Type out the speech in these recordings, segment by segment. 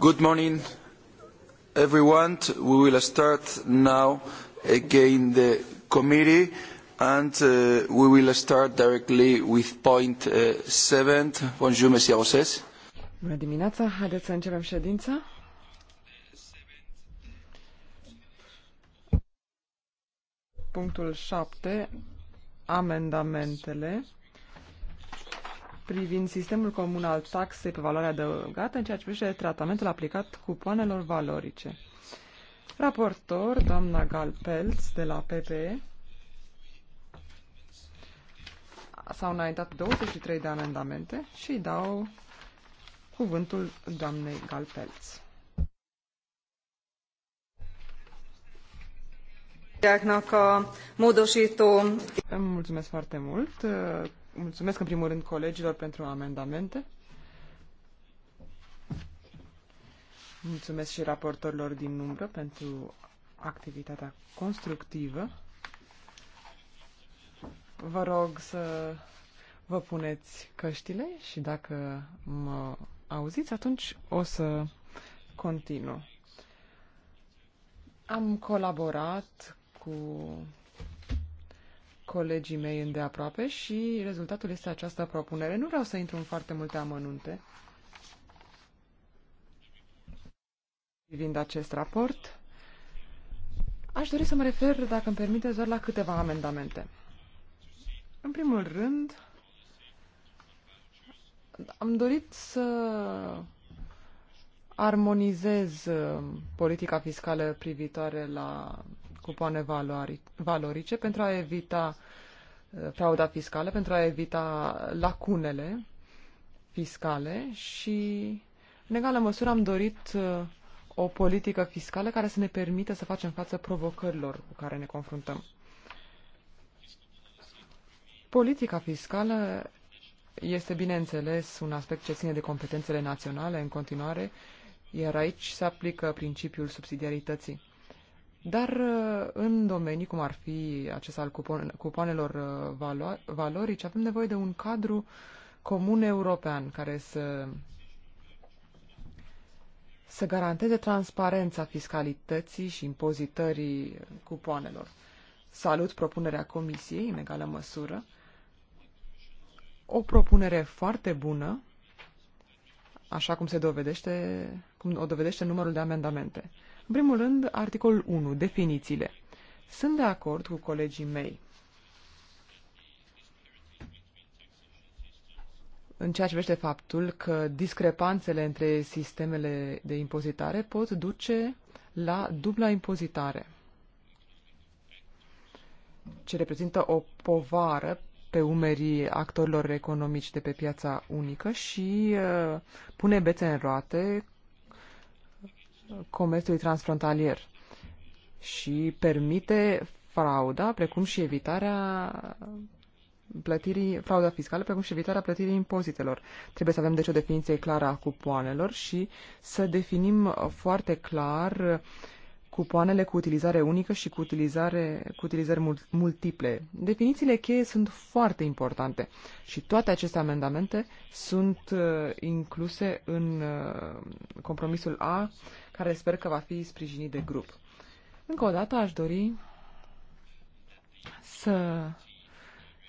Good morning, everyone. We will start now again the committee, and uh, we will start directly with point uh, seven. Bonjour, Monsieur Rosses. Bună dimineața, haideți să începem ședința. Punctul 7, amendamentele privind sistemul comun al taxei pe valoarea adăugată în ceea ce privește tratamentul aplicat cupoanelor valorice. Raportor, doamna Pelz de la PPE, s-au înaintat 23 de amendamente și îi dau cuvântul doamnei Pelz. Mulțumesc foarte mult mulțumesc în primul rând colegilor pentru amendamente. Mulțumesc și raportorilor din umbră pentru activitatea constructivă. Vă rog să vă puneți căștile și dacă mă auziți, atunci o să continu. Am colaborat cu colegii mei îndeaproape și rezultatul este această propunere. Nu vreau să intru în foarte multe amănunte privind acest raport. Aș dori să mă refer, dacă îmi permite, doar la câteva amendamente. În primul rând, am dorit să armonizez uh, politica fiscală privitoare la cupoane valorice pentru a evita uh, frauda fiscală, pentru a evita lacunele fiscale și, în egală măsură, am dorit uh, o politică fiscală care să ne permită să facem față provocărilor cu care ne confruntăm. Politica fiscală este, bineînțeles, un aspect ce ține de competențele naționale în continuare, iar aici se aplică principiul subsidiarității. Dar uh, în domenii cum ar fi acesta al cupoanelor uh, valo valorice, avem nevoie de un cadru comun european care să, să garanteze transparența fiscalității și impozitării cupoanelor. Salut propunerea Comisiei, în egală măsură. O propunere foarte bună, așa cum se dovedește, cum o dovedește numărul de amendamente. În primul rând, articolul 1, definițiile. Sunt de acord cu colegii mei în ceea ce vește faptul că discrepanțele între sistemele de impozitare pot duce la dubla impozitare, ce reprezintă o povară pe umerii actorilor economici de pe piața unică și uh, pune bețe în roate comerțului transfrontalier și permite frauda, precum și evitarea plătirii, frauda fiscală, precum și evitarea plătirii impozitelor. Trebuie să avem deci o definiție clară a cupoanelor și să definim foarte clar cupoanele cu utilizare unică și cu, utilizare, cu utilizări multiple. Definițiile cheie sunt foarte importante și toate aceste amendamente sunt uh, incluse în uh, compromisul A, care sper că va fi sprijinit de grup. Încă o dată aș dori să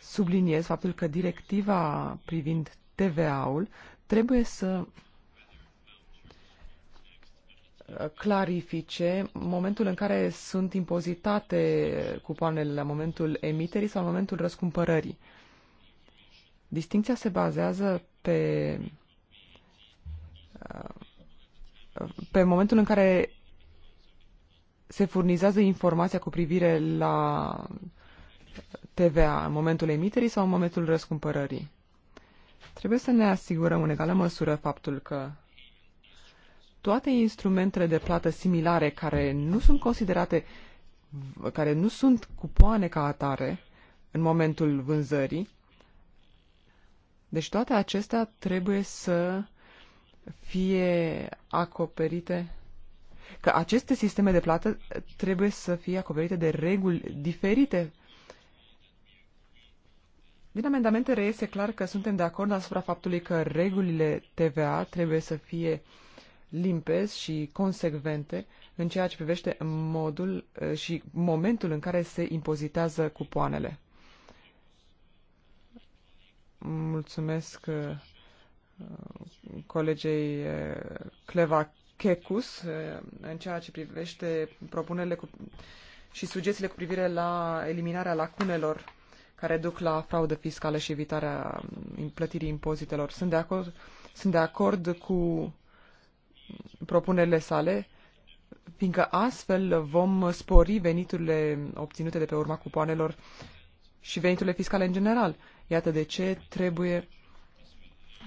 subliniez faptul că directiva privind TVA-ul trebuie să clarifice momentul în care sunt impozitate cupoanele la momentul emiterii sau la momentul răscumpărării. Distinția se bazează pe, pe momentul în care se furnizează informația cu privire la TVA în momentul emiterii sau în momentul răscumpărării. Trebuie să ne asigurăm în egală măsură faptul că toate instrumentele de plată similare care nu sunt considerate, care nu sunt cupoane ca atare în momentul vânzării, deci toate acestea trebuie să fie acoperite că aceste sisteme de plată trebuie să fie acoperite de reguli diferite. Din amendamente reiese clar că suntem de acord asupra faptului că regulile TVA trebuie să fie uh, limpezi și consecvente în ceea ce privește modul eh, și momentul în care se impozitează cupoanele. Mulțumesc eh, colegei eh, Cleva Checus în ceea ce privește propunerile cu, și sugestiile cu privire la eliminarea lacunelor care duc la fraudă fiscală și evitarea mm, plătirii impozitelor. Sunt de acord, sunt de acord cu propunerile sale, fiindcă astfel vom spori veniturile obținute de pe urma cupoanelor și veniturile fiscale în general. Iată de ce trebuie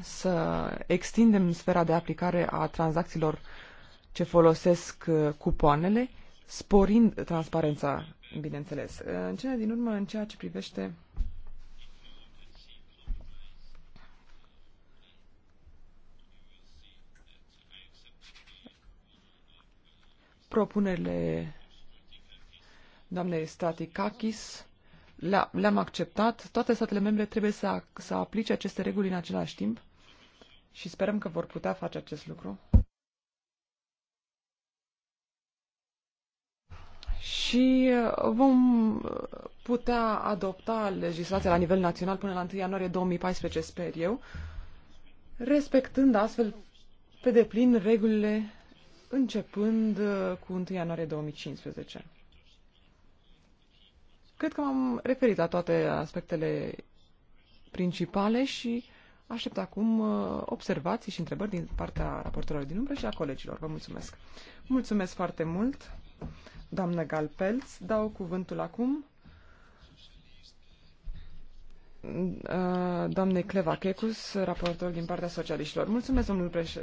să extindem sfera de aplicare a tranzacțiilor ce folosesc uh, cupoanele, sporind transparența, bineînțeles. În cele din urmă, în ceea ce privește Propunerile doamnei Statikakis le-am le acceptat. Toate statele membre trebuie să, să aplice aceste reguli în același timp și sperăm că vor putea face acest lucru. și uh, vom putea adopta legislația la nivel național până la 1 ianuarie 2014, sper eu, respectând astfel pe deplin regulile începând uh, cu 1 ianuarie 2015. Cred că m-am referit la toate aspectele principale și aștept acum uh, observații și întrebări din partea raportorului din umbră și a colegilor. Vă mulțumesc! Mulțumesc foarte mult, doamnă Galpelț. Dau cuvântul acum Uh, doamnei Cleva Checus, raportor din partea socialiștilor. Mulțumesc,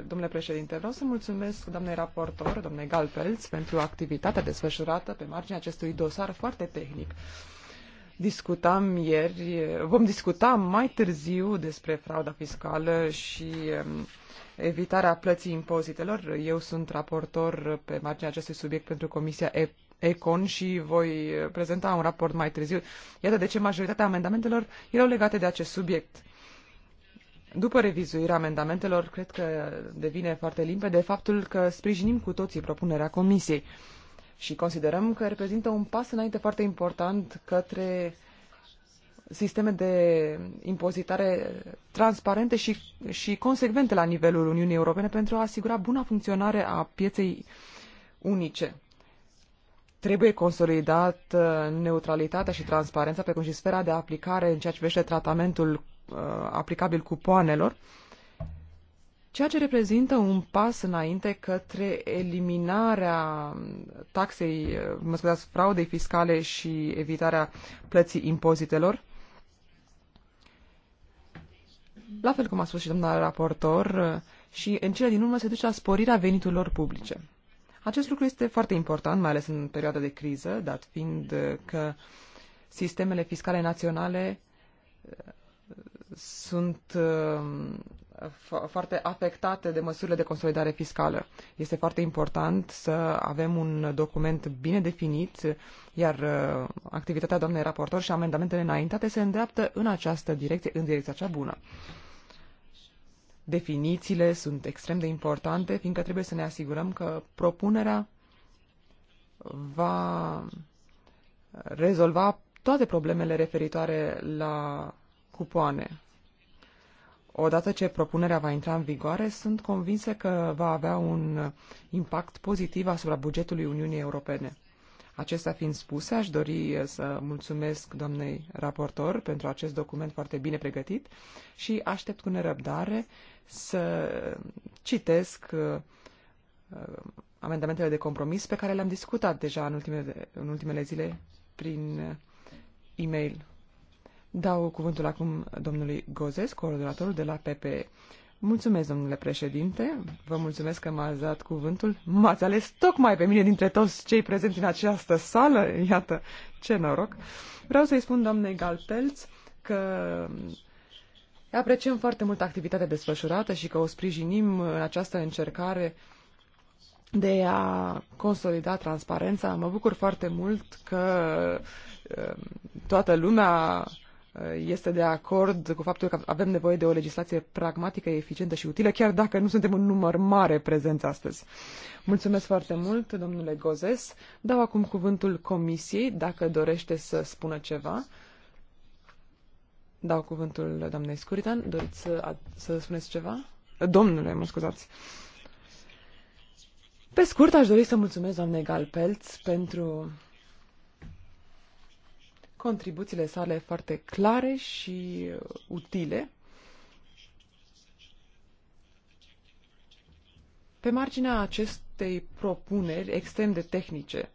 domnule președinte. Vreau să mulțumesc doamnei raportor, doamnei Galpelț, pentru activitatea desfășurată pe marginea acestui dosar foarte tehnic. Discutam ieri, vom discuta mai târziu despre frauda fiscală și um, evitarea plății impozitelor. Eu sunt raportor pe marginea acestui subiect pentru Comisia EP Econ și voi prezenta un raport mai târziu. Iată de ce majoritatea amendamentelor erau legate de acest subiect. După revizuirea amendamentelor, cred că devine foarte limpede faptul că sprijinim cu toții propunerea Comisiei și considerăm că reprezintă un pas înainte foarte important către sisteme de impozitare transparente și, și consecvente la nivelul Uniunii Europene pentru a asigura buna funcționare a pieței unice. Trebuie consolidat uh, neutralitatea și transparența, precum și sfera de aplicare în ceea ce privește tratamentul uh, aplicabil cupoanelor, ceea ce reprezintă un pas înainte către eliminarea taxei, uh, mă scuzați, fraudei fiscale și evitarea plății impozitelor. La fel cum a spus și domnul raportor, și în cele din urmă se duce la sporirea veniturilor publice. Acest lucru este foarte important, mai ales în perioada de criză, dat fiind că sistemele fiscale naționale uh, sunt uh, foarte afectate de măsurile de consolidare fiscală. Este foarte important să avem un document bine definit, iar uh, activitatea doamnei raportor și amendamentele înaintate se îndreaptă în această direcție, în direcția cea bună. Definițiile sunt extrem de importante, fiindcă trebuie să ne asigurăm că propunerea va rezolva toate problemele referitoare la cupoane. Odată ce propunerea va intra în vigoare, sunt convinsă că va avea un impact pozitiv asupra bugetului Uniunii Europene. Acestea fiind spuse, aș dori eh, să mulțumesc doamnei raportor pentru acest document foarte bine pregătit și aștept cu nerăbdare să citesc eh, eh, amendamentele de compromis pe care le-am discutat deja în ultimele, în ultimele zile prin e-mail. Dau cuvântul acum domnului Gozes, coordonatorul de la PPE. Mulțumesc, domnule președinte. Vă mulțumesc că m-ați dat cuvântul. M-ați ales tocmai pe mine dintre toți cei prezenți în această sală. Iată, ce noroc. Vreau să-i spun doamnei Galtelț că apreciem foarte mult activitatea desfășurată și că o sprijinim în această încercare de a consolida transparența. Mă bucur foarte mult că um, toată lumea Uh, este de acord cu faptul că avem nevoie de o legislație pragmatică, eficientă și utilă, chiar dacă nu suntem un număr mare prezenți astăzi. Mulțumesc foarte mult, domnule Gozes. Dau acum cuvântul comisiei, dacă dorește să spună ceva. Dau cuvântul doamnei Scuritan. Doriți să, să spuneți ceva? Domnule, mă scuzați. Pe scurt, aș dori să mulțumesc doamnei Galpelț pentru contribuțiile sale foarte clare și uh, utile. Pe marginea acestei propuneri extrem de tehnice,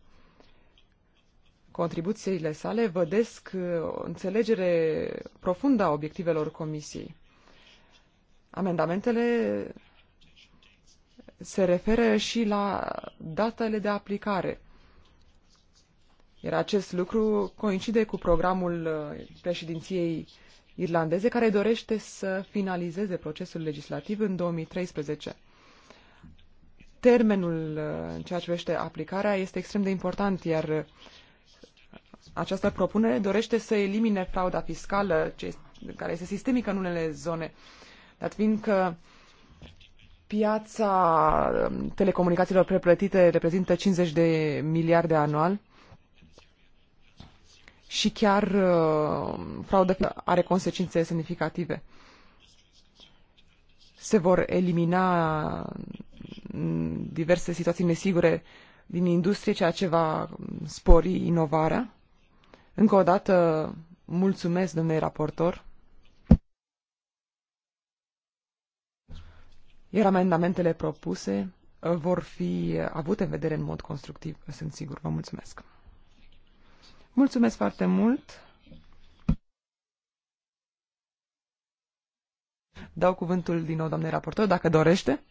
contribuțiile sale vădesc uh, o înțelegere profundă a obiectivelor comisiei. Amendamentele se referă și la datele de aplicare. Iar acest lucru coincide cu programul uh, președinției irlandeze, care dorește să finalizeze procesul legislativ în 2013. Termenul uh, în ceea ce vește aplicarea este extrem de important, iar uh, această propunere dorește să elimine frauda fiscală, care este sistemică în unele zone, dat fiind că piața um, telecomunicațiilor preplătite reprezintă 50 de miliarde anual, și chiar uh, fraudă are consecințe semnificative. Se vor elimina mm, diverse situații nesigure din industrie, ceea ce va spori inovarea. Încă o dată, mulțumesc, domnule raportor. Iar amendamentele propuse uh, vor fi uh, avute în vedere în mod constructiv, sunt sigur. Vă mulțumesc. Mulțumesc foarte mult! Dau cuvântul din nou doamnei raportor, dacă dorește.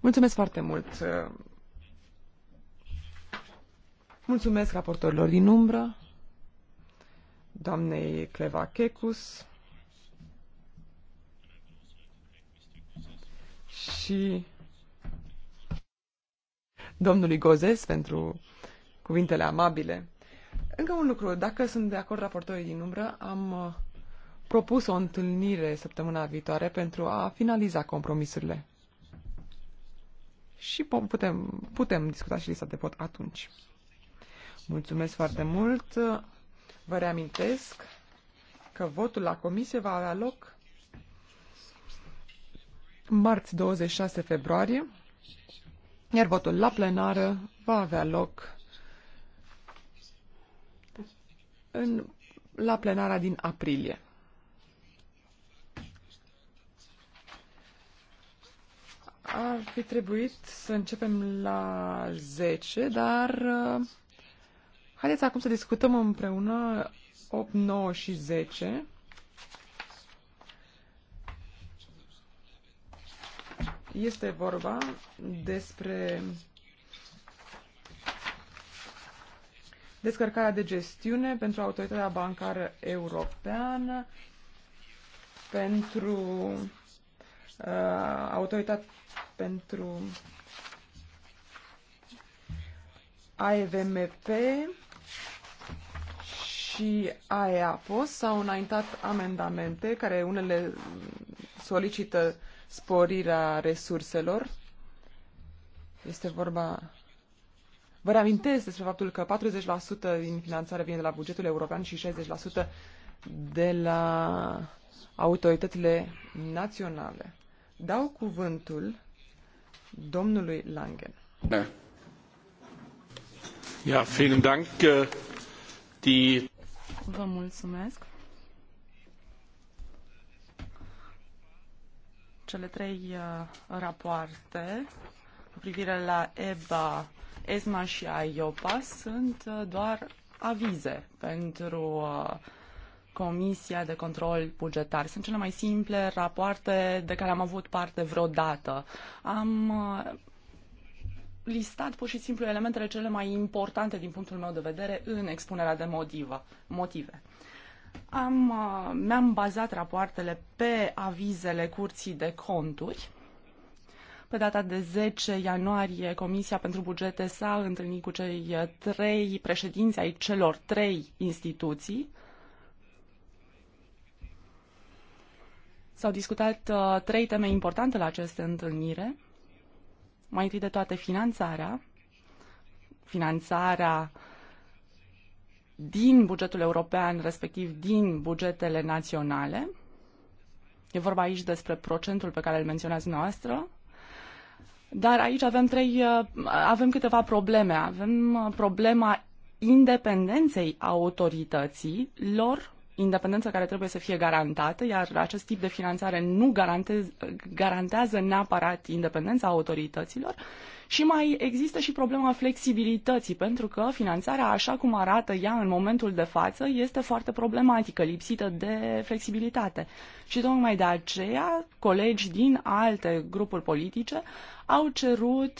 Mulțumesc foarte mult! Mulțumesc raportorilor din umbră, doamnei Cleva Checus și domnului Gozes pentru cuvintele amabile. Încă un lucru, dacă sunt de acord raportorii din umbră, am uh, propus o întâlnire săptămâna viitoare pentru a finaliza compromisurile. Și putem, putem discuta și lista de pot atunci. Mulțumesc foarte mult. Vă reamintesc că votul la comisie va avea loc marți 26 februarie iar votul la plenară va avea loc în, la plenara din aprilie. Ar fi trebuit să începem la 10, dar uh, haideți acum să discutăm împreună 8, 9 și 10. Este vorba despre descărcarea de gestiune pentru Autoritatea Bancară Europeană, pentru uh, Autoritatea pentru AEVMP și AEAPOS s-au înaintat amendamente care unele solicită uh, sporirea resurselor. Este vorba... Vă reamintesc despre faptul că 40% din finanțare vine de la bugetul european și 60% de la autoritățile naționale. Dau cuvântul domnului Langen. Da. Ja, vielen Dank. Äh, die... Vă mulțumesc. cele trei uh, rapoarte cu privire la EBA, ESMA și IOPA sunt uh, doar avize pentru uh, Comisia de Control Bugetar. Sunt cele mai simple rapoarte de care am avut parte vreodată. Am listat pur și simplu elementele cele mai importante din punctul meu de vedere în expunerea de motivă, motive. Am, uh, mi-am bazat rapoartele pe avizele curții de conturi. Pe data de 10 ianuarie, Comisia pentru Bugete s-a întâlnit cu cei trei președinți ai celor trei instituții. S-au discutat uh, trei teme importante la aceste întâlnire. Mai întâi de toate finanțarea, finanțarea uh, din bugetul european, respectiv din bugetele naționale. E vorba aici despre procentul pe care îl menționați noastră. Dar aici avem, trei, uh, avem câteva probleme. Avem uh, problema independenței autorității lor, independența care trebuie să fie garantată, iar acest tip de finanțare nu garantez, garantează neapărat independența autorităților și mai există și problema flexibilității, pentru că finanțarea, așa cum arată ea în momentul de față, este foarte problematică, lipsită de flexibilitate. Și tocmai de aceea, colegi din alte grupuri politice au cerut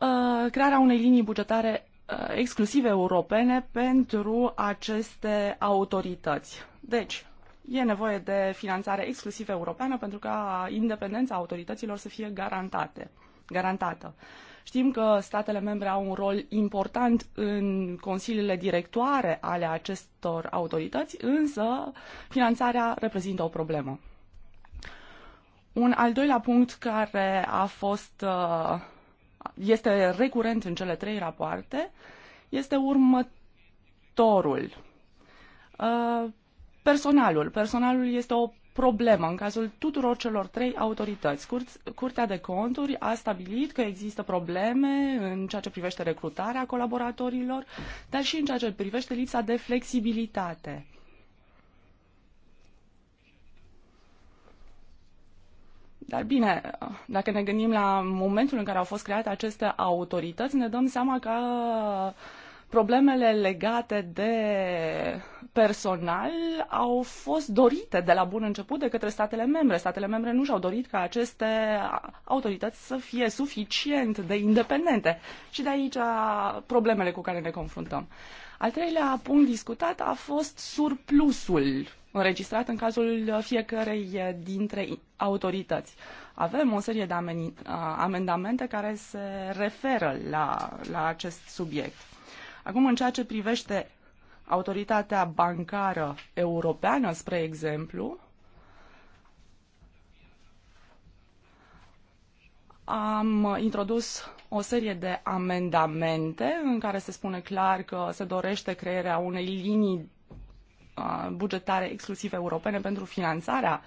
uh, crearea unei linii bugetare uh, exclusive europene pentru aceste autorități. Deci, e nevoie de finanțare exclusiv europeană pentru ca independența autorităților să fie garantate garantată. Știm că statele membre au un rol important în consiliile directoare ale acestor autorități, însă finanțarea reprezintă o problemă. Un al doilea punct care a fost, uh, este recurent în cele trei rapoarte este următorul. Uh, personalul. Personalul este o problemă în cazul tuturor celor trei autorități. Curtea de conturi a stabilit că există probleme în ceea ce privește recrutarea colaboratorilor, dar și în ceea ce privește lipsa de flexibilitate. Dar bine, dacă ne gândim la momentul în care au fost create aceste autorități, ne dăm seama că uh, problemele legate de personal au fost dorite de la bun început de către statele membre. Statele membre nu și-au dorit ca aceste autorități să fie suficient de independente și de aici problemele cu care ne confruntăm. Al treilea punct discutat a fost surplusul înregistrat în cazul fiecărei dintre autorități. Avem o serie de amendamente care se referă la, la acest subiect. Acum, în ceea ce privește autoritatea bancară europeană, spre exemplu, am introdus o serie de amendamente în care se spune clar că se dorește crearea unei linii uh, bugetare exclusiv europene pentru finanțarea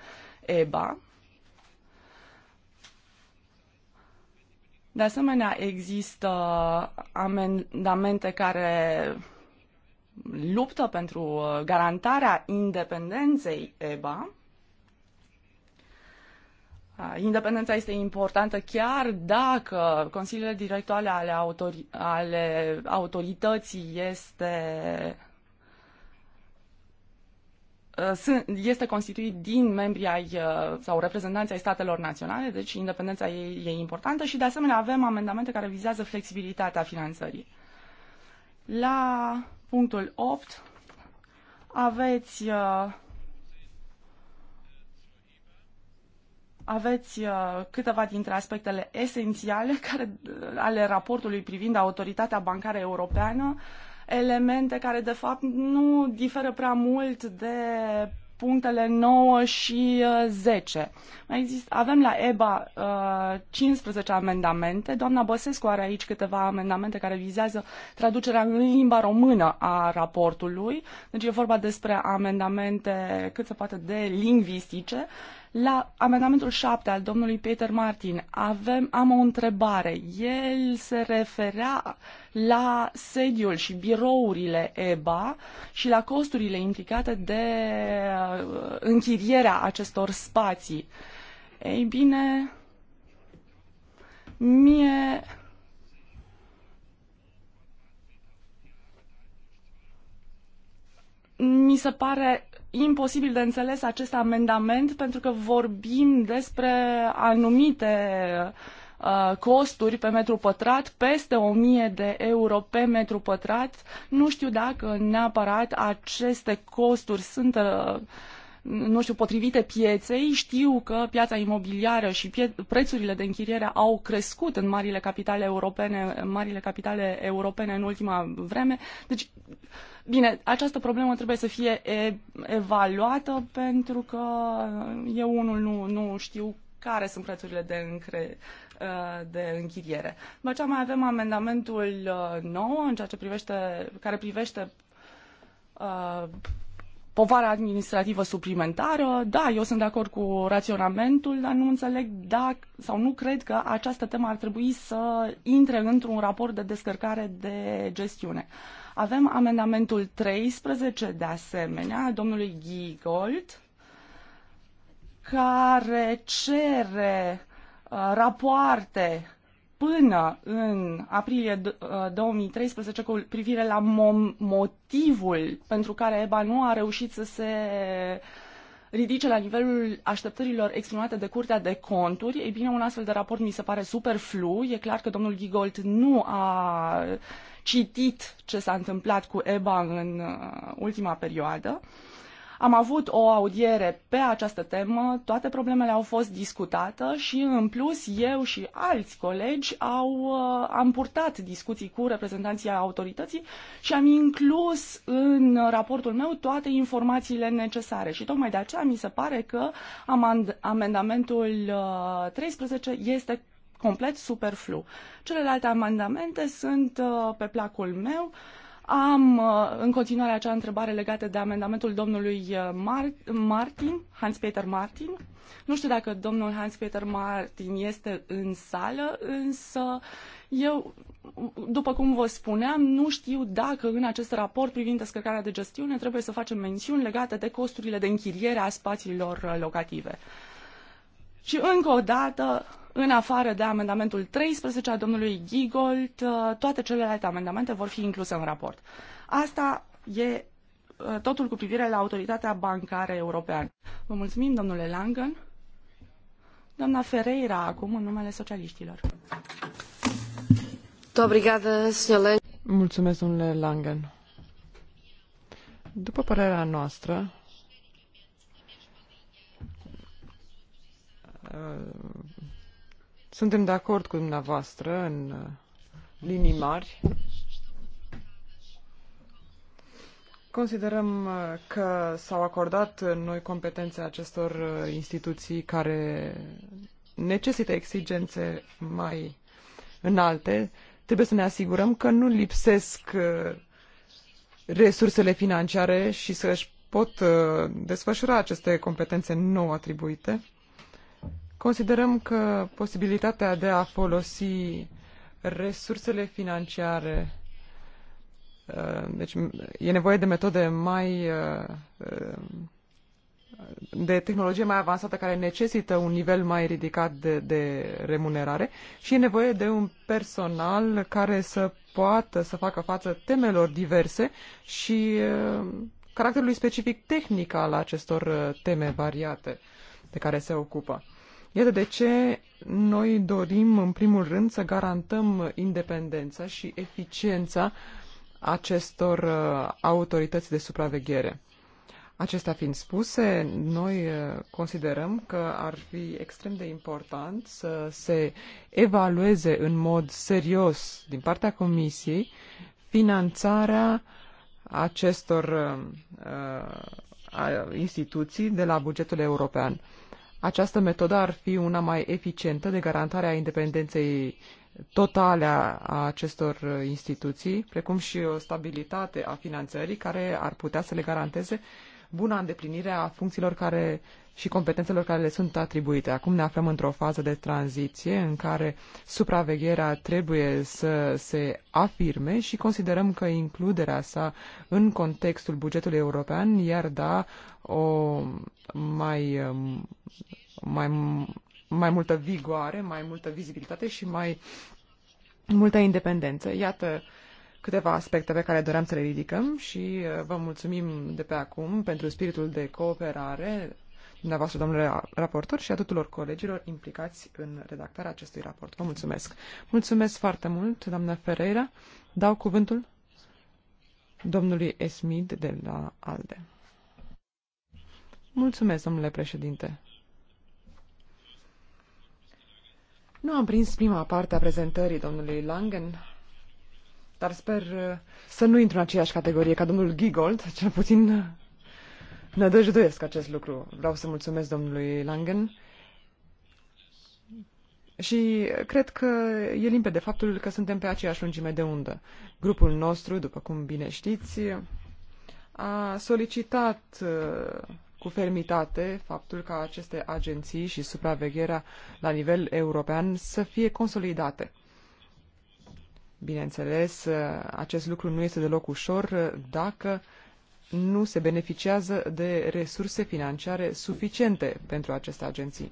EBA. De asemenea, există amendamente care luptă pentru uh, garantarea independenței EBA. Uh, independența este importantă chiar dacă consiliile directoare ale, autori- ale autorității este Uh, este constituit din membrii ai uh, sau reprezentanții ai statelor naționale, deci independența ei e importantă și de asemenea avem amendamente care vizează flexibilitatea finanțării. La punctul 8 aveți uh, aveți câteva dintre aspectele esențiale care, ale raportului privind autoritatea bancară europeană uh, elemente care de fapt nu diferă prea mult de punctele 9 și 10. Uh, Mai există, avem la EBA uh, 15 amendamente. Doamna Băsescu are aici câteva amendamente care vizează traducerea în limba română a raportului. Deci e vorba despre amendamente cât se poate de lingvistice. La amendamentul 7 al domnului Peter Martin avem, am o întrebare. El se referea la sediul și birourile EBA și la costurile implicate de uh, închirierea acestor spații. Ei bine, mie mi se pare imposibil de înțeles acest amendament pentru că vorbim despre anumite uh, costuri pe metru pătrat, peste 1000 de euro pe metru pătrat. Nu știu dacă neapărat aceste costuri sunt uh, nu știu, potrivite pieței. Știu că piața imobiliară și pie- prețurile de închiriere au crescut în marile capitale europene, în marile capitale europene în ultima vreme. Deci Bine, această problemă trebuie să fie e- evaluată pentru că eu unul nu, nu știu care sunt prețurile de, încre, de închiriere. După deci aceea mai avem amendamentul nou în ceea ce privește, care privește uh, povara administrativă suplimentară. Da, eu sunt de acord cu raționamentul, dar nu înțeleg dacă sau nu cred că această temă ar trebui să intre într-un raport de descărcare de gestiune. Uh, avem amendamentul 13 de asemenea a domnului Gigold care cere uh, rapoarte până în aprilie 2013 uh, cu privire la motivul pentru care EBA nu a reușit să se ridice la nivelul așteptărilor exprimate de Curtea de Conturi. Ei bine, un astfel de raport mi se pare superflu. E clar că domnul Gigold nu a citit ce s-a întâmplat cu EBA în uh, ultima perioadă. Am avut o audiere pe această temă, toate problemele au fost discutate și, în plus, eu și alți colegi au, uh, am purtat discuții cu reprezentanții autorității și am inclus în raportul meu toate informațiile necesare. Și tocmai de aceea mi se pare că amendamentul 13 uh, este complet superflu. Celelalte amendamente sunt uh, pe placul meu. Am uh, în continuare acea întrebare legată de amendamentul domnului uh, Mar- Martin, Hans-Peter Martin. Nu știu dacă domnul Hans-Peter Martin este în sală, însă eu, după cum vă spuneam, nu știu dacă în acest raport privind descărcarea de gestiune trebuie să facem mențiuni legate de costurile de închiriere a spațiilor locative. Și încă o dată, în afară de amendamentul 13 a domnului Gigold, uh, toate celelalte amendamente vor fi incluse în raport. Asta e uh, totul cu privire la Autoritatea Bancară Europeană. Vă mulțumim, domnule Langen. Doamna Ferreira, acum, în numele socialiștilor. Mulțumesc, domnule Langen. După părerea noastră, Uh, suntem de acord cu dumneavoastră în uh, linii mari. Considerăm uh, că s-au acordat noi competențe acestor instituții care necesită exigențe mai înalte. Trebuie să ne asigurăm că nu lipsesc resursele financiare și să își pot desfășura aceste competențe nou atribuite. Considerăm că posibilitatea de a folosi resursele financiare, uh, deci e nevoie de metode mai uh, uh, de tehnologie mai avansată care necesită un nivel mai ridicat de, de remunerare și e nevoie de un personal care să poată să facă față temelor diverse și caracterului specific tehnic al acestor teme variate de care se ocupă. Iată de ce noi dorim, în primul rând, să garantăm independența și eficiența acestor uh, autorități de supraveghere. Acestea fiind spuse, noi uh, considerăm că ar fi extrem de important să se evalueze în mod serios din partea Comisiei finanțarea acestor uh, uh instituții de la bugetul european. Această metodă ar fi una mai eficientă de garantare a independenței totale a acestor instituții, precum și o stabilitate a finanțării care ar putea să le garanteze buna îndeplinire a funcțiilor care și competențelor care le sunt atribuite. Acum ne aflăm într-o fază de tranziție în care supravegherea trebuie să se afirme și considerăm că includerea sa în contextul bugetului european iar da o mai, um, mai, mai multă vigoare, mai multă vizibilitate și mai multă independență. Iată câteva aspecte pe care doream să le ridicăm și uh, vă mulțumim de pe acum pentru spiritul de cooperare dumneavoastră, domnule raportor, și a tuturor colegilor implicați în redactarea acestui raport. Vă mulțumesc. Mulțumesc foarte mult, doamna Ferreira. Dau cuvântul domnului Esmid de la ALDE. Mulțumesc, domnule președinte. Nu am prins prima parte a prezentării domnului Langen, dar sper uh, să nu intru în aceeași categorie ca domnul Gigold, cel puțin uh, nădăjduiesc acest lucru. Vreau să mulțumesc domnului Langen. Și cred că e limpede faptul că suntem pe aceeași lungime de undă. Grupul nostru, după cum bine știți, a solicitat uh, cu fermitate faptul ca aceste agenții și supravegherea la nivel european să fie consolidate. Bineînțeles, uh, acest lucru nu este deloc ușor uh, dacă nu se beneficiază de resurse financiare suficiente pentru aceste agenții.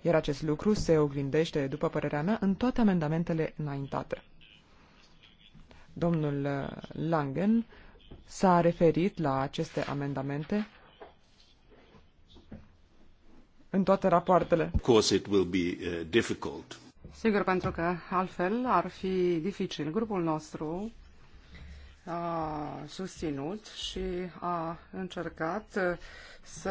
Iar acest lucru se oglindește, după părerea mea, în toate amendamentele înaintate. Domnul uh, Langen s-a referit la aceste amendamente în toate rapoartele. Of course it will be difficult Sigur, pentru că altfel ar fi dificil. Grupul nostru a susținut și a încercat să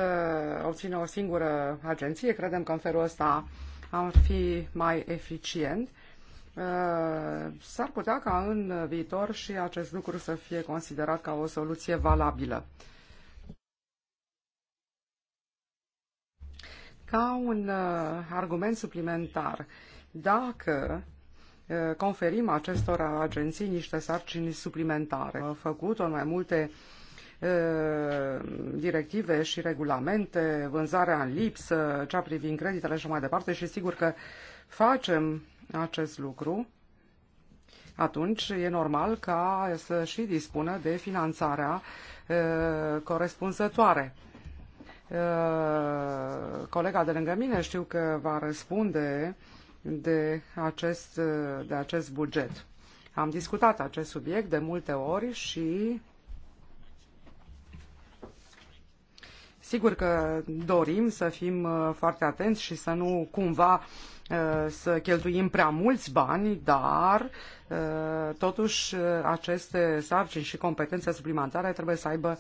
obțină o singură agenție. Credem că în felul ăsta ar fi mai eficient. Uh, s-ar putea ca în viitor și acest lucru să fie considerat ca o soluție valabilă. Ca un uh, argument suplimentar, dacă conferim acestor agenții niște sarcini suplimentare. Au făcut-o în mai multe directive și regulamente, vânzarea în lipsă, cea privind creditele și mai departe și sigur că facem acest lucru, atunci e normal ca să și dispună de finanțarea corespunzătoare. Colega de lângă mine știu că va răspunde de acest, de acest buget. Am discutat acest subiect de multe ori și sigur că dorim să fim uh, foarte atenți și să nu cumva uh, să cheltuim prea mulți bani, dar uh, totuși aceste sarcini și competențe suplimentare trebuie să aibă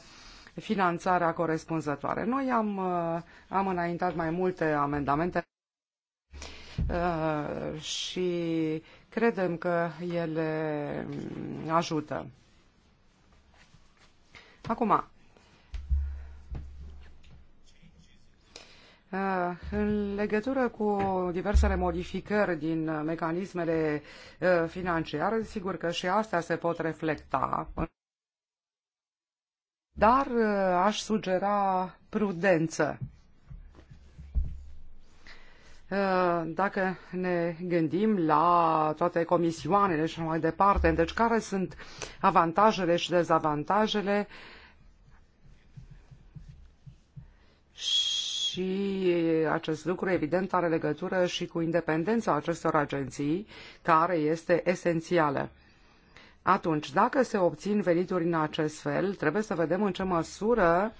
finanțarea corespunzătoare. Noi am, am înaintat mai multe amendamente. Uh, și credem că ele ajută. Acum, uh, În legătură cu diversele modificări din mecanismele uh, financiare, sigur că și astea se pot reflecta, dar aș sugera prudență. Eh, dacă ne gândim la toate comisioanele și mai departe, deci care sunt avantajele și dezavantajele și acest lucru evident are legătură și cu independența acestor agenții, care este esențială. Atunci, dacă se obțin venituri în acest fel, trebuie să vedem în ce măsură uh,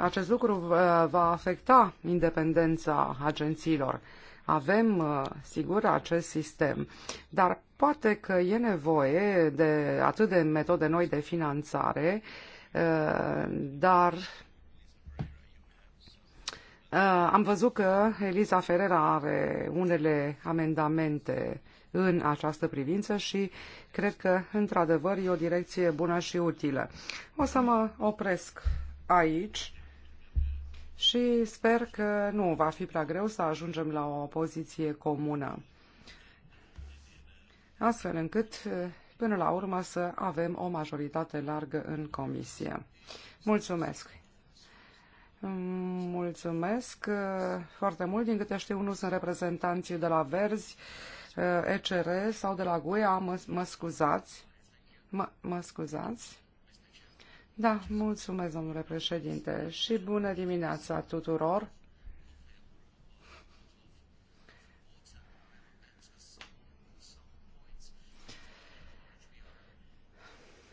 acest lucru uh, va afecta independența agențiilor. Avem, uh, sigur, acest sistem, dar poate că e nevoie de atât de metode noi de finanțare, uh, dar am văzut că Eliza Ferrera are unele amendamente în această privință și cred că, într-adevăr, e o direcție bună și utilă. O să mă opresc aici și sper că nu va fi prea greu să ajungem la o poziție comună, astfel încât până la urmă să avem o majoritate largă în comisie. Mulțumesc! Mulțumesc uh, foarte mult. Din câte știu, nu sunt reprezentanții de la Verzi, uh, ECR sau de la GUE. Mă, mă scuzați. Mă, mă scuzați. Da, mulțumesc, domnule președinte, și bună dimineața tuturor.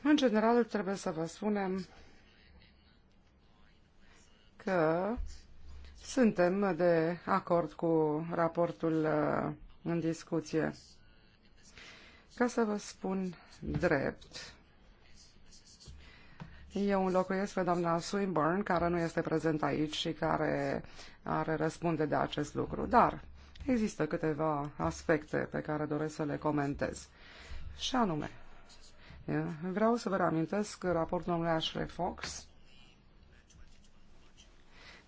În general, trebuie să vă spunem că suntem de acord cu raportul uh, în discuție. Ca să vă spun drept, eu înlocuiesc pe doamna Swinburne, care nu este prezent aici și care are răspunde de acest lucru, dar există câteva aspecte pe care doresc să le comentez. Și anume, vreau să vă reamintesc raportul domnului Ashley Fox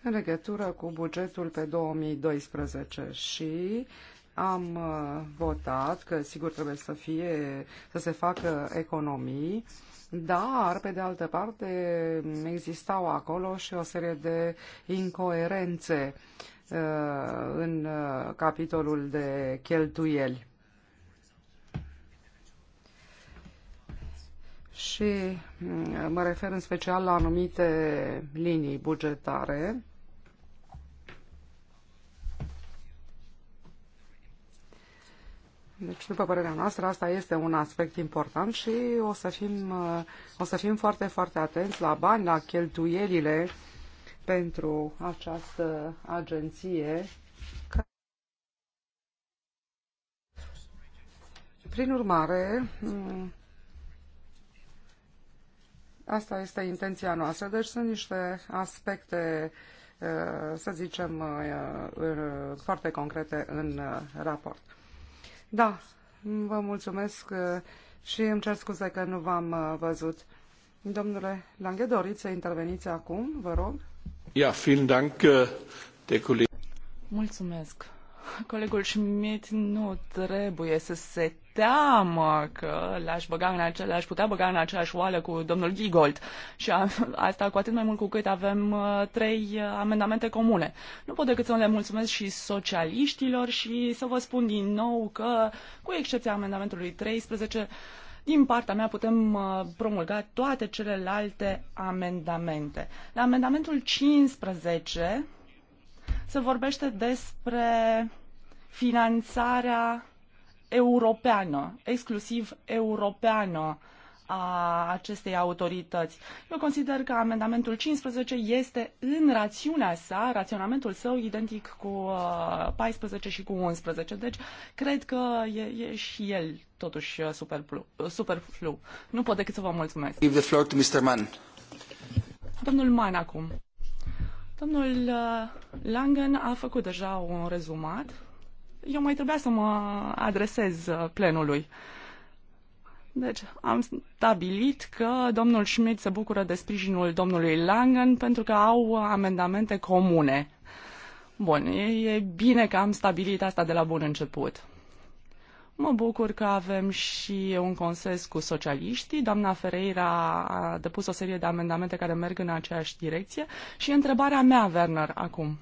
în legătură cu bugetul pe 2012 și am uh, votat că sigur trebuie să fie, să se facă economii, dar, pe de altă parte, existau acolo și o serie de incoerențe uh, în uh, capitolul de cheltuieli. Și mm, mă refer în special la anumite linii bugetare Deci, după părerea noastră, asta este un aspect important și o să fim, uh, o să fim foarte, foarte atenți la bani, la cheltuielile pentru această agenție. Prin urmare, mm, asta este intenția noastră. Deci sunt niște aspecte, uh, să zicem, uh, foarte concrete în raport. Da, vă mulțumesc uh, și îmi cer scuze că nu v-am uh, văzut. Domnule Lange, doriți să interveniți acum, vă rog? Ja, vielen Dank, uh, de Mulțumesc. Colegul Schmidt nu trebuie să se teamă că l-aș, băga în acea, l-aș putea băga în aceeași oală cu domnul Gigold. Și a, asta cu atât mai mult cu cât avem uh, trei uh, amendamente comune. Nu pot decât să le mulțumesc și socialiștilor și să vă spun din nou că, cu excepția amendamentului 13, din partea mea putem uh, promulga toate celelalte amendamente. La amendamentul 15 se vorbește despre finanțarea europeană, exclusiv europeană a acestei autorități. Eu consider că amendamentul 15 este în rațiunea sa, raționamentul său identic cu 14 uh, și cu 11, deci cred că e, e și el totuși uh, uh, superflu. Nu pot decât să vă mulțumesc. Give the floor to Mr. Mann. Domnul Mann acum. Domnul uh, Langen a făcut deja un rezumat. Eu mai trebuia să mă adresez uh, plenului. Deci am stabilit că domnul Schmidt se bucură de sprijinul domnului Langen pentru că au amendamente comune. Bun, e, e bine că am stabilit asta de la bun început. Mă bucur că avem și un consens cu socialiștii. Doamna Ferreira a depus o serie de amendamente care merg în aceeași direcție. Și întrebarea mea, Werner, acum.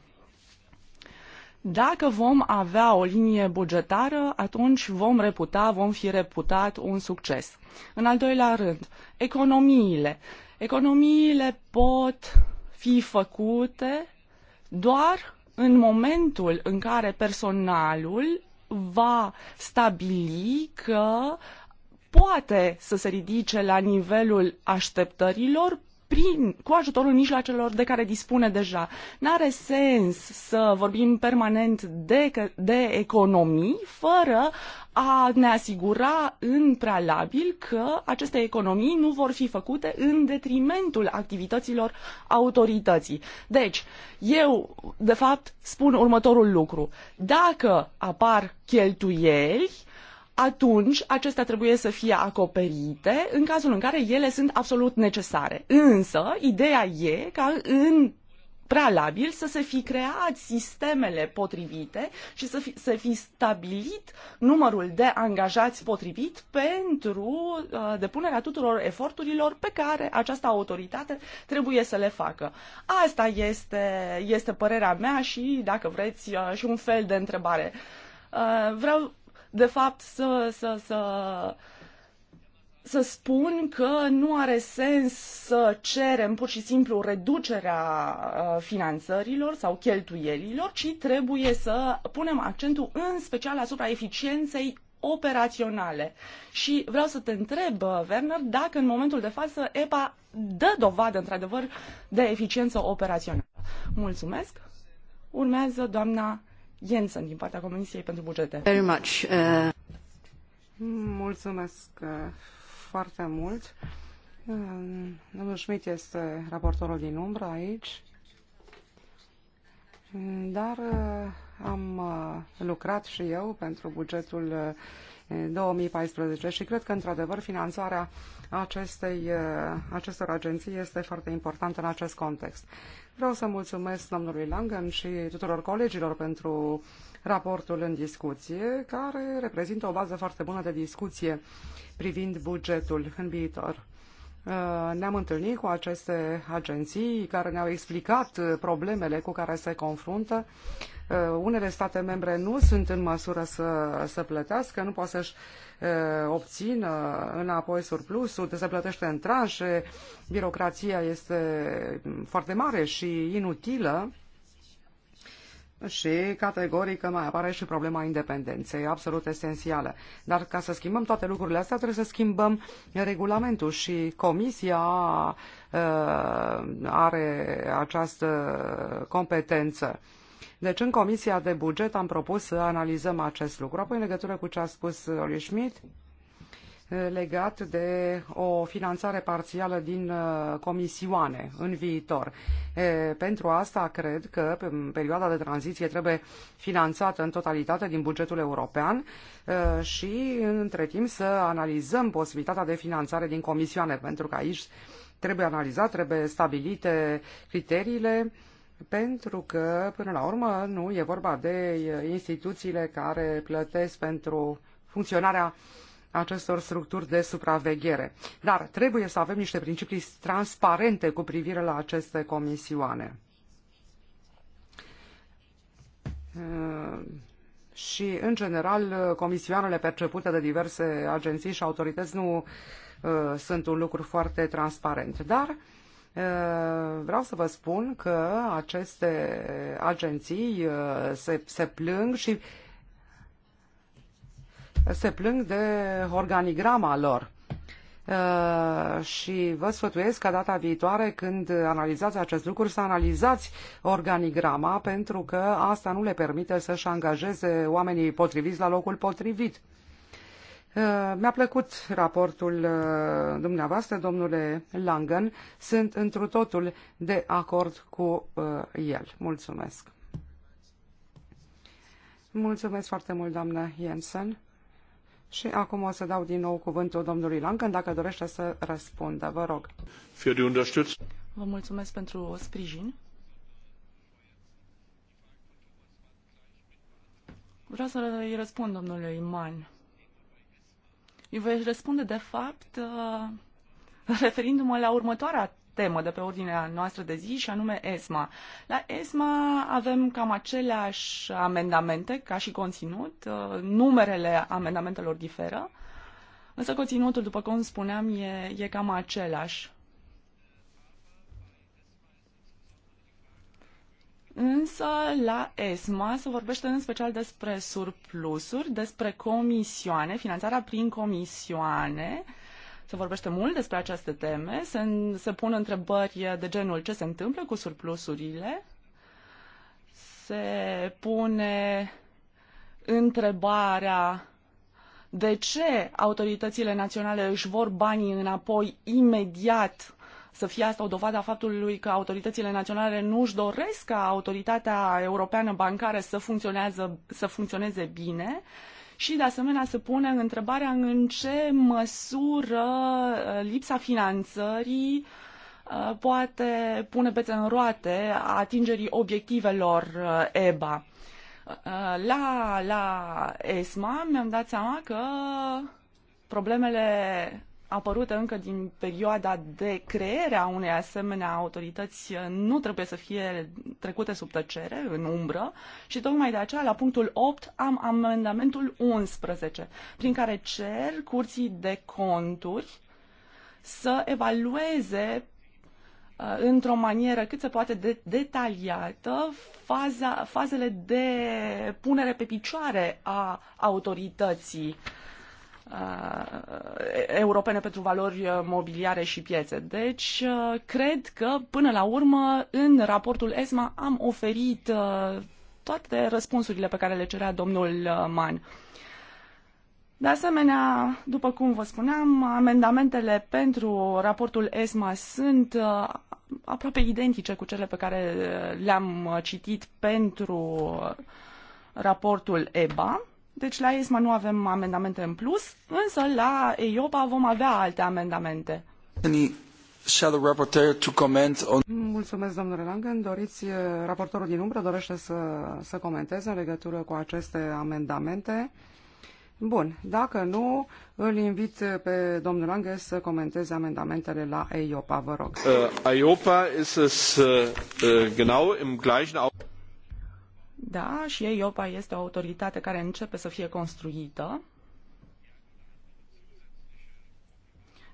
Dacă vom avea o linie bugetară, atunci vom reputa, vom fi reputat un succes. În al doilea rând, economiile. Economiile pot fi făcute doar în momentul în care personalul va stabili că poate să se ridice la nivelul așteptărilor prin, cu ajutorul mijloacelor de care dispune deja. N-are sens să vorbim permanent de, de economii fără a ne asigura în prealabil că aceste economii nu vor fi făcute în detrimentul activităților autorității. Deci, eu, de fapt, spun următorul lucru. Dacă apar cheltuieli, atunci acestea trebuie să fie acoperite în cazul în care ele sunt absolut necesare. Însă, ideea e ca în prealabil să se fi creat sistemele potrivite și să fi, să fi stabilit numărul de angajați potrivit pentru uh, depunerea tuturor eforturilor pe care această autoritate trebuie să le facă. Asta este, este părerea mea și, dacă vreți, uh, și un fel de întrebare. Uh, vreau de fapt, să, să, să, să spun că nu are sens să cerem pur și simplu reducerea uh, finanțărilor sau cheltuielilor, ci trebuie să punem accentul în special asupra eficienței operaționale. Și vreau să te întreb, uh, Werner, dacă în momentul de față EPA dă dovadă, într-adevăr, de eficiență operațională. Mulțumesc. Urmează doamna Jensen din partea Comisiei pentru Bugete. Very much. Uh... Mulțumesc uh, foarte mult. Uh, domnul Schmidt este raportorul din umbră aici, dar uh, am lucrat și eu pentru bugetul 2014 și cred că, într-adevăr, finanțarea acestei, uh, acestor agenții este foarte importantă în acest context. Vreau să mulțumesc domnului Langen și tuturor colegilor pentru raportul în discuție, care reprezintă o bază foarte bună de discuție privind bugetul în viitor. Uh, ne-am întâlnit cu aceste agenții care ne-au explicat problemele cu care se confruntă Uh, unele state membre nu sunt în măsură să, să plătească, nu poate să-și uh, obțină înapoi surplusul, se plătește în tranșe, birocrația este foarte mare și inutilă. Și categoric mai apare și problema independenței, absolut esențială. Dar ca să schimbăm toate lucrurile astea, trebuie să schimbăm regulamentul și comisia uh, are această competență. Deci în Comisia de Buget am propus să analizăm acest lucru. Apoi în legătură cu ce a spus Oli Schmidt, legat de o finanțare parțială din uh, comisioane în viitor. Pentru asta cred că perioada de tranziție trebuie finanțată în totalitate din bugetul european uh, și între timp să analizăm posibilitatea de finanțare din comisioane, pentru că aici trebuie analizat, trebuie stabilite criteriile pentru că, până la urmă, nu e vorba de instituțiile care plătesc pentru funcționarea acestor structuri de supraveghere. Dar trebuie să avem niște principii transparente cu privire la aceste comisioane. Uh, și, în general, comisioanele percepute de diverse agenții și autorități nu uh, sunt un lucru foarte transparent. Dar Uh, vreau să vă spun că aceste agenții uh, se, se plâng și se plâng de organigrama lor. Uh, și vă sfătuiesc ca data viitoare când analizați acest lucru să analizați organigrama pentru că asta nu le permite să-și angajeze oamenii potriviți la locul potrivit Uh, mi-a plăcut raportul uh, dumneavoastră, domnule Langen. Sunt întru totul de acord cu uh, el. Mulțumesc. Mulțumesc foarte mult, doamnă Jensen. Și acum o să dau din nou cuvântul domnului Langen, dacă dorește să răspundă. Vă rog. Vă mulțumesc pentru sprijin. Vreau să îi răspund domnului Mann. Îi voi răspunde, de fapt, uh, referindu-mă la următoarea temă de pe ordinea noastră de zi și anume ESMA. La ESMA avem cam aceleași amendamente ca și conținut, uh, numerele amendamentelor diferă, însă conținutul, după cum spuneam, e, e cam același. Însă, la ESMA se vorbește în special despre surplusuri, despre comisioane, finanțarea prin comisioane. Se vorbește mult despre aceste teme, se, se pun întrebări de genul ce se întâmplă cu surplusurile, se pune întrebarea de ce autoritățile naționale își vor banii înapoi imediat să fie asta o dovadă a faptului că autoritățile naționale nu își doresc ca autoritatea europeană bancară să, funcționează, să funcționeze bine și, de asemenea, se pune întrebarea în ce măsură uh, lipsa finanțării uh, poate pune bețe în roate atingerii obiectivelor uh, EBA. La, la ESMA mi-am dat seama că problemele apărută încă din perioada de creere a unei asemenea autorități uh, nu trebuie să fie trecute sub tăcere, în umbră, și tocmai de aceea, la punctul 8, am amendamentul 11, prin care cer curții de conturi să evalueze uh, într-o manieră cât se poate de detaliată faza, fazele de punere pe picioare a autorității uh, Uh, europene pentru valori uh, mobiliare și piețe. Deci, uh, cred că, până la urmă, în raportul ESMA am oferit toate răspunsurile pe care le cerea domnul Mann. De asemenea, după cum vă spuneam, amendamentele pentru raportul ESMA sunt aproape identice cu cele pe care le-am citit pentru raportul EBA. Deci la ESMA nu avem amendamente în plus, însă la EIOPA vom avea alte amendamente. Mulțumesc, domnule Langen. Doriți, eh, raportorul din umbră dorește să, să comenteze în legătură cu aceste amendamente. Bun, dacă nu, îl invit pe domnul Lange să comenteze amendamentele la EIOPA, vă rog. Uh, EIOPA este uh, eh, genau im gleichen... Da, și EIOPA este o autoritate care începe să fie construită.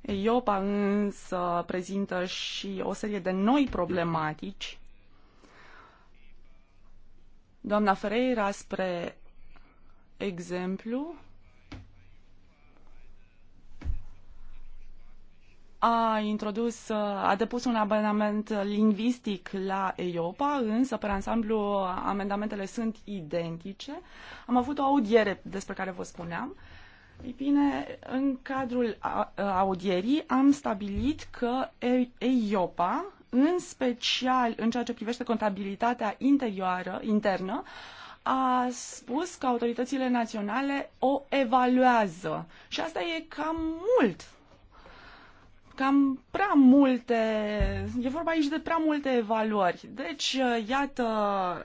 EIOPA însă prezintă și o serie de noi problematici. Doamna Ferreira, spre exemplu, a introdus, a depus un amendament lingvistic la EIOPA, însă pe ansamblu amendamentele sunt identice. Am avut o audiere despre care vă spuneam. Ei bine, în cadrul audierii am stabilit că EIOPA, în special în ceea ce privește contabilitatea interioară, internă, a spus că autoritățile naționale o evaluează. Și asta e cam mult cam prea multe, e vorba aici de prea multe evaluări. Deci, uh, iată,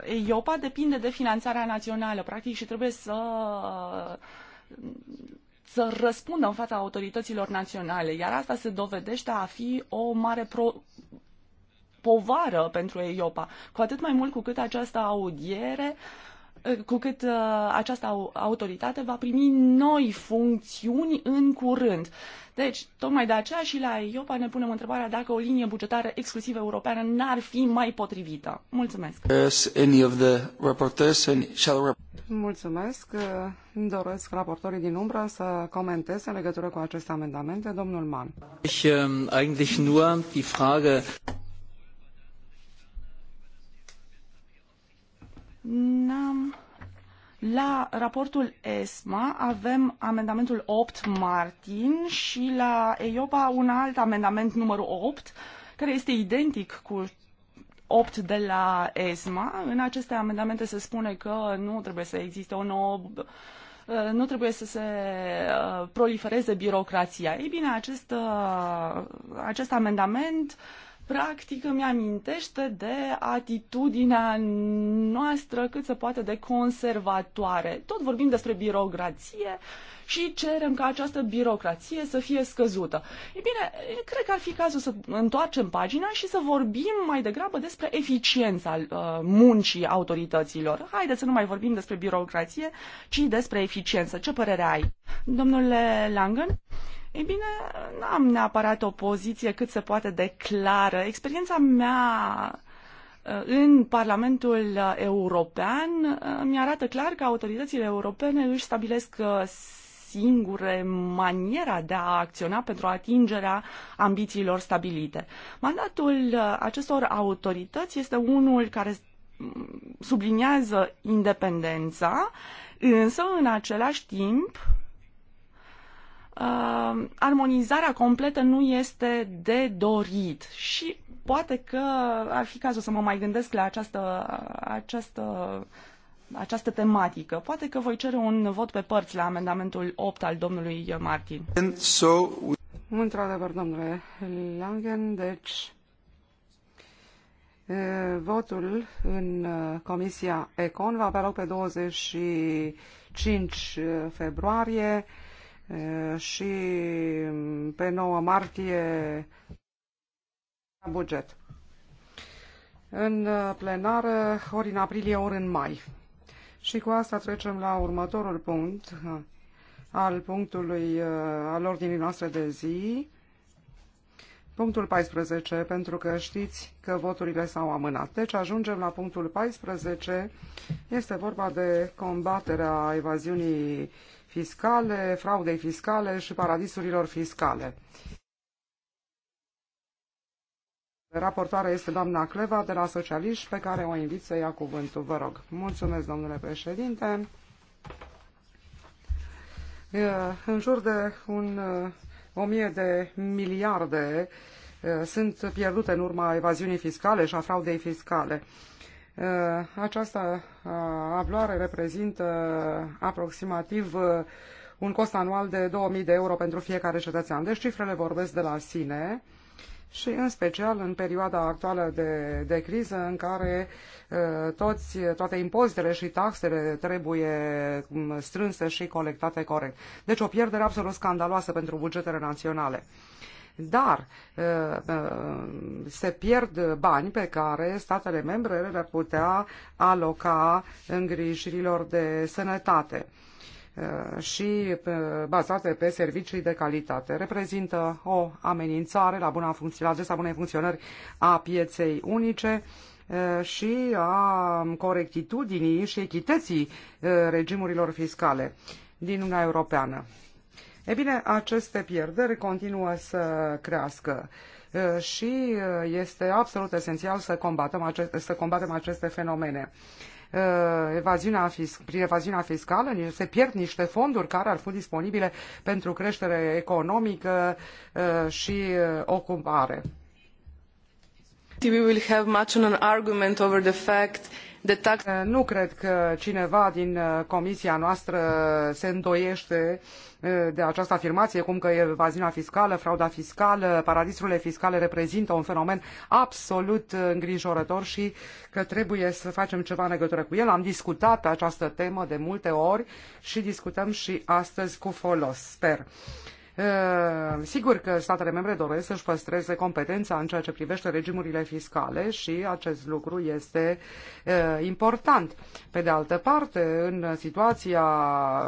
EIOPA depinde de finanțarea națională, practic, și trebuie să să răspundă în fața autorităților naționale, iar asta se dovedește a fi o mare pro povară pentru EIOPA, cu atât mai mult cu cât această audiere uh, cu cât uh, această autoritate va primi noi funcțiuni în curând. Deci, tocmai de aceea și la IOPA ne punem întrebarea dacă o linie bugetară exclusiv europeană n-ar fi mai potrivită. Mulțumesc! Mulțumesc! Îmi doresc raportorii din umbră să comenteze în legătură cu aceste amendamente. Domnul Mann. Ich, ähm, eigentlich nur die Frage... N-am la raportul ESMA avem amendamentul 8 Martin și la EIOPA un alt amendament numărul 8, care este identic cu 8 de la ESMA. În aceste amendamente se spune că nu trebuie să existe o nouă uh, nu trebuie să se uh, prolifereze birocrația. Ei bine, acest, uh, acest amendament uh, practic îmi amintește de atitudinea noastră cât se poate de conservatoare. Tot vorbim despre birocrație și cerem ca această birocrație să fie scăzută. E bine, cred că ar fi cazul să întoarcem pagina și să vorbim mai degrabă despre eficiența uh, muncii autorităților. Haideți să nu mai vorbim despre birocrație, ci despre eficiență. Ce părere ai? Domnule Langen, ei bine, nu am neapărat o poziție cât se poate de clară. Experiența mea uh, în Parlamentul uh, European uh, mi-arată clar că autoritățile europene își stabilesc singure maniera de a acționa pentru atingerea ambițiilor stabilite. Mandatul acestor autorități este unul care mm, subliniază independența, însă în același timp uh, armonizarea completă nu este de dorit și poate că ar fi cazul să mă mai gândesc la această, această, această tematică. Poate că voi cere un vot pe părți la amendamentul 8 al domnului Martin. So... Într-adevăr, domnule Langen, deci Votul în Comisia Econ va avea loc pe 25 februarie și pe 9 martie buget. În plenară, ori în aprilie, ori în mai. Și cu asta trecem la următorul punct al punctului al ordinii noastre de zi. Punctul 14, pentru că știți că voturile s-au amânat. Deci ajungem la punctul 14. Este vorba de combaterea evaziunii fiscale, fraudei fiscale și paradisurilor fiscale. Raportoarea este doamna Cleva de la Socialiști, pe care o invit să ia cuvântul. Vă rog. Mulțumesc, domnule președinte. În jur de un o mie de miliarde sunt pierdute în urma evaziunii fiscale și a fraudei fiscale. Uh, această uh, avloare reprezintă uh, aproximativ un cost anual de 2000 de euro pentru fiecare cetățean. Deci cifrele vorbesc de la sine și în special în perioada actuală de, de criză în care toți, toate impozitele și taxele trebuie um, strânse și colectate corect. Deci o pierdere absolut scandaloasă pentru bugetele naționale dar uh, uh, se pierd bani pe care statele membre le putea aloca îngrijirilor de sănătate uh, și bazate pe servicii de calitate. Reprezintă o amenințare la buna funcționare, adresa bunei funcționări a pieței unice și a corectitudinii și echității regimurilor fiscale din Uniunea Europeană. E bine, aceste pierderi continuă să crească și este absolut esențial să combatem, acest, să combatem aceste fenomene. Evaziunea fisc, prin evaziunea fiscală se pierd niște fonduri care ar fi disponibile pentru creștere economică și ocupare. Nu cred că cineva din eh, comisia noastră eh, se îndoiește eh, de această afirmație, cum că evaziunea fiscală, frauda fiscală, paradisurile fiscale reprezintă un fenomen absolut îngrijorător și că trebuie să facem ceva în legătură cu el. Am discutat această temă de multe ori și discutăm și astăzi cu folos, sper. Uh, sigur că statele membre doresc să-și păstreze competența în ceea ce privește regimurile fiscale și acest lucru este uh, important. Pe de altă parte, în situația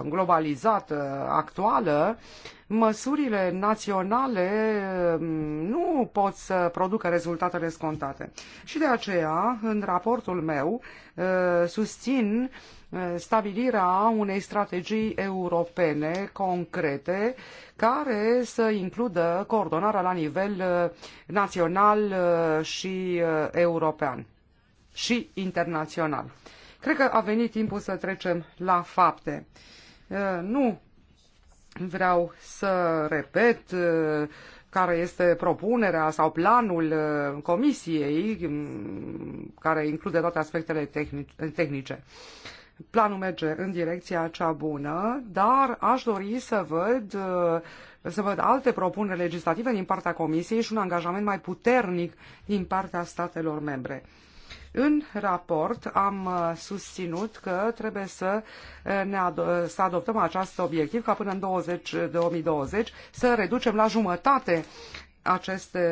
globalizată actuală, măsurile naționale um, nu pot să producă rezultatele scontate. Și de aceea, în raportul meu, uh, susțin stabilirea unei strategii europene concrete care să includă coordonarea la nivel uh, național uh, și uh, european și internațional. Cred că a venit timpul să trecem la fapte. Nu vreau să repet care este propunerea sau planul comisiei, mm, care include toate aspectele tehnice planul merge în direcția cea bună, dar aș dori să văd, să văd alte propuneri legislative din partea Comisiei și un angajament mai puternic din partea statelor membre. În raport am uh, susținut că trebuie să, uh, ne ad- să adoptăm acest obiectiv ca până în 20, 2020 uh, să reducem la jumătate aceste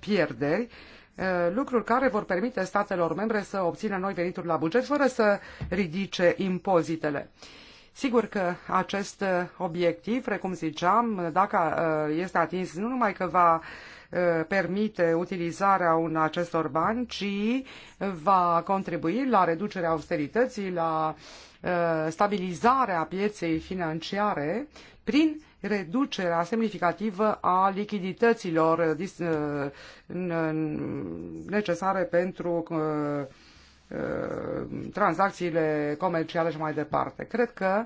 pierderi Uh, lucruri care vor permite statelor membre să obțină noi venituri la buget fără să ridice impozitele. Sigur că acest obiectiv, precum ziceam, dacă uh, este atins, nu numai că va uh, permite utilizarea un acestor bani, ci va contribui la reducerea austerității, la stabilizarea pieței financiare prin reducerea semnificativă a lichidităților necesare pentru uh, uh, tranzacțiile comerciale și mai departe. Cred că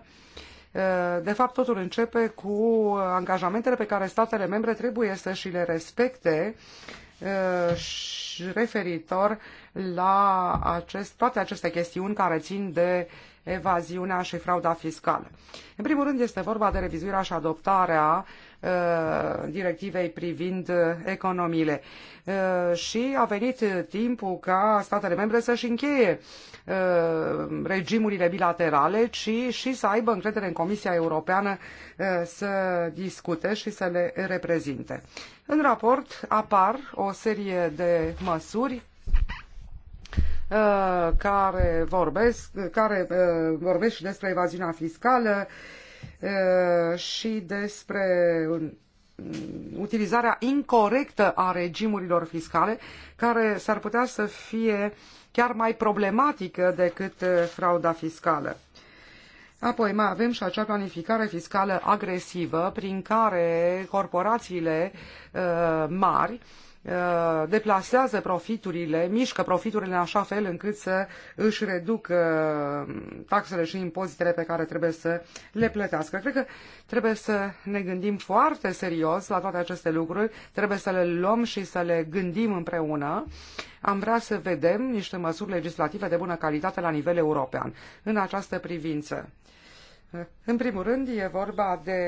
uh, de fapt, totul începe cu angajamentele pe care statele membre trebuie să și le respecte referitor la acest, toate aceste chestiuni care țin de evaziunea și frauda fiscală. În primul rând este vorba de revizuirea și adoptarea uh, directivei privind uh, economiile. Uh, și a venit timpul ca statele membre să-și încheie regimurile bilaterale, ci și să aibă încredere în Comisia Europeană să discute și să le reprezinte. În raport apar o serie de măsuri Uh, care vorbesc, care uh, vorbesc și despre evaziunea fiscală uh, și despre mm, utilizarea incorrectă a regimurilor fiscale, care s-ar putea să fie chiar mai problematică decât frauda fiscală. Apoi mai avem și acea planificare fiscală agresivă prin care corporațiile uh, mari Uh, deplasează profiturile, mișcă profiturile în așa fel încât să își reduc uh, taxele și impozitele pe care trebuie să le plătească. Cred că trebuie să ne gândim foarte serios la toate aceste lucruri, trebuie să le luăm și să le gândim împreună. Am vrea să vedem niște măsuri legislative de bună calitate la nivel european în această privință. În primul rând, e vorba de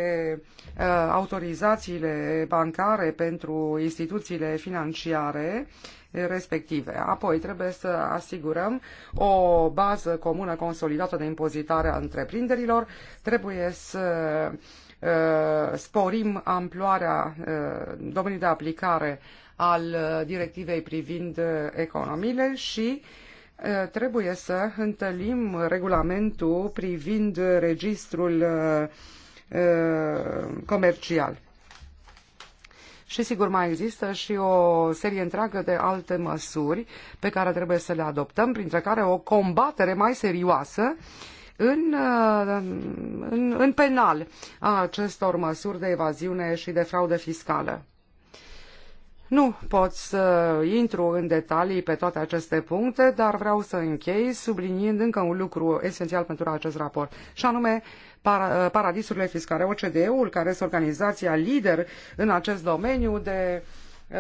uh, autorizațiile bancare pentru instituțiile financiare uh, respective. Apoi trebuie să asigurăm o bază comună consolidată de impozitare a întreprinderilor, trebuie să uh, sporim amploarea uh, domeniului de aplicare al uh, directivei privind uh, economiile și uh, Eh, trebuie să întâlnim regulamentul privind registrul eh, eh, comercial. Și sigur mai există și o serie întreagă de alte măsuri pe care trebuie să le adoptăm, printre care o combatere mai serioasă în, în, în penal a acestor măsuri de evaziune și de fraudă fiscală. Nu pot să intru în detalii pe toate aceste puncte, dar vreau să închei subliniind încă un lucru esențial pentru acest raport, și anume para, eh, paradisurile fiscale. OCDE-ul, care este organizația lider în acest domeniu de eh,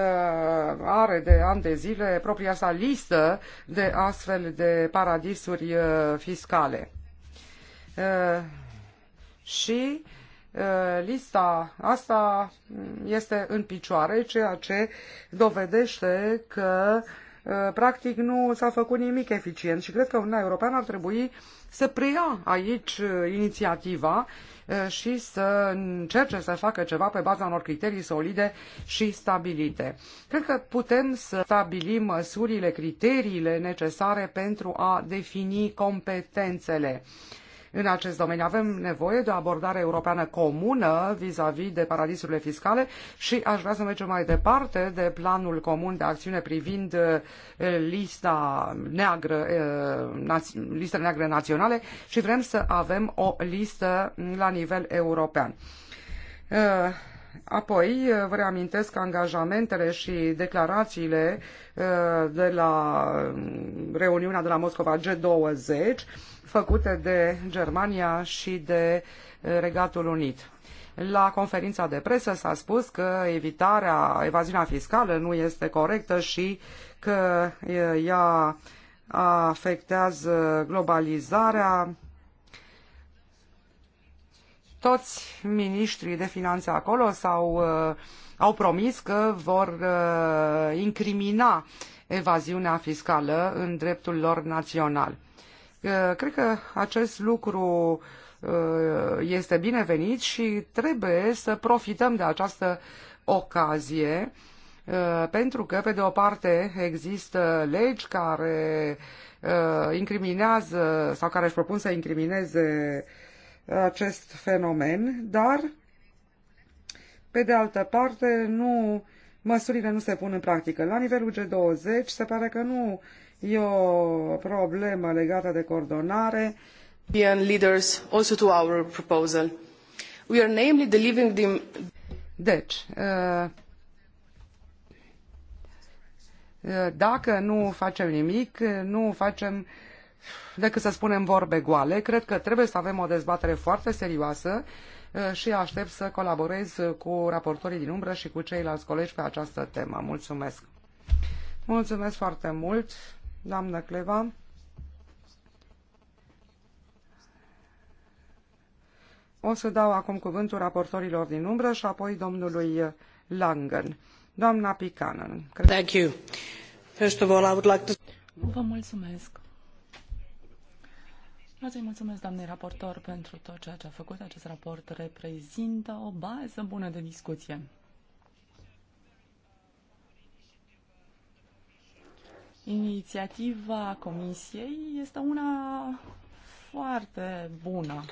are de ani de zile propria sa listă de astfel de paradisuri eh, fiscale. și Uh, lista asta este în picioare, ceea ce dovedește că uh, practic nu s-a făcut nimic eficient și cred că Uniunea Europeană ar trebui să preia aici uh, inițiativa și să încerce să facă ceva pe baza unor criterii solide și stabilite. Cred că putem să stabilim măsurile, criteriile necesare pentru a defini competențele în acest domeniu. Avem nevoie de o abordare europeană comună vis-a-vis -vis de paradisurile fiscale și aș vrea să mergem mai departe de planul comun de acțiune privind eh, lista neagră, eh, lista neagră naționale și vrem să avem o listă la nivel european. Eh, apoi, vă reamintesc angajamentele și declarațiile de la mm, reuniunea de la Moscova G20 făcute de Germania și de eh, Regatul Unit. La conferința de presă s-a spus că evitarea, evaziunea fiscală nu este corectă și că eh, ea afectează globalizarea. Toți miniștrii de finanțe acolo s-au, eh, au promis că vor incrimina evaziunea fiscală în dreptul lor național. Cred că acest lucru uh, este binevenit și trebuie să profităm de această ocazie uh, pentru că, pe de o parte, există legi care uh, incriminează sau care își propun să incrimineze acest fenomen, dar, pe de altă parte, nu, măsurile nu se pun în practică. La nivelul G20 se pare că nu uh, E o problemă legată de coordonare. European leaders also to our proposal. We are namely delivering the... Deci, eh, eh, dacă nu facem nimic, nu facem decât să spunem vorbe goale. Cred că trebuie să avem o dezbatere foarte serioasă eh, și aștept să colaborez cu raportorii din umbră și cu ceilalți colegi pe această temă. Mulțumesc! Mulțumesc foarte mult! doamnă Cleva. O să dau acum cuvântul raportorilor din umbră și apoi domnului Langen. Doamna Picanen. Cred... Thank you. First of all, I would like to... Vă mulțumesc. Vreau să-i mulțumesc, doamnei raportor, pentru tot ceea ce a făcut. Acest raport reprezintă o bază bună de discuție. Inițiativa Comisiei este una foarte bună.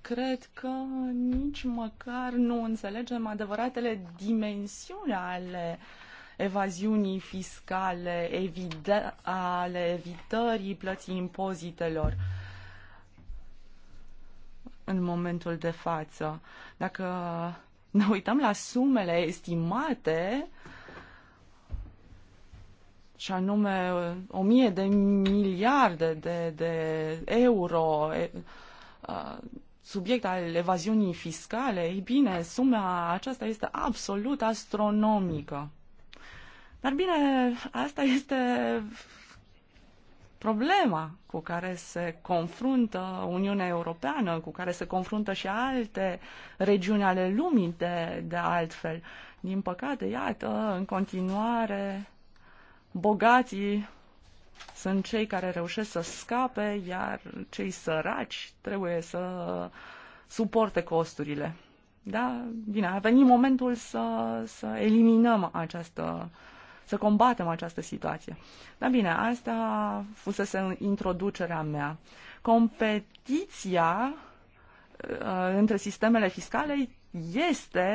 Cred că nici măcar nu înțelegem adevăratele dimensiuni ale evaziunii fiscale, evide- ale evitării plății impozitelor în momentul de față. Dacă ne uităm la sumele estimate și anume o mie de miliarde de, de euro subiect al evaziunii fiscale, ei bine, suma aceasta este absolut astronomică. Dar bine, asta este problema cu care se confruntă Uniunea Europeană, cu care se confruntă și alte regiuni ale lumii de, de altfel. Din păcate, iată, în continuare, bogații sunt cei care reușesc să scape, iar cei săraci trebuie să suporte costurile. Da? Bine, a venit momentul să, să eliminăm această uh, să combatem această situație. Dar bine, asta fusese introducerea mea. Competiția uh, între sistemele fiscale este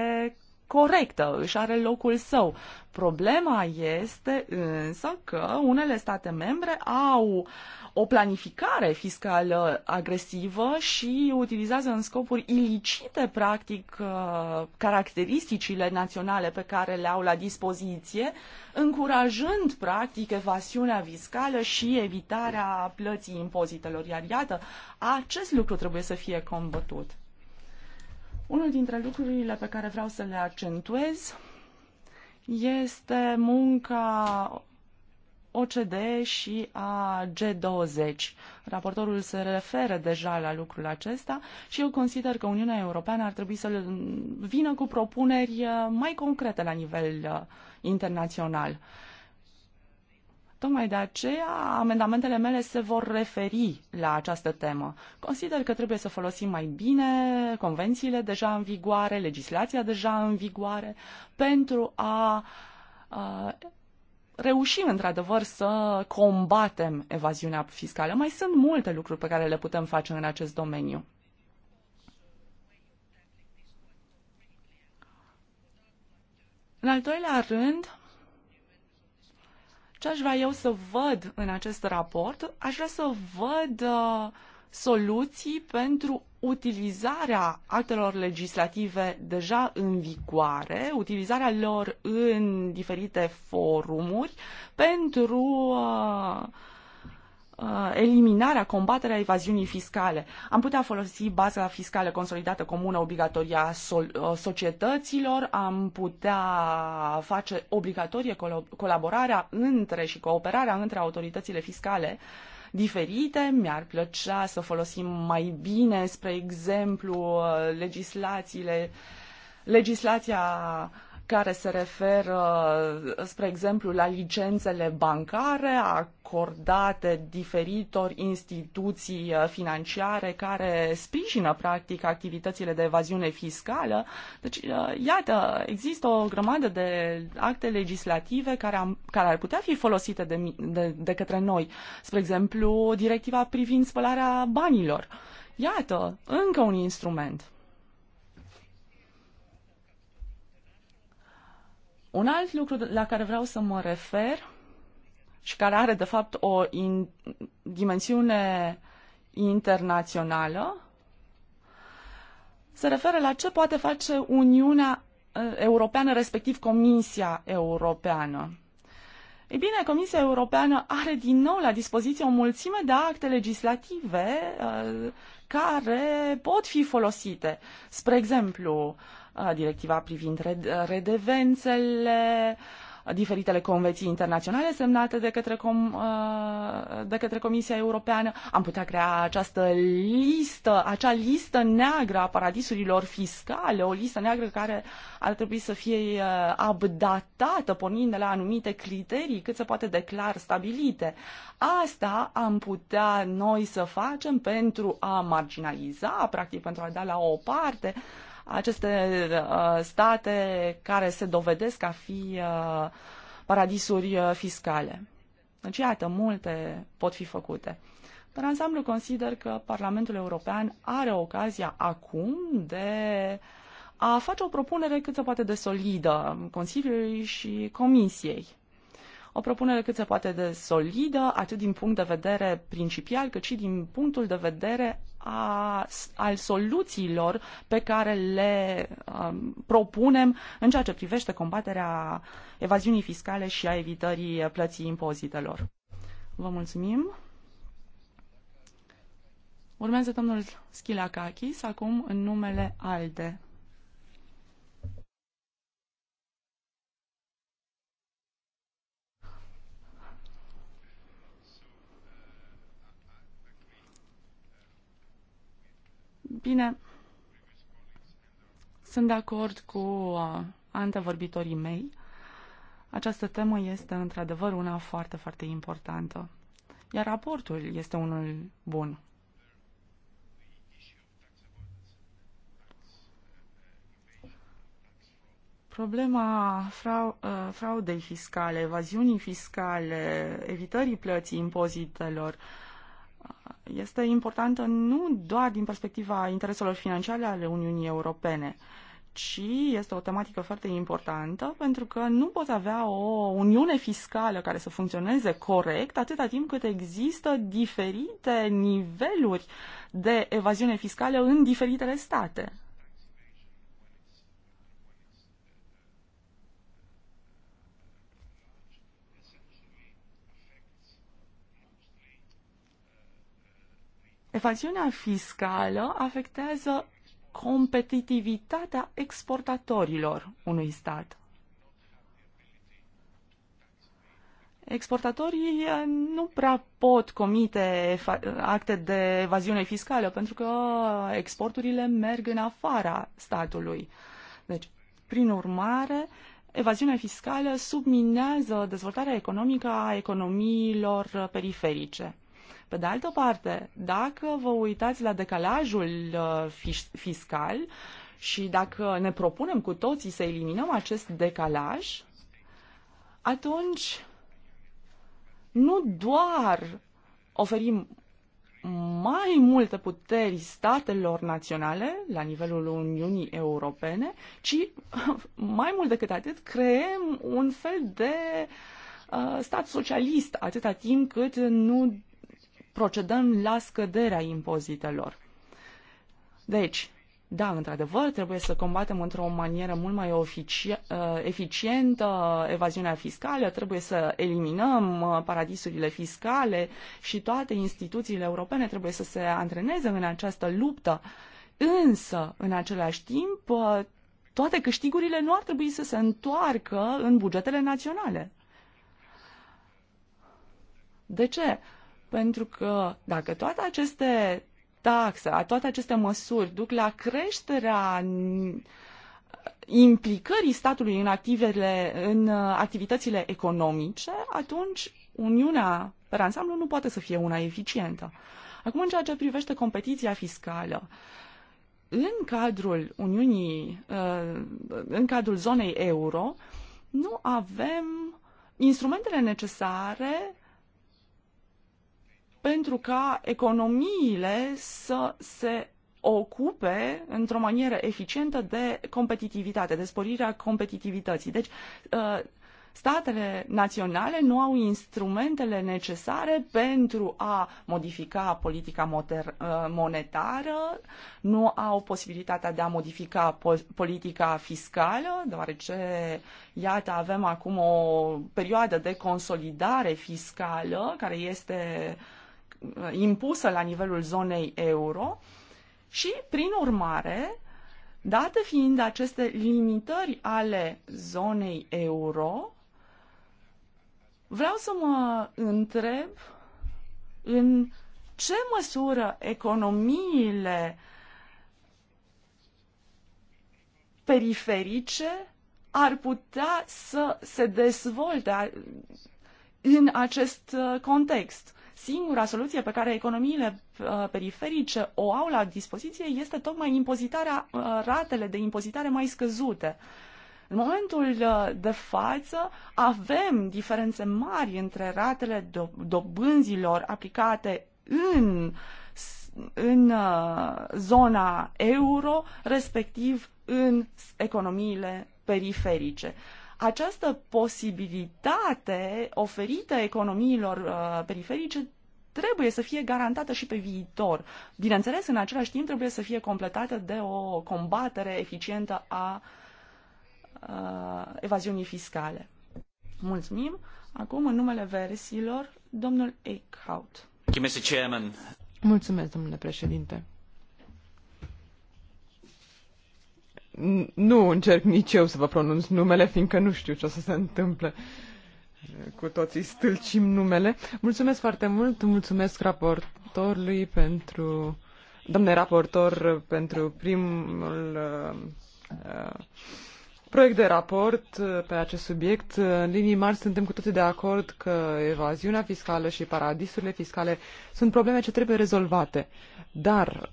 corectă, își are locul său. Problema este însă că unele state membre au o planificare fiscală agresivă și utilizează în scopuri ilicite, practic, uh, caracteristicile naționale pe care le au la dispoziție, încurajând, practic, evasiunea fiscală și evitarea plății impozitelor. Iar, iată, acest lucru trebuie să fie combătut. Unul dintre lucrurile pe care vreau să le accentuez este munca OCD și a G20. Raportorul se referă deja la lucrul acesta și eu consider că Uniunea Europeană ar trebui să vină cu propuneri uh, mai concrete la nivel uh, internațional. Tocmai de aceea, amendamentele mele se vor referi la această temă. Consider că trebuie să folosim mai bine convențiile deja în vigoare, legislația deja în vigoare, pentru a, a reușim într-adevăr să combatem evaziunea fiscală. Mai sunt multe lucruri pe care le putem face în acest domeniu. În al doilea rând, ce aș vrea eu să văd în acest raport? Aș vrea să văd uh, soluții pentru utilizarea actelor legislative deja în vigoare, utilizarea lor în diferite forumuri pentru uh, Uh, eliminarea, combaterea evaziunii fiscale. Am putea folosi baza fiscală consolidată comună obligatorie a uh, societăților, am putea face obligatorie colaborarea între și cooperarea între autoritățile fiscale diferite. Mi-ar plăcea să folosim mai bine, spre exemplu, uh, legislațiile, legislația uh, care se referă, spre exemplu, la licențele bancare acordate diferitor instituții financiare care sprijină, practic, activitățile de evaziune fiscală. Deci, iată, există o grămadă de acte legislative care, am, care ar putea fi folosite de, de, de către noi. Spre exemplu, directiva privind spălarea banilor. Iată, încă un instrument. Un alt lucru la care vreau să mă refer și care are de fapt o in, dimensiune internațională se referă la ce poate face Uniunea uh, Europeană, respectiv Comisia Europeană. Ei bine, Comisia Europeană are din nou la dispoziție o mulțime de acte legislative uh, care pot fi folosite. Spre exemplu, uh, directiva privind redevențele, diferitele convenții internaționale semnate de către, com, de către Comisia Europeană. Am putea crea această listă, acea listă neagră a paradisurilor fiscale, o listă neagră care ar trebui să fie abdatată pornind de la anumite criterii cât se poate declar stabilite. Asta am putea noi să facem pentru a marginaliza, practic pentru a da la o parte uh, aceste uh, state care se dovedesc a fi uh, paradisuri uh, fiscale. Deci, iată, multe pot fi făcute. Dar ansamblu consider că Parlamentul European are ocazia acum de a face o propunere cât se poate de solidă Consiliului și Comisiei. O propunere cât se poate de solidă, atât din punct de vedere principial, cât și din punctul de vedere a, al soluțiilor pe care le um, propunem în ceea ce privește combaterea evaziunii fiscale și a evitării plății impozitelor. Vă mulțumim. Urmează domnul Schilacakis, acum în numele ALDE. Bine, sunt de acord cu uh, antevorbitorii mei. Această temă este într-adevăr una foarte, foarte importantă. Iar raportul este unul bun. Problema frau, uh, fraudei fiscale, evaziunii fiscale, evitării plății impozitelor, uh, este importantă nu doar din perspectiva intereselor financiare ale Uniunii Europene, ci este o tematică foarte importantă pentru că nu poți avea o uniune fiscală care să funcționeze corect atâta timp cât există diferite niveluri de evaziune fiscală în diferitele state. Evaziunea fiscală afectează competitivitatea exportatorilor unui stat. Exportatorii eh, nu prea pot comite acte de evaziune fiscală pentru că exporturile merg în afara statului. Deci, prin urmare, evaziunea fiscală subminează dezvoltarea economică a economiilor periferice. Pe de altă parte, dacă vă uitați la decalajul uh, fiscal și dacă ne propunem cu toții să eliminăm acest decalaj, atunci nu doar oferim mai multe puteri statelor naționale la nivelul Uniunii Europene, ci mai mult decât atât creăm un fel de uh, stat socialist atâta timp cât nu procedăm la scăderea impozitelor. Deci, da, într-adevăr, trebuie să combatem într-o manieră mult mai uh, eficientă evaziunea fiscală, trebuie să eliminăm uh, paradisurile fiscale și toate instituțiile europene trebuie să se antreneze în această luptă. Însă, în același timp, uh, toate câștigurile nu ar trebui să se întoarcă în bugetele naționale. De ce? Pentru că dacă toate aceste taxe, toate aceste măsuri duc la creșterea implicării statului în, activele, în activitățile economice, atunci Uniunea, pe ansamblu, nu poate să fie una eficientă. Acum, în ceea ce privește competiția fiscală, în cadrul Uniunii, uh, în cadrul zonei euro, nu avem instrumentele necesare pentru ca economiile să se ocupe într-o manieră eficientă de competitivitate, de sporirea competitivității. Deci, uh, statele naționale nu au instrumentele necesare pentru a modifica politica uh, monetară, nu au posibilitatea de a modifica politica fiscală, deoarece, iată, avem acum o perioadă de consolidare fiscală care este uh, Uh, impusă la nivelul zonei euro și, prin urmare, dată fiind aceste limitări ale zonei euro, vreau să mă întreb în ce măsură economiile periferice ar putea să se dezvolte în acest uh, context singura soluție pe care economiile uh, periferice o au la dispoziție este tocmai impozitarea, uh, ratele de impozitare mai scăzute. În momentul uh, de față avem diferențe mari între ratele dobânzilor aplicate în, în zona euro, respectiv în economiile periferice. Această posibilitate oferită economiilor uh, periferice trebuie să fie garantată și pe viitor. Bineînțeles, în același timp trebuie să fie completată de o combatere eficientă a uh, evaziunii fiscale. Mulțumim. Acum, în numele versiilor, domnul Eichhout. Mulțumesc, domnule președinte. nu încerc nici eu să vă pronunț numele, fiindcă nu știu ce o să se întâmple. Cu toții stâlcim numele. Mulțumesc foarte mult, mulțumesc raportorului pentru, domne raportor, pentru primul uh, uh proiect de raport uh, pe acest subiect. În linii mari suntem cu toții de acord că evaziunea fiscală și paradisurile fiscale sunt probleme ce trebuie rezolvate. Dar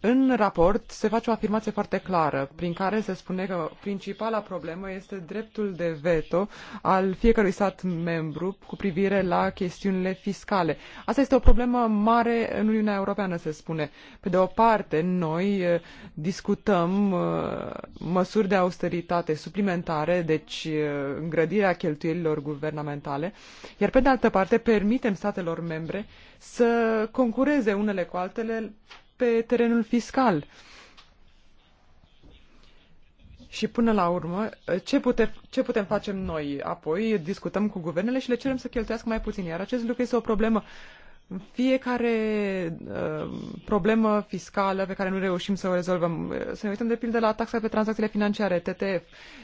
în raport se face o afirmație foarte clară, prin care se spune că principala problemă este dreptul de veto al fiecărui stat membru cu privire la chestiunile fiscale. Asta este o problemă mare în Uniunea Europeană, se spune. Pe de o parte, noi eh, discutăm eh, măsuri de austeritate suplimentare, deci eh, îngrădirea cheltuielilor guvernamentale, iar pe de altă parte permitem statelor membre să concureze unele cu altele pe terenul fiscal. Și până la urmă, ce, pute, ce putem face noi? Apoi discutăm cu guvernele și le cerem să cheltuiască mai puțin. Iar acest lucru este o problemă fiecare uh, problemă fiscală pe care nu reușim să o rezolvăm. Să ne uităm de pildă la taxa pe tranzacțiile financiare, TTF,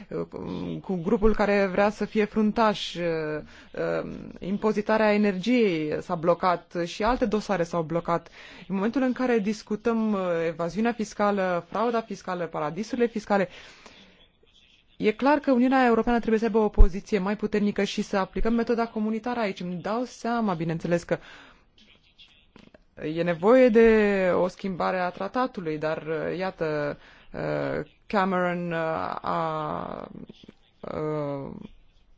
uh, cu grupul care vrea să fie fruntaș, uh, uh, impozitarea energiei s-a blocat și alte dosare s-au blocat. În momentul în care discutăm uh, evaziunea fiscală, frauda fiscală, paradisurile fiscale, E clar că Uniunea Europeană trebuie să aibă o poziție mai puternică și să aplicăm metoda comunitară aici. Îmi dau seama, bineînțeles, că e nevoie de o schimbare a tratatului, dar uh, iată, uh, Cameron uh, a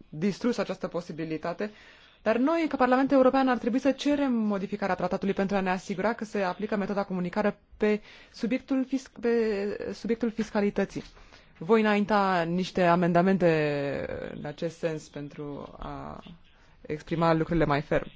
distrus această posibilitate. Dar noi, ca Parlament European, ar trebui să cerem modificarea tratatului pentru a ne asigura că se aplică metoda comunicare pe subiectul, fisc- pe subiectul fiscalității. Voi înainta niște amendamente în acest sens pentru a exprima lucrurile mai ferm.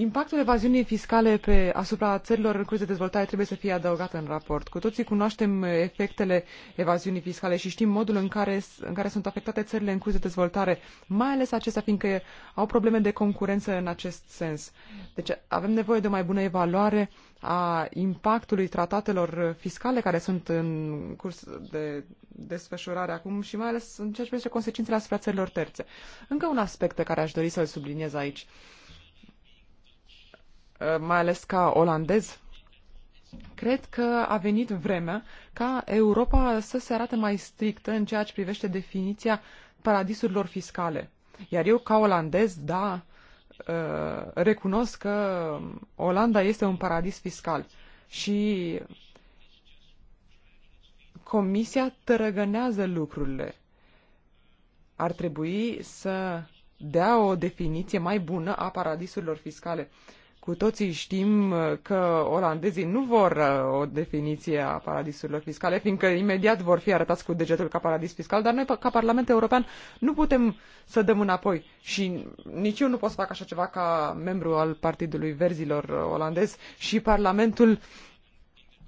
Impactul evaziunii fiscale pe, asupra țărilor în curs de dezvoltare trebuie să fie adăugat în raport. Cu toții cunoaștem efectele evaziunii fiscale și știm modul în care, în care sunt afectate țările în curs de dezvoltare, mai ales acestea fiindcă au probleme de concurență în acest sens. Deci avem nevoie de o mai bună evaluare a impactului tratatelor fiscale care sunt în curs de desfășurare acum și mai ales în ceea ce privește consecințele asupra țărilor terțe. Încă un aspect pe care aș dori să-l subliniez aici Uh, mai ales ca olandez, cred că a venit vremea ca Europa să se arate mai strictă în ceea ce privește definiția paradisurilor fiscale. Iar eu, ca olandez, da, uh, recunosc că Olanda este un paradis fiscal și Comisia tărăgănează lucrurile. Ar trebui să dea o definiție mai bună a paradisurilor fiscale. Cu toții știm uh, că olandezii nu vor uh, o definiție a paradisurilor fiscale, fiindcă imediat vor fi arătați cu degetul ca paradis fiscal, dar noi, ca Parlament European, nu putem să dăm înapoi. Și nici eu nu pot să fac așa ceva ca membru al Partidului Verzilor uh, olandez și Parlamentul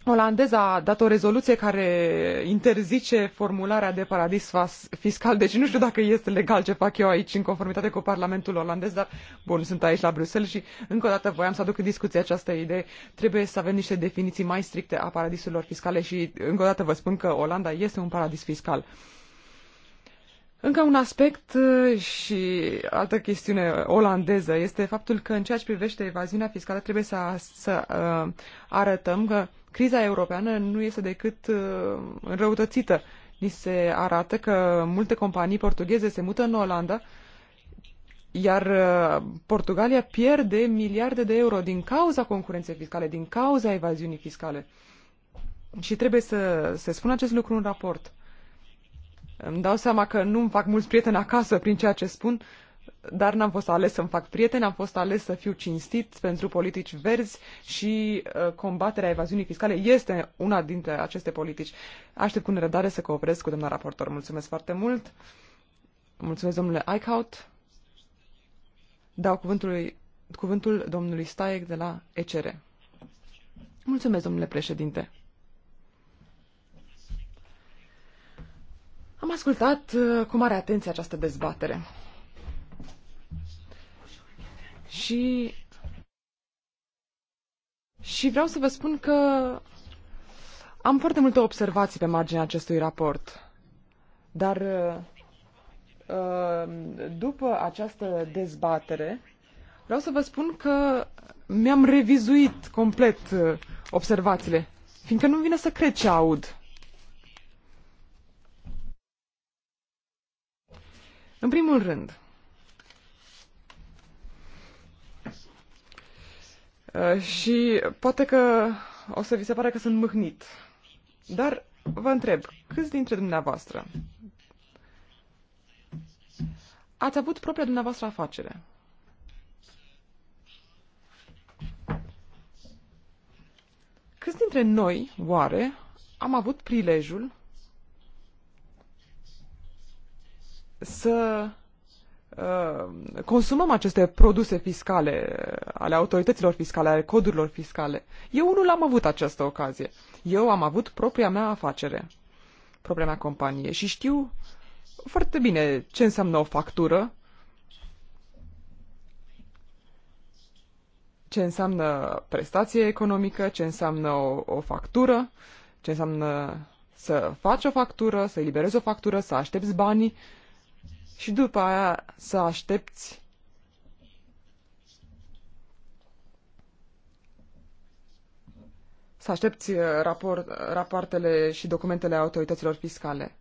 olandeza a dat o rezoluție care interzice formularea de paradis fiscal, deci nu știu dacă este legal ce fac eu aici în conformitate cu Parlamentul olandez, dar bun, sunt aici la Bruxelles și încă o dată voiam să aduc în discuție această idee. Trebuie să avem niște definiții mai stricte a paradisurilor fiscale și încă o dată vă spun că Olanda este un paradis fiscal. Încă un aspect uh, și altă chestiune olandeză este faptul că în ceea ce privește evaziunea fiscală trebuie să, să uh, arătăm că criza europeană nu este decât uh, înrăutățită. Ni se arată că multe companii portugheze se mută în Olanda, iar uh, Portugalia pierde miliarde de euro din cauza concurenței fiscale, din cauza evaziunii fiscale. Și trebuie să se spună acest lucru în raport. Îmi dau seama că nu-mi fac mulți prieteni acasă prin ceea ce spun, dar n-am fost ales să-mi fac prieteni, am fost ales să fiu cinstit pentru politici verzi și uh, combaterea evaziunii fiscale este una dintre aceste politici. Aștept cu nerăbdare să cooperez cu doamna raportor. Mulțumesc foarte mult. Mulțumesc domnule Eichhout. Dau cuvântul, cuvântul domnului Staec de la ECR. Mulțumesc, domnule președinte. Am ascultat uh, cu mare atenție această dezbatere. Și, și vreau să vă spun că am foarte multe observații pe marginea acestui raport. Dar uh, după această dezbatere, vreau să vă spun că mi-am revizuit complet uh, observațiile, fiindcă nu vine să cred ce aud. În primul rând, Uh, și poate că o să vi se pare că sunt mâhnit. Dar vă întreb, câți dintre dumneavoastră ați avut propria dumneavoastră afacere? Câți dintre noi, oare, am avut prilejul să Uh, consumăm aceste produse fiscale uh, ale autorităților fiscale, ale codurilor fiscale. Eu nu l-am avut această ocazie. Eu am avut propria mea afacere, propria mea companie și știu foarte bine ce înseamnă o factură, ce înseamnă prestație economică, ce înseamnă o, o factură, ce înseamnă să faci o factură, să eliberezi o factură, să aștepți banii, uh, și după aia să aștepți să aștepți uh, raport, uh, rapoartele și documentele autorităților fiscale.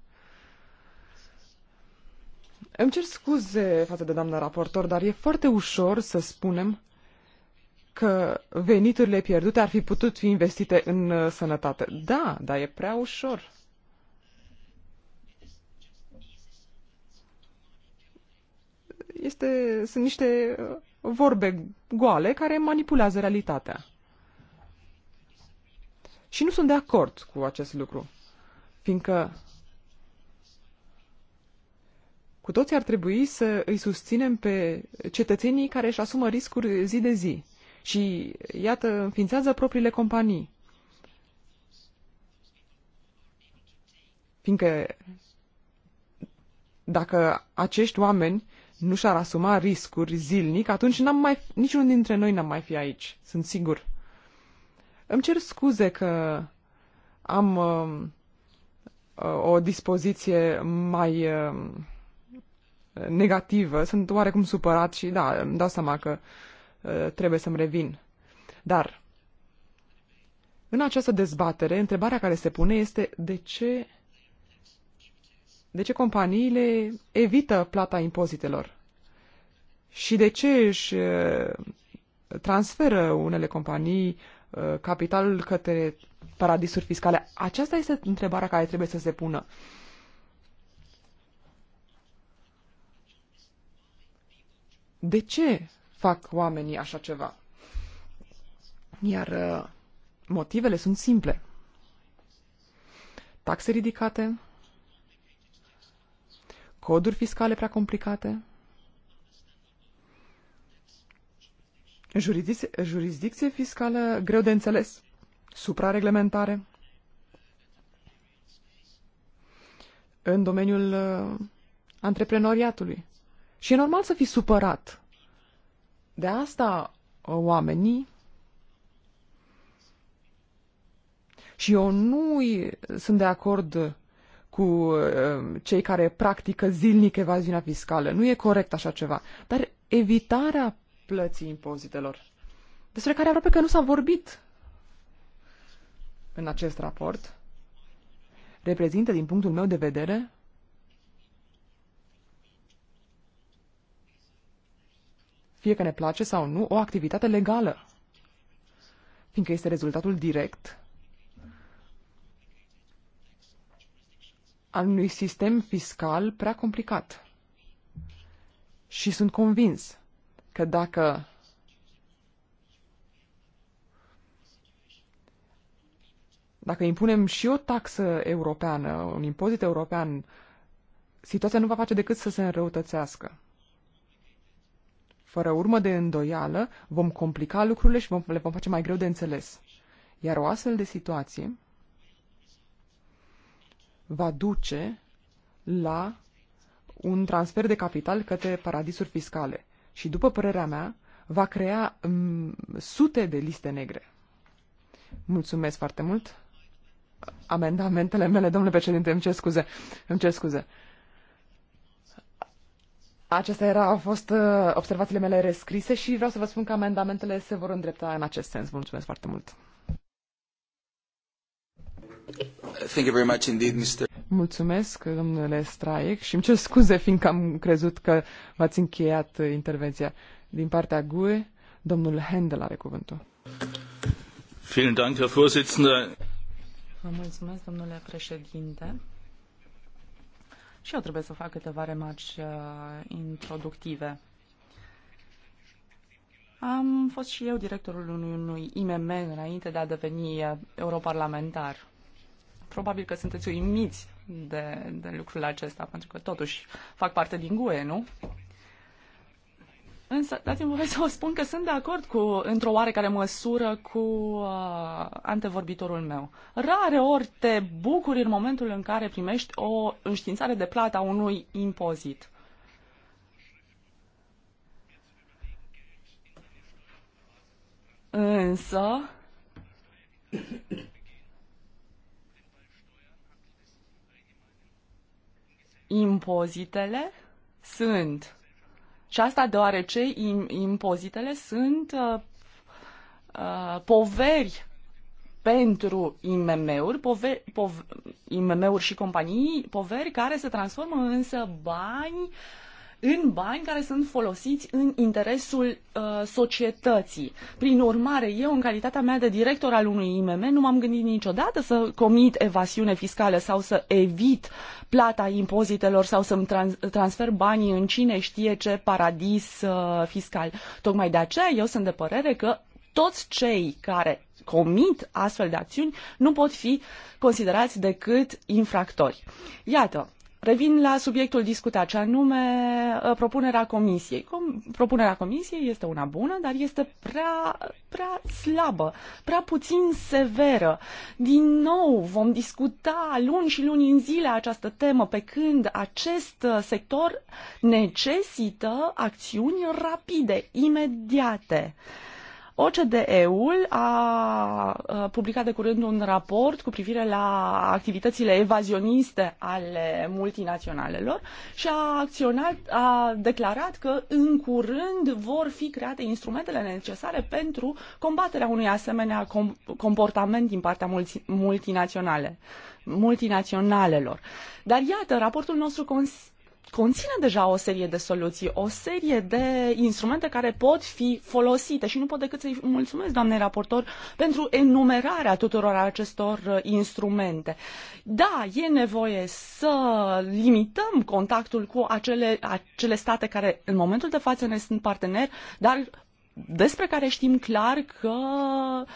Îmi cer scuze față de doamna raportor, dar e foarte ușor să spunem că veniturile pierdute ar fi putut fi investite în uh, sănătate. Da, dar e prea ușor. este, sunt niște uh, vorbe goale care manipulează realitatea. Și nu sunt de acord cu acest lucru, fiindcă cu toții ar trebui să îi susținem pe cetățenii care își asumă riscuri zi de zi și, iată, înființează propriile companii. Fiindcă dacă acești oameni nu și-ar asuma riscuri zilnic, atunci n-am mai, niciunul dintre noi n-am mai fi aici, sunt sigur. Îmi cer scuze că am um, uh, o dispoziție mai uh, negativă, sunt oarecum supărat și da, îmi dau seama că uh, trebuie să-mi revin. Dar, în această dezbatere, întrebarea care se pune este de ce de ce companiile evită plata impozitelor și de ce își uh, transferă unele companii uh, capitalul către paradisuri fiscale. Aceasta este întrebarea care trebuie să se pună. De ce fac oamenii așa ceva? Iar uh, motivele sunt simple. Taxe ridicate, coduri fiscale prea complicate, jurisdicție, jurisdicție fiscală greu de înțeles, suprareglementare în domeniul uh, antreprenoriatului. Și e normal să fii supărat. De asta uh, oamenii și eu nu sunt de acord cu uh, cei care practică zilnic evaziunea fiscală. Nu e corect așa ceva. Dar evitarea plății impozitelor, despre care aproape că nu s-a vorbit în acest raport, reprezintă, din punctul meu de vedere, fie că ne place sau nu, o activitate legală, fiindcă este rezultatul direct al unui sistem fiscal prea complicat. Și sunt convins că dacă dacă impunem și o taxă europeană, un impozit european, situația nu va face decât să se înrăutățească. Fără urmă de îndoială, vom complica lucrurile și vom, le vom face mai greu de înțeles. Iar o astfel de situație va duce la un transfer de capital către paradisuri fiscale și, după părerea mea, va crea mm, sute de liste negre. Mulțumesc foarte mult. Amendamentele mele, domnule președinte, îmi cer scuze. Îmi cer scuze. Acestea era, au fost uh, observațiile mele rescrise și vreau să vă spun că amendamentele se vor îndrepta în acest sens. Mulțumesc foarte mult. Thank you very much indeed, Mr. Mulțumesc, domnule Straic, și îmi cer scuze, fiindcă am crezut că v-ați încheiat intervenția. Din partea GUE, domnul Händel are cuvântul. Vielen Dank, Herr Vorsitzender. Vă mulțumesc, domnule președinte. Și eu trebuie să fac câteva remarci uh, introductive. Am fost și eu directorul unui, unui IMM înainte de a deveni uh, europarlamentar probabil că sunteți uimiți de, de lucrul acesta, pentru că totuși fac parte din GUE, nu? Însă, dați-mi voie să vă spun că sunt de acord cu, într-o oarecare măsură, cu uh, antevorbitorul meu. Rare ori te bucuri în momentul în care primești o înștiințare de plată a unui impozit. Însă, impozitele sunt. Și asta deoarece impozitele sunt uh, uh, poveri pentru IMM-uri, pove, pov, IMM-uri și companii, poveri care se transformă însă bani uh, în bani care sunt folosiți în interesul uh, societății. Prin urmare, eu, în calitatea mea de director al unui IMM, nu m-am gândit niciodată să comit evasiune fiscală sau să evit plata impozitelor sau să-mi trans- transfer banii în cine știe ce paradis uh, fiscal. Tocmai de aceea eu sunt de părere că toți cei care comit astfel de acțiuni nu pot fi considerați decât infractori. Iată, Revin la subiectul discutat, ce anume uh, propunerea comisiei. Com- propunerea comisiei este una bună, dar este prea, prea slabă, prea puțin severă. Din nou vom discuta luni și luni în zile această temă, pe când acest uh, sector necesită acțiuni rapide, imediate. Uh, OCDE-ul a publicat de curând un raport cu privire la activitățile evazioniste ale multinaționalelor și a acționat, a declarat că în curând vor fi create instrumentele necesare pentru combaterea unui asemenea com- comportament din partea multi- multinaționale, multinaționalelor. Dar iată, raportul nostru cons- conține deja o serie de soluții, o serie de instrumente care pot fi folosite și nu pot decât să-i mulțumesc, doamnei raportor, pentru enumerarea tuturor acestor uh, instrumente. Da, e nevoie să limităm contactul cu acele, acele state care în momentul de față ne sunt parteneri, dar despre care știm clar că uh,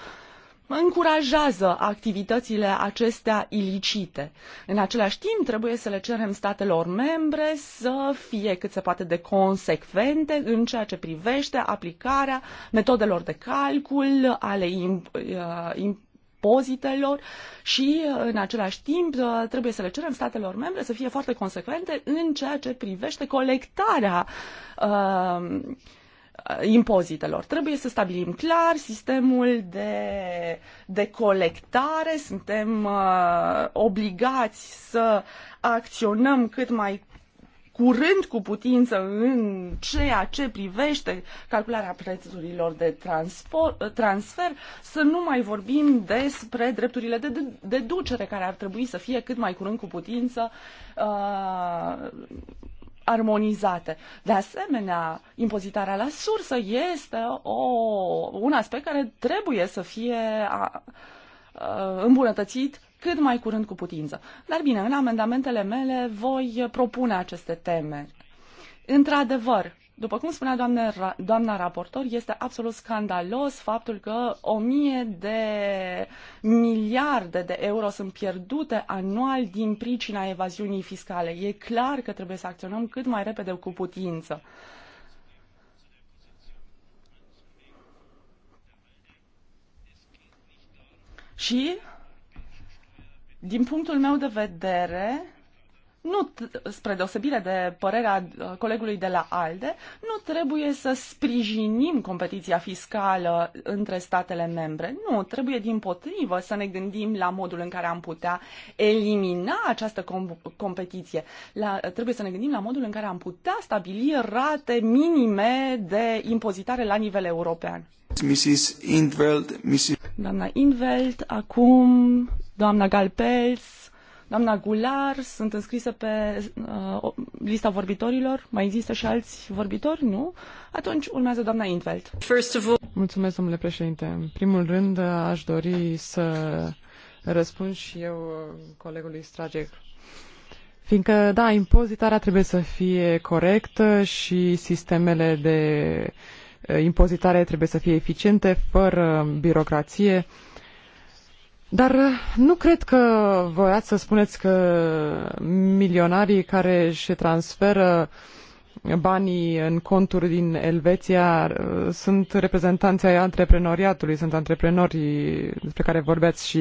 încurajează activitățile acestea ilicite. În același timp, trebuie să le cerem statelor membre să fie cât se poate de consecvente în ceea ce privește aplicarea metodelor de calcul ale uh, impozitelor și, uh, în același timp, uh, trebuie să le cerem statelor membre să fie foarte consecvente în ceea ce privește colectarea uh, impozitelor. Trebuie să stabilim clar sistemul de, de colectare, suntem uh, obligați să acționăm cât mai curând cu putință în ceea ce privește calcularea prețurilor de transfer, să nu mai vorbim despre drepturile de deducere care ar trebui să fie cât mai curând cu putință uh, armonizate. De asemenea, impozitarea la sursă este o, un aspect care trebuie să fie a, a, îmbunătățit cât mai curând cu putință. Dar bine, în amendamentele mele voi propune aceste teme. Într-adevăr, după cum spunea doamne, doamna raportor, este absolut scandalos faptul că o mie de miliarde de euro sunt pierdute anual din pricina evaziunii fiscale. E clar că trebuie să acționăm cât mai repede cu putință. Și, din punctul meu de vedere, nu, spre deosebire de părerea uh, colegului de la ALDE, nu trebuie să sprijinim competiția fiscală între statele membre. Nu, trebuie din potrivă să ne gândim la modul în care am putea elimina această com- competiție. La, trebuie să ne gândim la modul în care am putea stabili rate minime de impozitare la nivel european. Mrs. Inveld, Mrs. Doamna Inveld, acum doamna Galpels, doamna Gular, sunt înscrisă pe uh, lista vorbitorilor. Mai există și alți vorbitori? Nu? Atunci urmează doamna Intveld. Mulțumesc, domnule președinte. În primul rând, aș dori să răspund și eu colegului Stragec. Fiindcă, da, impozitarea trebuie să fie corectă și sistemele de uh, impozitare trebuie să fie eficiente, fără birocrație dar uh, nu cred că voiați să spuneți că milionarii care își transferă banii în conturi din Elveția uh, sunt reprezentanții ai antreprenoriatului, sunt antreprenorii despre care vorbeați și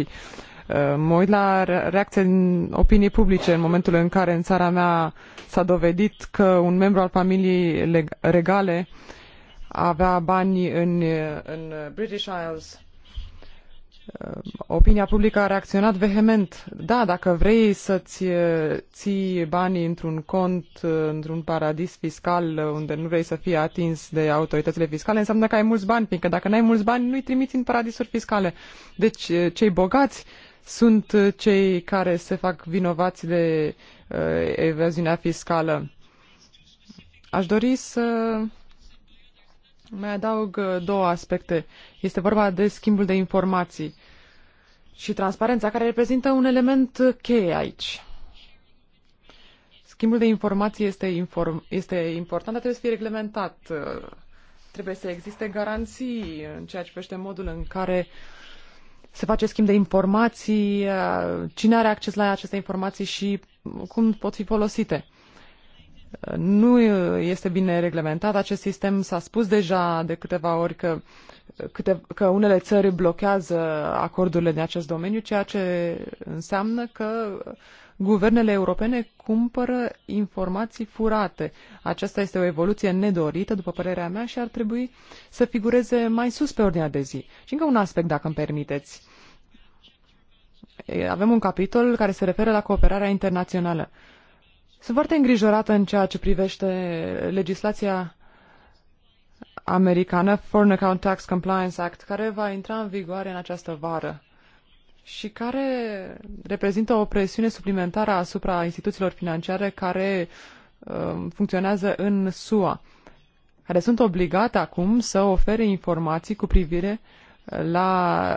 uh, mă uit la reacția din opinii publice în momentul în care în țara mea s-a dovedit că un membru al familiei regale avea bani în, în British Isles Uh, opinia publică a reacționat vehement. Da, dacă vrei să-ți uh, ții banii într-un cont, uh, într-un paradis fiscal unde nu vrei să fii atins de autoritățile fiscale, înseamnă că ai mulți bani, fiindcă dacă n-ai mulți bani, nu-i trimiți în paradisuri fiscale. Deci cei bogați sunt cei care se fac vinovați de uh, evaziunea fiscală. Aș dori să mai adaug uh, două aspecte. Este vorba de schimbul de informații și transparența, care reprezintă un element uh, cheie aici. Schimbul de informații este, inform- este important, dar trebuie să fie reglementat. Uh, trebuie să existe garanții în ceea ce privește modul în care se face schimb de informații, cine are acces la aceste informații și cum pot fi folosite nu este bine reglementat acest sistem. S-a spus deja de câteva ori că, câte, că unele țări blochează acordurile din acest domeniu, ceea ce înseamnă că guvernele europene cumpără informații furate. Aceasta este o evoluție nedorită, după părerea mea, și ar trebui să figureze mai sus pe ordinea de zi. Și încă un aspect, dacă îmi permiteți. Avem un capitol care se referă la cooperarea internațională. Sunt foarte îngrijorată în ceea ce privește legislația americană, Foreign Account Tax Compliance Act, care va intra în vigoare în această vară și care reprezintă o presiune suplimentară asupra instituțiilor financiare care uh, funcționează în SUA, care sunt obligate acum să ofere informații cu privire uh, la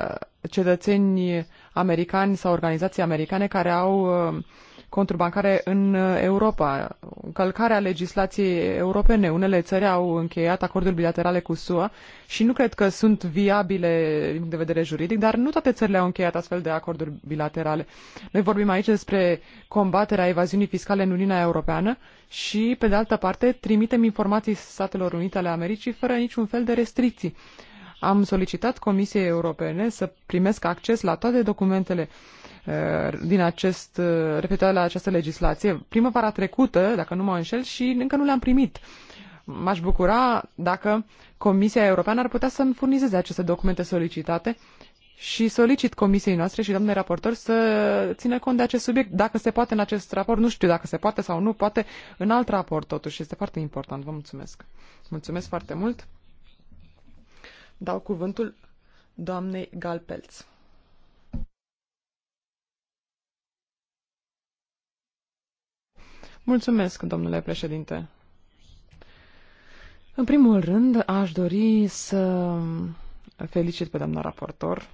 cetățeni americani sau organizații americane care au uh, conturi bancare în uh, Europa, încălcarea legislației europene. Unele țări au încheiat acorduri bilaterale cu SUA și nu cred că sunt viabile din punct de vedere juridic, dar nu toate țările au încheiat astfel de acorduri bilaterale. Noi vorbim aici despre combaterea evaziunii fiscale în Uniunea Europeană și, pe de altă parte, trimitem informații Statelor Unite ale Americii fără niciun fel de restricții am solicitat Comisiei Europene să primesc acces la toate documentele Uh, din acest, uh, referitoare la această legislație primăvara trecută, dacă nu mă înșel, și încă nu le-am primit. M-aș bucura dacă Comisia Europeană ar putea să-mi furnizeze aceste documente solicitate și solicit comisiei noastre și doamnei raportor să țină cont de acest subiect. Dacă se poate în acest raport, nu știu dacă se poate sau nu, poate în alt raport totuși. Este foarte important. Vă mulțumesc. Mulțumesc foarte mult. Dau cuvântul doamnei Galpelț. Mulțumesc, domnule președinte. În primul rând, aș dori să felicit pe doamna raportor.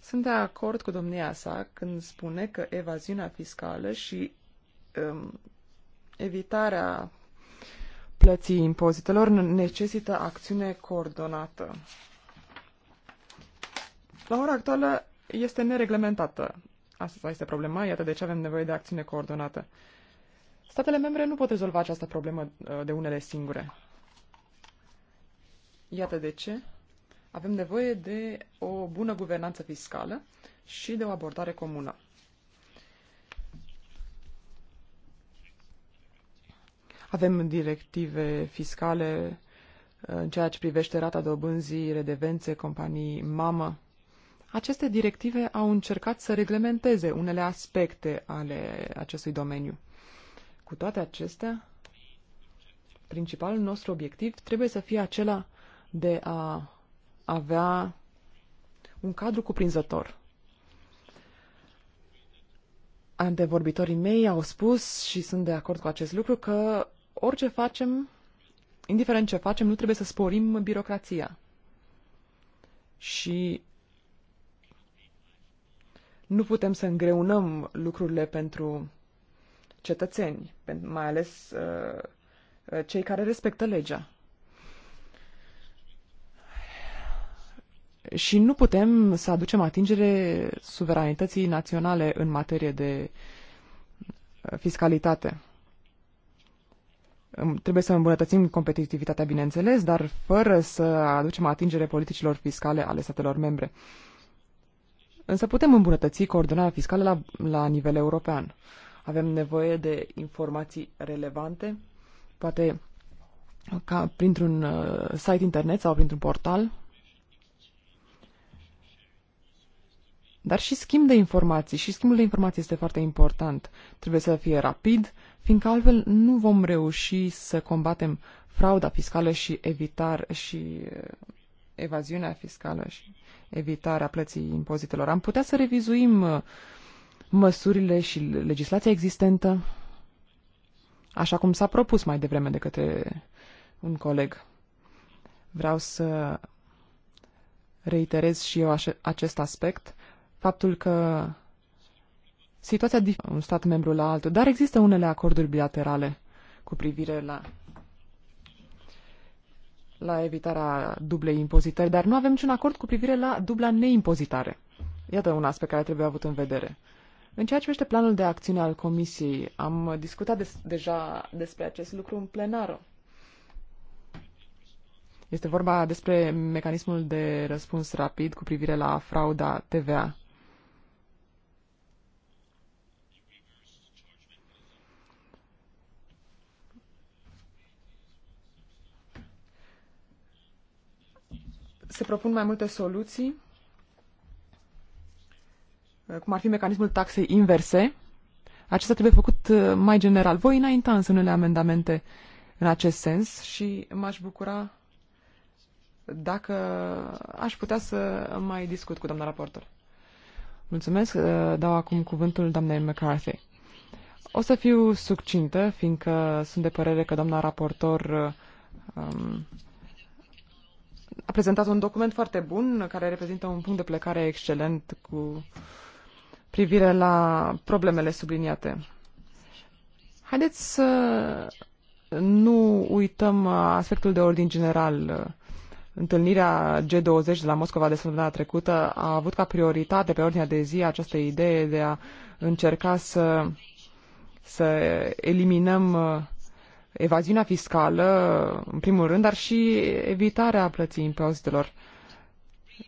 Sunt de acord cu domnia sa când spune că evaziunea fiscală și um, evitarea plății impozitelor necesită acțiune coordonată. La ora actuală este nereglementată. Asta este problema, iată de ce avem nevoie de acțiune coordonată. Statele membre nu pot rezolva această problemă uh, de unele singure. Iată de ce avem nevoie de o bună guvernanță fiscală și de o abordare comună. Avem directive fiscale uh, în ceea ce privește rata dobânzii, redevențe, companii mamă. Aceste directive au încercat să reglementeze unele aspecte ale acestui domeniu. Cu toate acestea, principalul nostru obiectiv trebuie să fie acela de a avea un cadru cuprinzător. Antevorbitorii mei au spus și sunt de acord cu acest lucru că orice facem, indiferent ce facem, nu trebuie să sporim birocrația. Și nu putem să îngreunăm lucrurile pentru cetățeni, mai ales uh, uh, cei care respectă legea. Și nu putem să aducem atingere suveranității naționale în materie de uh, fiscalitate. Trebuie să îmbunătățim competitivitatea, bineînțeles, dar fără să aducem atingere politicilor fiscale ale statelor membre. Însă putem îmbunătăți coordonarea fiscală la, la nivel european. Avem nevoie de informații relevante, poate ca printr-un uh, site internet sau printr-un portal, dar și schimb de informații. Și schimbul de informații este foarte important. Trebuie să fie rapid, fiindcă altfel nu vom reuși să combatem frauda fiscală și evitar și uh, evaziunea fiscală și evitarea plății impozitelor. Am putea să revizuim uh, măsurile și legislația existentă, așa cum s-a propus mai devreme de către un coleg. Vreau să reiterez și eu acest aspect, faptul că situația de un stat membru la altul, dar există unele acorduri bilaterale cu privire la la evitarea dublei impozitări, dar nu avem niciun acord cu privire la dubla neimpozitare. Iată un aspect care trebuie avut în vedere. În ceea ce privește planul de acțiune al Comisiei, am discutat des- deja despre acest lucru în plenară. Este vorba despre mecanismul de răspuns rapid cu privire la frauda TVA. Se propun mai multe soluții Uh, cum ar fi mecanismul taxei inverse, acesta trebuie făcut uh, mai general. Voi înainta însă unele amendamente în acest sens și m-aș bucura dacă aș putea să mai discut cu doamna raportor. Mulțumesc, uh, dau acum cuvântul doamnei McCarthy. O să fiu succintă, fiindcă sunt de părere că doamna raportor um, a prezentat un document foarte bun, care reprezintă un punct de plecare excelent cu privire la problemele subliniate. Haideți să nu uităm aspectul de ordin general. Întâlnirea G20 de la Moscova de săptămâna trecută a avut ca prioritate pe ordinea de zi această idee de a încerca să, să eliminăm uh, evaziunea fiscală, în primul rând, dar și evitarea plății impozitelor.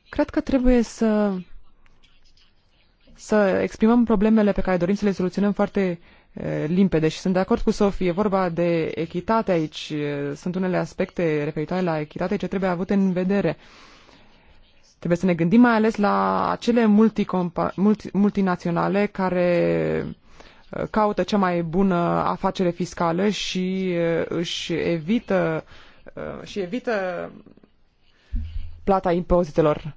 Cred că trebuie să să exprimăm problemele pe care dorim să le soluționăm foarte limpede și sunt de acord cu Sofie. E vorba de echitate aici. Sunt unele aspecte referitoare la echitate ce trebuie avut în vedere. Trebuie să ne gândim mai ales la acele multi, multinaționale care caută cea mai bună afacere fiscală și își evită și evită plata impozitelor.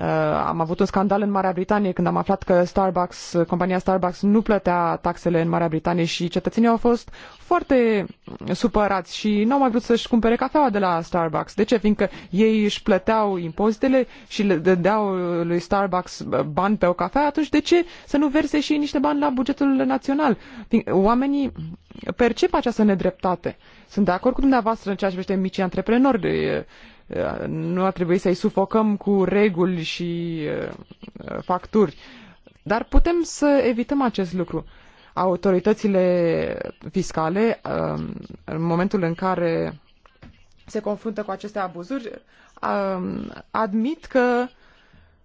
Uh, am avut un scandal în Marea Britanie când am aflat că Starbucks, compania Starbucks nu plătea taxele în Marea Britanie și cetățenii au fost foarte supărați și nu au mai vrut să-și cumpere cafeaua de la Starbucks. De ce? Fiindcă ei își plăteau impozitele și le dădeau lui Starbucks bani pe o cafea, atunci de ce să nu verse și niște bani la bugetul național? Oamenii percep această nedreptate. Sunt de acord cu dumneavoastră în ceea ce privește micii antreprenori nu ar trebui să-i sufocăm cu reguli și uh, uh, facturi. Dar putem să evităm acest lucru. Autoritățile fiscale, um, în momentul în care se confruntă cu aceste abuzuri, um, admit că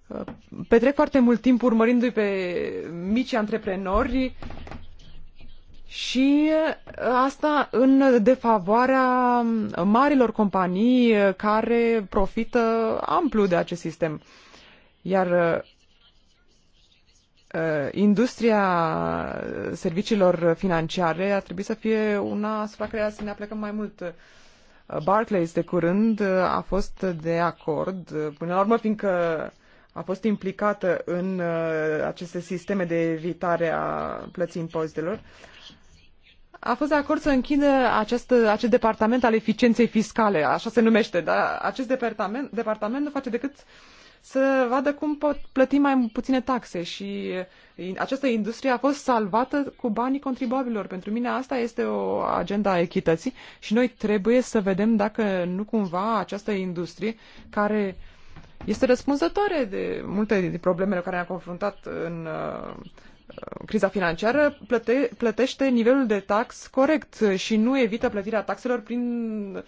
uh, petrec foarte mult timp urmărindu-i pe mici antreprenori și asta în defavoarea marilor companii care profită amplu de acest sistem. Iar uh, industria serviciilor financiare ar trebui să fie una asupra care să ne aplecăm mai mult. Barclays de curând a fost de acord, până la urmă fiindcă a fost implicată în uh, aceste sisteme de evitare a plății impozitelor, a fost de acord să închidă acest, acest departament al eficienței fiscale, așa se numește, dar acest departament, departament nu face decât să vadă cum pot plăti mai puține taxe și această industrie a fost salvată cu banii contribuabililor. Pentru mine asta este o agenda a echității și noi trebuie să vedem dacă nu cumva această industrie care este răspunzătoare de multe din problemele care ne am confruntat în criza financiară plăte, plătește nivelul de tax corect și nu evită plătirea taxelor prin uh,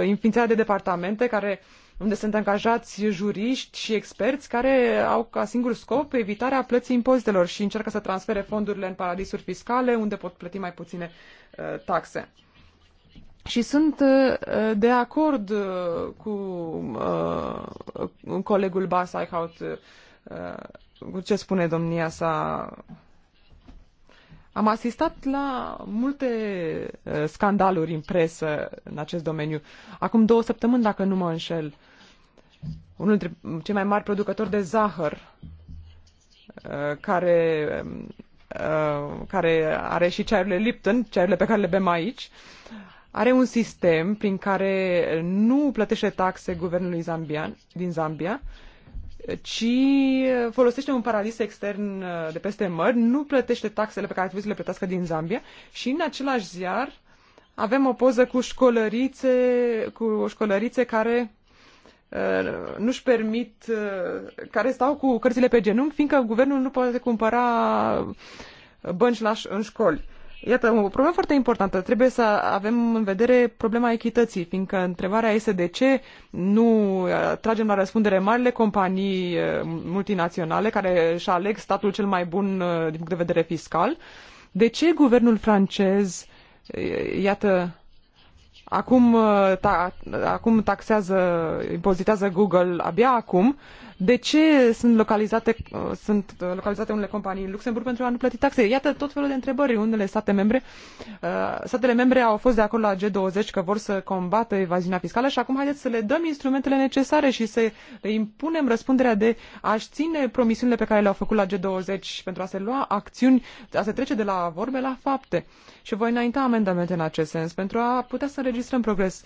înființarea de departamente care unde sunt angajați juriști și experți care au ca singur scop evitarea plății impozitelor și încearcă să transfere fondurile în paradisuri fiscale unde pot plăti mai puține uh, taxe. Și sunt uh, de acord uh, cu uh, colegul Bas Eichhout uh, cu ce spune domnia sa am asistat la multe scandaluri în presă în acest domeniu. Acum două săptămâni, dacă nu mă înșel, unul dintre cei mai mari producători de zahăr, care, care are și ceaiurile Lipton, ceaiurile pe care le bem aici, are un sistem prin care nu plătește taxe guvernului zambian, din Zambia ci folosește un paradis extern uh, de peste mări, nu plătește taxele pe care trebuie să le plătească din Zambia și în același ziar avem o poză cu școlărițe, cu școlărițe care uh, nu-și permit, uh, care stau cu cărțile pe genunchi, fiindcă guvernul nu poate cumpăra bănci la, în școli. Iată, o problemă foarte importantă. Trebuie să avem în vedere problema echității, fiindcă întrebarea este de ce nu uh, tragem la răspundere marile companii uh, multinaționale care își aleg statul cel mai bun uh, din punct de vedere fiscal. De ce guvernul francez, iată, acum, ta, acum taxează, impozitează Google abia acum, de ce sunt localizate, uh, sunt uh, localizate unele companii în Luxemburg pentru a nu plăti taxe. Iată tot felul de întrebări. Unele state membre, uh, statele membre au fost de acord la G20 că vor să combată evaziunea fiscală și acum haideți să le dăm instrumentele necesare și să le impunem răspunderea de a-și ține promisiunile pe care le-au făcut la G20 pentru a se lua acțiuni, a se trece de la vorbe la fapte. Și voi înainta amendamente în acest sens pentru a putea să înregistrăm progres.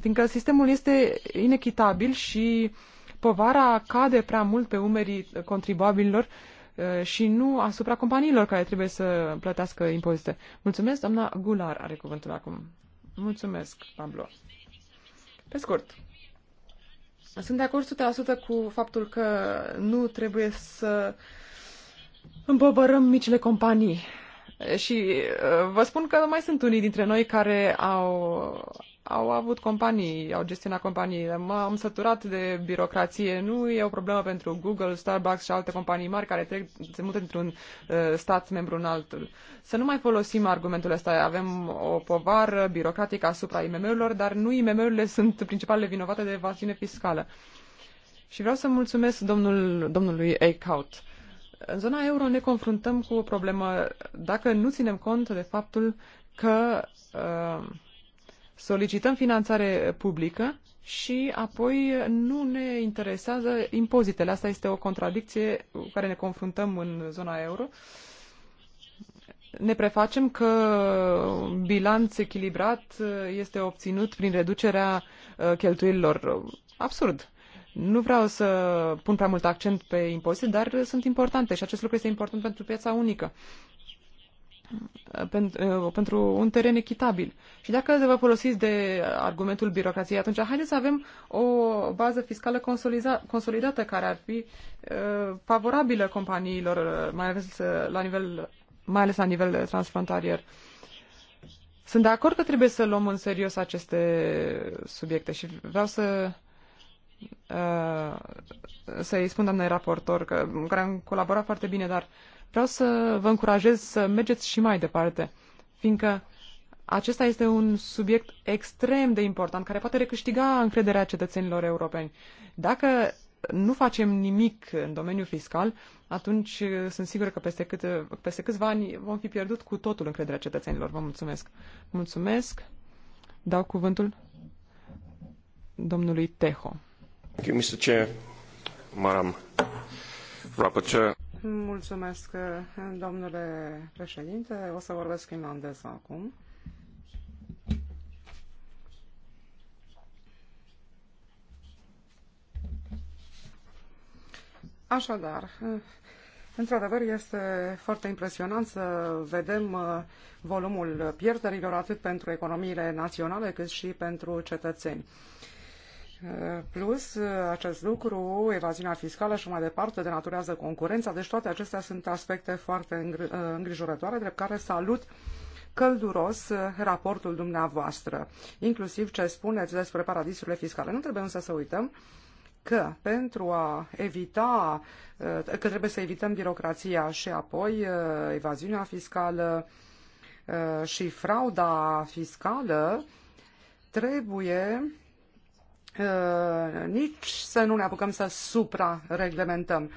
Fiindcă sistemul este inechitabil și uh, povara cade prea mult pe umerii contribuabililor uh, și nu asupra companiilor care trebuie să plătească impozite. Mulțumesc, doamna Gular are cuvântul acum. Mulțumesc, Pablo. Pe scurt, sunt de acord 100% cu faptul că nu trebuie să îmbobărăm micile companii. Și uh, vă spun că mai sunt unii dintre noi care au au avut companii, au gestionat companiile. M-am săturat de birocrație. Nu e o problemă pentru Google, Starbucks și alte companii mari care trec, se mută într-un uh, stat membru în altul. Să nu mai folosim argumentul ăsta. Avem o povară birocratică asupra IMM-urilor, dar nu IMM-urile sunt principalele vinovate de evaziune fiscală. Și vreau să mulțumesc domnul, domnului Eichhout. În zona euro ne confruntăm cu o problemă dacă nu ținem cont de faptul că uh, solicităm finanțare publică și apoi nu ne interesează impozitele. Asta este o contradicție cu care ne confruntăm în zona euro. Ne prefacem că bilanț echilibrat este obținut prin reducerea uh, cheltuielilor. Absurd. Nu vreau să pun prea mult accent pe impozite, dar sunt importante și acest lucru este important pentru piața unică pentru, eh, pentru un teren echitabil. Și dacă vă folosiți de argumentul birocrației, atunci haideți să avem o bază fiscală consolidată care ar fi eh, favorabilă companiilor, eh, mai ales la nivel, mai ales la nivel transfrontalier. Sunt de acord că trebuie să luăm în serios aceste subiecte și vreau să uh, să-i spun doamnei raportor că, care am colaborat foarte bine, dar uh, vreau să vă încurajez să mergeți și mai departe, fiindcă acesta este un subiect extrem de important care poate recâștiga încrederea cetățenilor europeni. Dacă nu facem nimic în domeniul fiscal, atunci uh, sunt sigură că peste, câte, uh, peste câțiva ani vom fi pierdut cu totul încrederea cetățenilor. Vă mulțumesc. Mulțumesc. Dau cuvântul domnului Teho. Thank you, Mr. Chair, Madam Rapporteur. Mulțumesc, domnule președinte. O să vorbesc finlandeză acum. Așadar, într-adevăr este foarte impresionant să vedem uh, volumul pierderilor atât pentru economiile naționale cât și pentru cetățeni. Plus, acest lucru, evaziunea fiscală și mai departe, denaturează concurența, deci toate acestea sunt aspecte foarte uh, îngrijorătoare, drept care salut călduros raportul dumneavoastră, inclusiv ce spuneți despre paradisurile fiscale. Nu trebuie însă să uităm că pentru a evita, uh, că trebuie să evităm birocrația și apoi uh, evaziunea fiscală și frauda fiscală, trebuie Uh, nici să nu ne apucăm să suprareglementăm.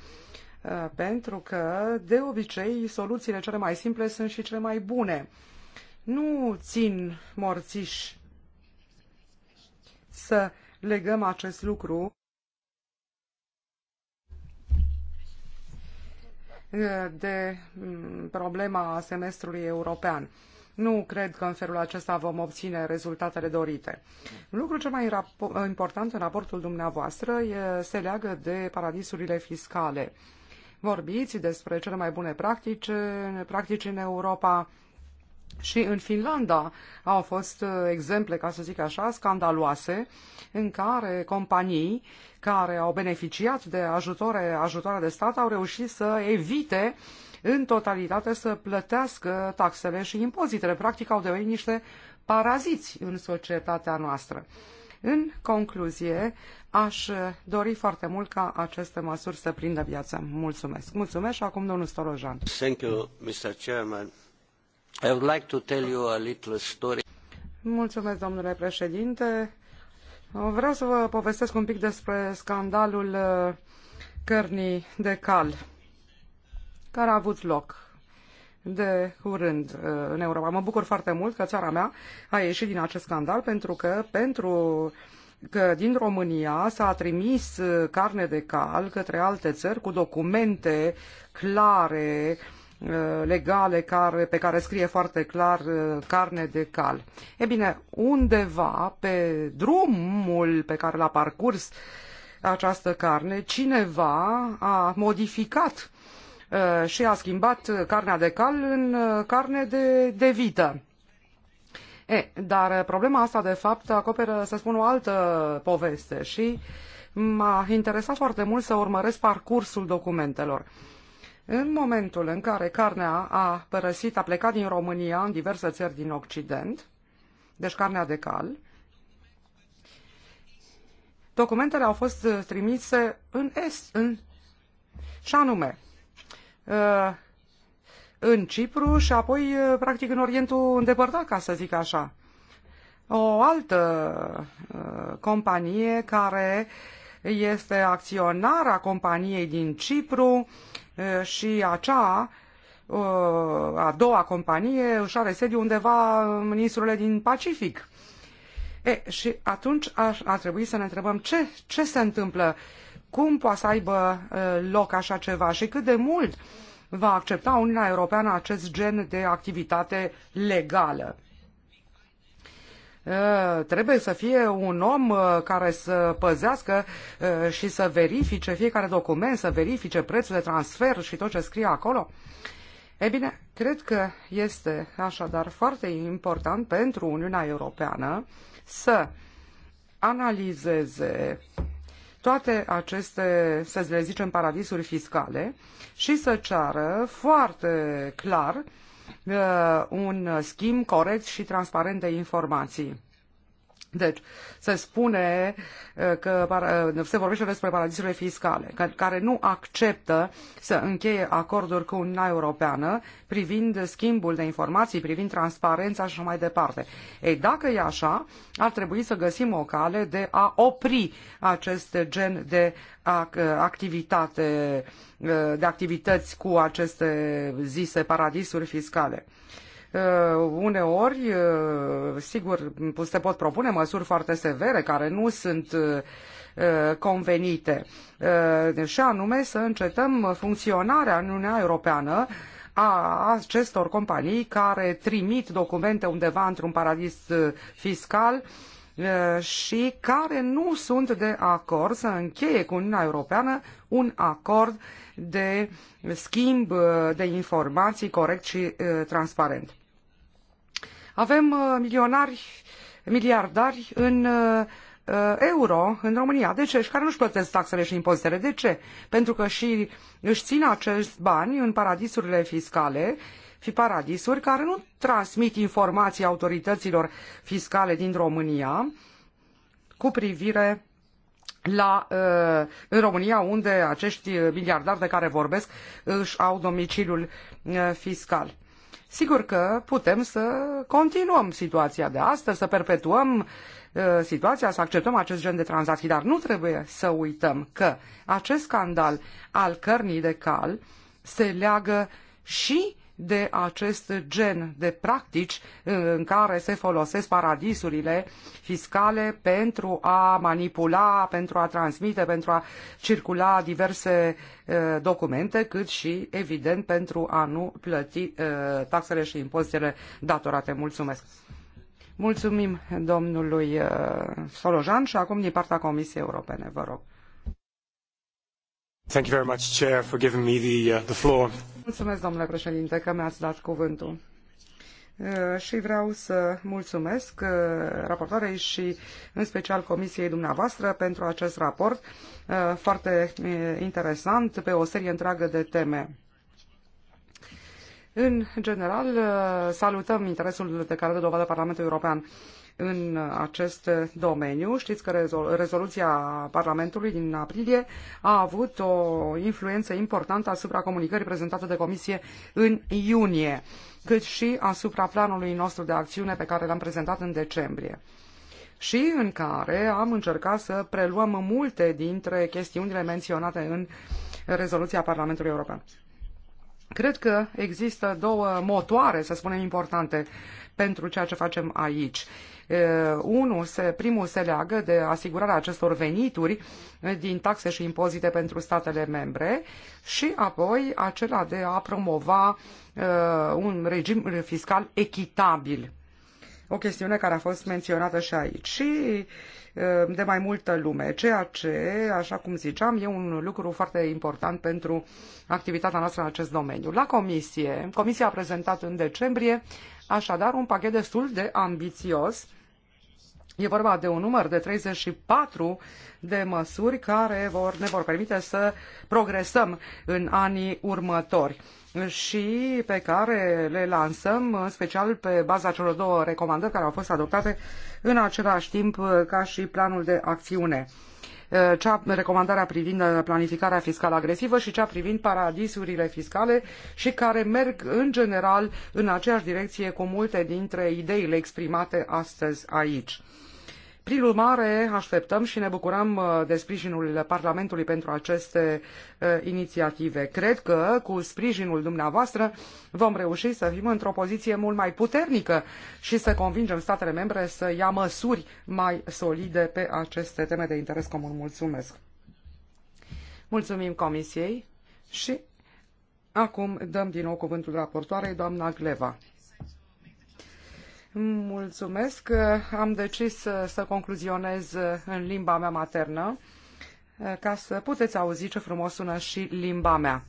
Uh, pentru că, de obicei, soluțiile cele mai simple sunt și cele mai bune. Nu țin morțiși să legăm acest lucru uh, de mm, problema semestrului european. Nu cred că în felul acesta vom obține rezultatele dorite. Lucrul cel mai important în raportul dumneavoastră se leagă de paradisurile fiscale. Vorbiți despre cele mai bune practici, practici în Europa și în Finlanda au fost uh, exemple, ca să zic așa, scandaloase, în care companii care au beneficiat de ajutoare, ajutoare de stat au reușit să evite uh, în totalitate să plătească taxele și impozitele. Practic au devenit niște paraziți în societatea noastră. În concluzie, aș dori foarte mult ca aceste măsuri să prindă viață. Mulțumesc. Mulțumesc și acum domnul Storojan. Thank you, Mr. Chairman. I would like to tell you a little story. Mulțumesc, domnule președinte. Vreau să vă povestesc un pic despre scandalul uh, cărnii de cal care a avut loc de curând uh, în Europa. Mă bucur foarte mult că țara mea a ieșit din acest scandal pentru că pentru că din România s-a trimis uh, carne de cal către alte țări cu documente clare uh, legale care, pe care scrie foarte clar carne de cal. E bine, undeva pe drumul pe care l-a parcurs această carne, cineva a modificat Uh, și a schimbat carnea de cal în uh, carne de, de vită. E, dar problema asta, de fapt, acoperă, să spun, o altă poveste și m-a interesat foarte mult să urmăresc parcursul documentelor. În momentul în care carnea a părăsit, a plecat din România în diverse țări din Occident, deci carnea de cal, documentele au fost trimise în Est, în... și anume, Uh, în Cipru și apoi, uh, practic, în Orientul îndepărtat, ca să zic așa. O altă uh, companie care este acționara companiei din Cipru și acea a doua companie își are sediu undeva în insulele din Pacific. E, și atunci ar, ar trebui să ne întrebăm ce, ce se întâmplă uh, cum poate să aibă uh, loc așa ceva și cât de mult va accepta Uniunea Europeană acest gen de activitate legală. Uh, trebuie să fie un om uh, care să păzească și să verifice fiecare document, să verifice prețul de transfer și tot ce scrie acolo. E bine, cred că este așadar foarte important pentru Uniunea Europeană să analizeze toate aceste, să le zicem, paradisuri fiscale și să ceară foarte clar uh, un schimb corect și transparent de informații. Deci, se spune uh, că uh, se vorbește despre paradisurile fiscale, care nu acceptă să încheie acorduri cu Uniunea Europeană privind schimbul de informații, privind transparența și așa mai departe. Ei, dacă e așa, ar trebui să găsim o cale de a opri acest gen de uh, activitate, de activități cu aceste zise paradisuri fiscale. Uh, uneori, uh, sigur, se pot propune măsuri foarte severe care nu sunt uh, convenite, și anume să încetăm funcționarea în Uniunea Europeană a acestor companii care trimit documente undeva într-un paradis fiscal și care nu sunt de acord să încheie cu Uniunea Europeană un acord de schimb de informații corect și transparent. Avem uh, milionari, miliardari în uh, uh, euro în România. De ce? Și care nu-și plătesc taxele și impozitele. De ce? Pentru că și își țin acești bani în paradisurile fiscale fi paradisuri care nu transmit informații autorităților fiscale din România cu privire la, în România, unde acești miliardari de care vorbesc își au domiciliul fiscal. Sigur că putem să continuăm situația de astăzi, să perpetuăm uh, situația, să acceptăm acest gen de tranzacții, dar nu trebuie să uităm că acest scandal al cărnii de cal se leagă și de acest gen de practici uh, în care se folosesc paradisurile fiscale pentru a manipula, pentru a transmite, pentru a circula diverse uh, documente, cât și, evident, pentru a nu plăti uh, taxele și impozitele datorate. Mulțumesc! Mulțumim domnului Solojan și acum din partea Comisiei Europene, vă rog. Thank you very much, Chair, for giving me the, uh, the floor. Mulțumesc, domnule președinte, că mi-ați dat cuvântul. Uh, și vreau să mulțumesc uh, raportoarei și în special comisiei dumneavoastră pentru acest raport uh, foarte interesant pe o serie întreagă de teme. În general, salutăm interesul de care dă dovadă Parlamentul European în acest domeniu. Știți că rezoluția Parlamentului din aprilie a avut o influență importantă asupra comunicării prezentate de Comisie în iunie, cât și asupra planului nostru de acțiune pe care l-am prezentat în decembrie și în care am încercat să preluăm multe dintre chestiunile menționate în rezoluția Parlamentului European. Cred că există două motoare, să spunem, importante pentru ceea ce facem aici. Uh, unul primul se leagă de asigurarea acestor venituri uh, din taxe și impozite pentru statele membre și apoi acela de a promova uh, un regim fiscal echitabil. O chestiune care a fost menționată și aici. Și de mai multă lume, ceea ce, așa cum ziceam, e un lucru foarte important pentru activitatea noastră în acest domeniu. La comisie, comisia a prezentat în decembrie, așadar, un pachet destul de ambițios E vorba de un număr de 34 de măsuri care vor, ne vor permite să progresăm în anii următori și pe care le lansăm, în special pe baza celor două recomandări care au fost adoptate în același timp ca și planul de acțiune. Cea recomandarea privind planificarea fiscală agresivă și cea privind paradisurile fiscale și care merg în general în aceeași direcție cu multe dintre ideile exprimate astăzi aici. Prin urmare, așteptăm și ne bucurăm uh, de sprijinul Parlamentului pentru aceste uh, inițiative. Cred că cu sprijinul dumneavoastră vom reuși să fim într-o poziție mult mai puternică și să convingem statele membre să ia măsuri mai solide pe aceste teme de interes comun. Mulțumesc! Mulțumim Comisiei și acum dăm din nou cuvântul raportoarei, doamna Gleva. Mulțumesc. Am decis să, concluzionez în limba mea maternă ca să puteți auzi ce frumos sună și limba mea.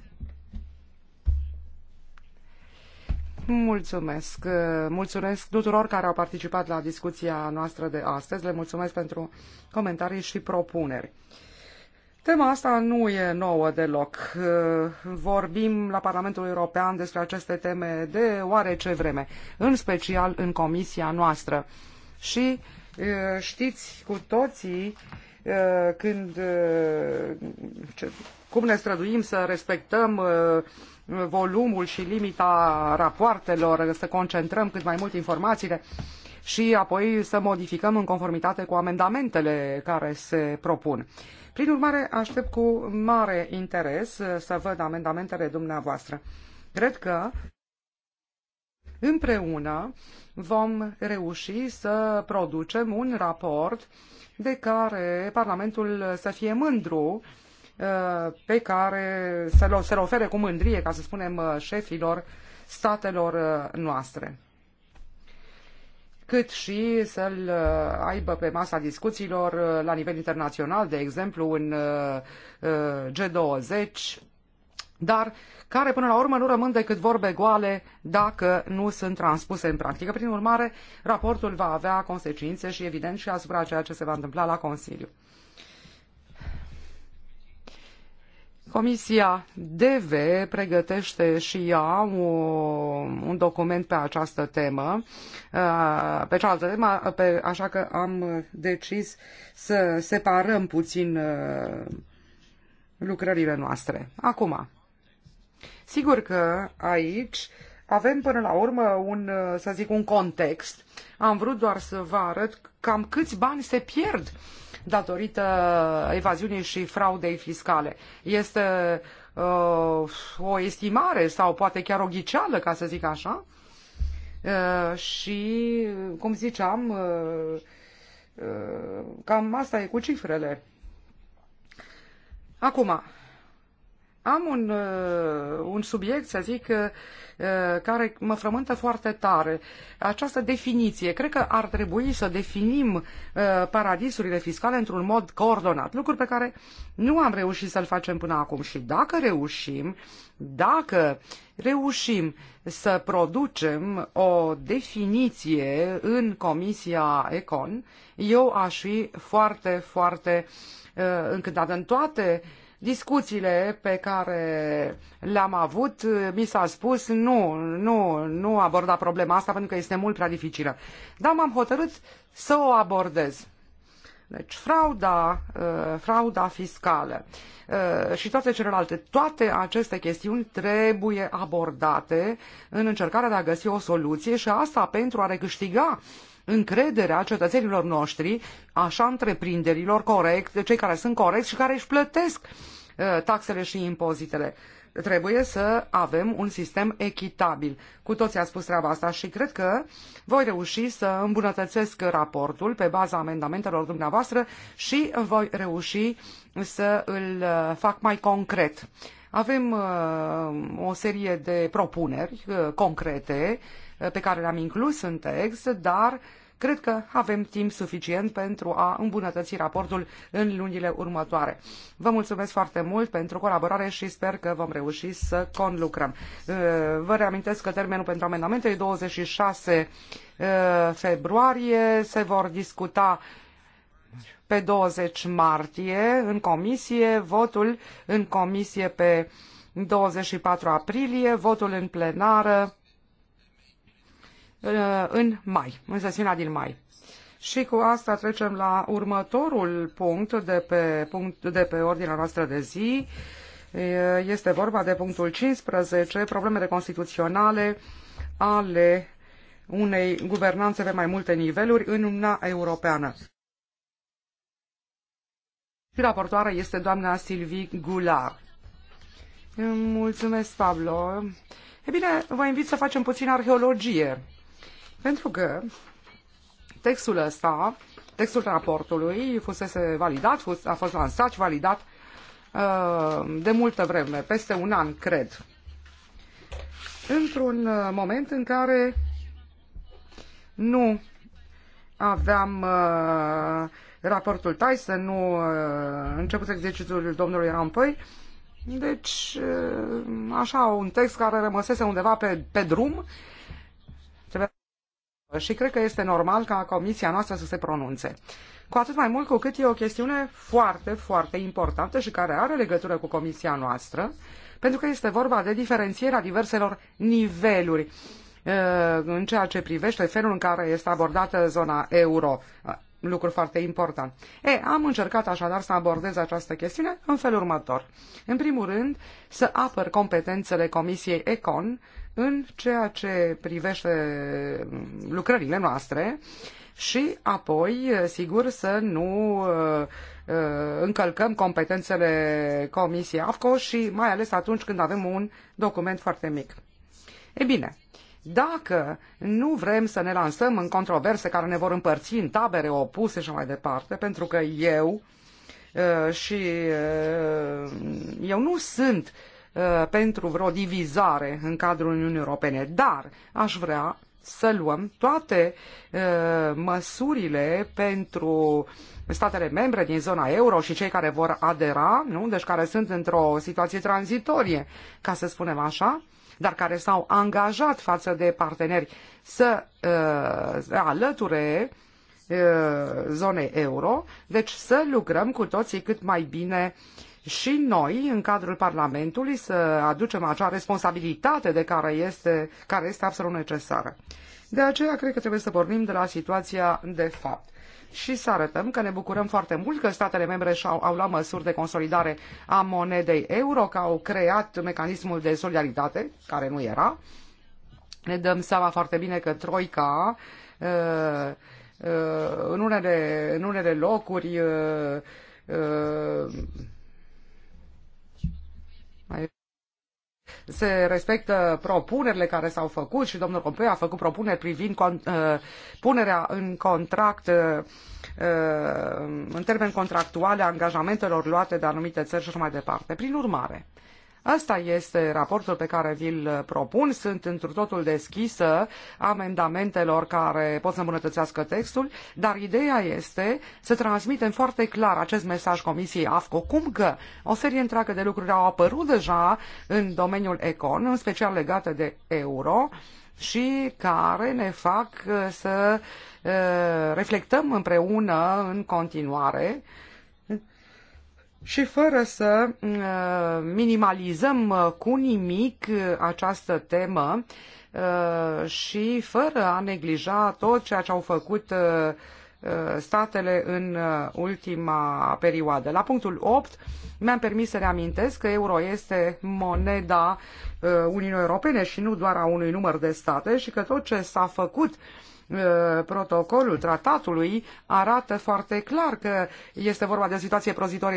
Mulțumesc. Mulțumesc tuturor care au participat la discuția noastră de astăzi. Le mulțumesc pentru comentarii și propuneri. Tema asta nu e nouă deloc. Uh, vorbim la Parlamentul European despre aceste teme de oarece vreme, în special în comisia noastră. Și uh, știți cu toții uh, când, cum ne străduim să respectăm volumul și limita rapoartelor, să concentrăm cât mai mult informațiile și apoi să modificăm în conformitate cu amendamentele care se propun. Prin urmare, aștept cu mare interes uh, să văd amendamentele dumneavoastră. Cred că împreună vom reuși să producem un raport de care Parlamentul să fie mândru uh, pe care să-l ofere cu mândrie, ca să spunem, uh, șefilor statelor noastre cât și să-l uh, aibă pe masa discuțiilor uh, la nivel internațional, de exemplu în uh, G20, dar care până la urmă nu rămân decât vorbe goale dacă nu sunt transpuse în practică. Prin urmare, raportul va avea consecințe și evident și asupra ceea ce se va întâmpla la Consiliu. Comisia DV pregătește și ea o, un document pe această temă, uh, pe cealaltă temă, pe, așa că am decis să separăm puțin uh, lucrările noastre. Acum, sigur că aici avem până la urmă un, uh, să zic, un context. Am vrut doar să vă arăt cam câți bani se pierd uh, datorită evaziunii și fraudei fiscale. Este uh, o estimare sau poate chiar o ghiceală, ca să zic așa. Uh, și, cum ziceam, uh, cam asta e cu cifrele. Acum, am un, uh, un subiect, să zic, uh, care mă frământă foarte tare. Această definiție. Cred că ar trebui să definim uh, paradisurile fiscale într-un mod coordonat. Lucruri pe care nu am reușit să-l facem până acum. Și dacă reușim, dacă reușim să producem o definiție în Comisia Econ, eu aș fi foarte, foarte încântată în toate uh, Discuțiile pe care le-am avut, mi s-a spus, nu, nu, nu aborda problema asta pentru că este mult prea dificilă. Dar m-am hotărât să o abordez. Deci frauda, uh, frauda fiscală uh, și toate celelalte, toate aceste chestiuni trebuie abordate în încercarea de a găsi o soluție și asta pentru a recâștiga încrederea cetățenilor noștri, așa întreprinderilor corect, cei care sunt corecți și care își plătesc uh, taxele și impozitele. Trebuie să avem un sistem echitabil. Cu toți a spus treaba asta și cred că voi reuși să îmbunătățesc raportul pe baza amendamentelor dumneavoastră și voi reuși să îl uh, fac mai concret. Avem uh, o serie de propuneri concrete pe care le-am inclus în text, dar cred că avem timp suficient pentru a îmbunătăți raportul în lunile următoare. Vă mulțumesc foarte mult pentru colaborare și sper că vom reuși să conlucrăm. Uh, vă reamintesc că termenul pentru amendamente e 26 uh, februarie. Se vor discuta pe 20 martie în comisie, votul în comisie pe 24 aprilie, votul în plenară Uh, în mai, în sesiunea din mai. Și cu asta trecem la următorul punct de pe, punct, de pe ordinea noastră de zi. Uh, este vorba de punctul 15, problemele constituționale ale unei guvernanțe pe mai multe niveluri în Uniunea Europeană. Și raportoarea este doamna Silvie Gula. Mulțumesc, Pablo. E bine, vă invit să facem puțin arheologie pentru că textul ăsta, textul raportului fusese validat, fus, a fost lansat și validat uh, de multă vreme, peste un an, cred. Într-un uh, moment în care nu aveam uh, raportul Tyson, nu uh, început exercițiul domnului Rampăi, deci uh, așa un text care rămăsese undeva pe, pe drum și cred că este normal ca comisia noastră să se pronunțe. Cu atât mai mult cu cât e o chestiune foarte, foarte importantă și care are legătură cu comisia noastră, pentru că este vorba de diferențierea diverselor niveluri în ceea ce privește felul în care este abordată zona euro. Lucru foarte important. E, am încercat așadar să abordez această chestiune în felul următor. În primul rând, să apăr competențele Comisiei ECON în ceea ce privește lucrările noastre și apoi, sigur, să nu uh, uh, încălcăm competențele Comisiei AFCO și mai ales atunci când avem un document foarte mic. E bine, dacă nu vrem să ne lansăm în controverse care ne vor împărți în tabere opuse și mai departe, pentru că eu uh, și eu nu sunt Uh, pentru vreo divizare în cadrul Uniunii Europene, dar aș vrea să luăm toate uh, măsurile pentru statele membre din zona euro și cei care vor adera, nu? deci care sunt într-o situație tranzitorie, ca să spunem așa, dar care s-au angajat față de parteneri să uh, alăture uh, zonei euro, deci să lucrăm cu toții cât mai bine uh, și noi, în cadrul Parlamentului, să aducem acea responsabilitate de care este, care este absolut necesară. De aceea, cred că trebuie să pornim de la situația de fapt și să arătăm că ne bucurăm foarte mult că statele membre și-au au luat măsuri de consolidare a monedei euro, că au creat mecanismul de solidaritate, care nu era. Ne dăm seama foarte bine că Troica uh, uh, în, unele, în unele locuri uh, uh mai se respectă propunerile care s-au făcut și domnul Pompeu a făcut propuneri privind con, uh, punerea în contract, uh, uh în termeni contractuale, a angajamentelor luate de anumite țări și așa mai departe. Prin urmare, Asta este raportul pe care vi-l propun. Sunt într totul deschisă amendamentelor care pot să îmbunătățească textul, dar ideea este să transmitem foarte clar acest mesaj Comisiei AFCO, cum că o serie întreagă de lucruri au apărut deja în domeniul econ, în special legate de euro, și care ne fac să eh, reflectăm împreună în continuare uh, și fără să uh, minimalizăm uh, cu nimic uh, această temă și fără a neglija tot ceea ce au făcut statele în ultima perioadă. La punctul 8 mi-am permis să reamintesc că euro este moneda Uniunii Europene și nu doar a unui număr de state și că tot ce s-a făcut uh, Eh, protocolul tratatului arată foarte clar că este vorba de o situație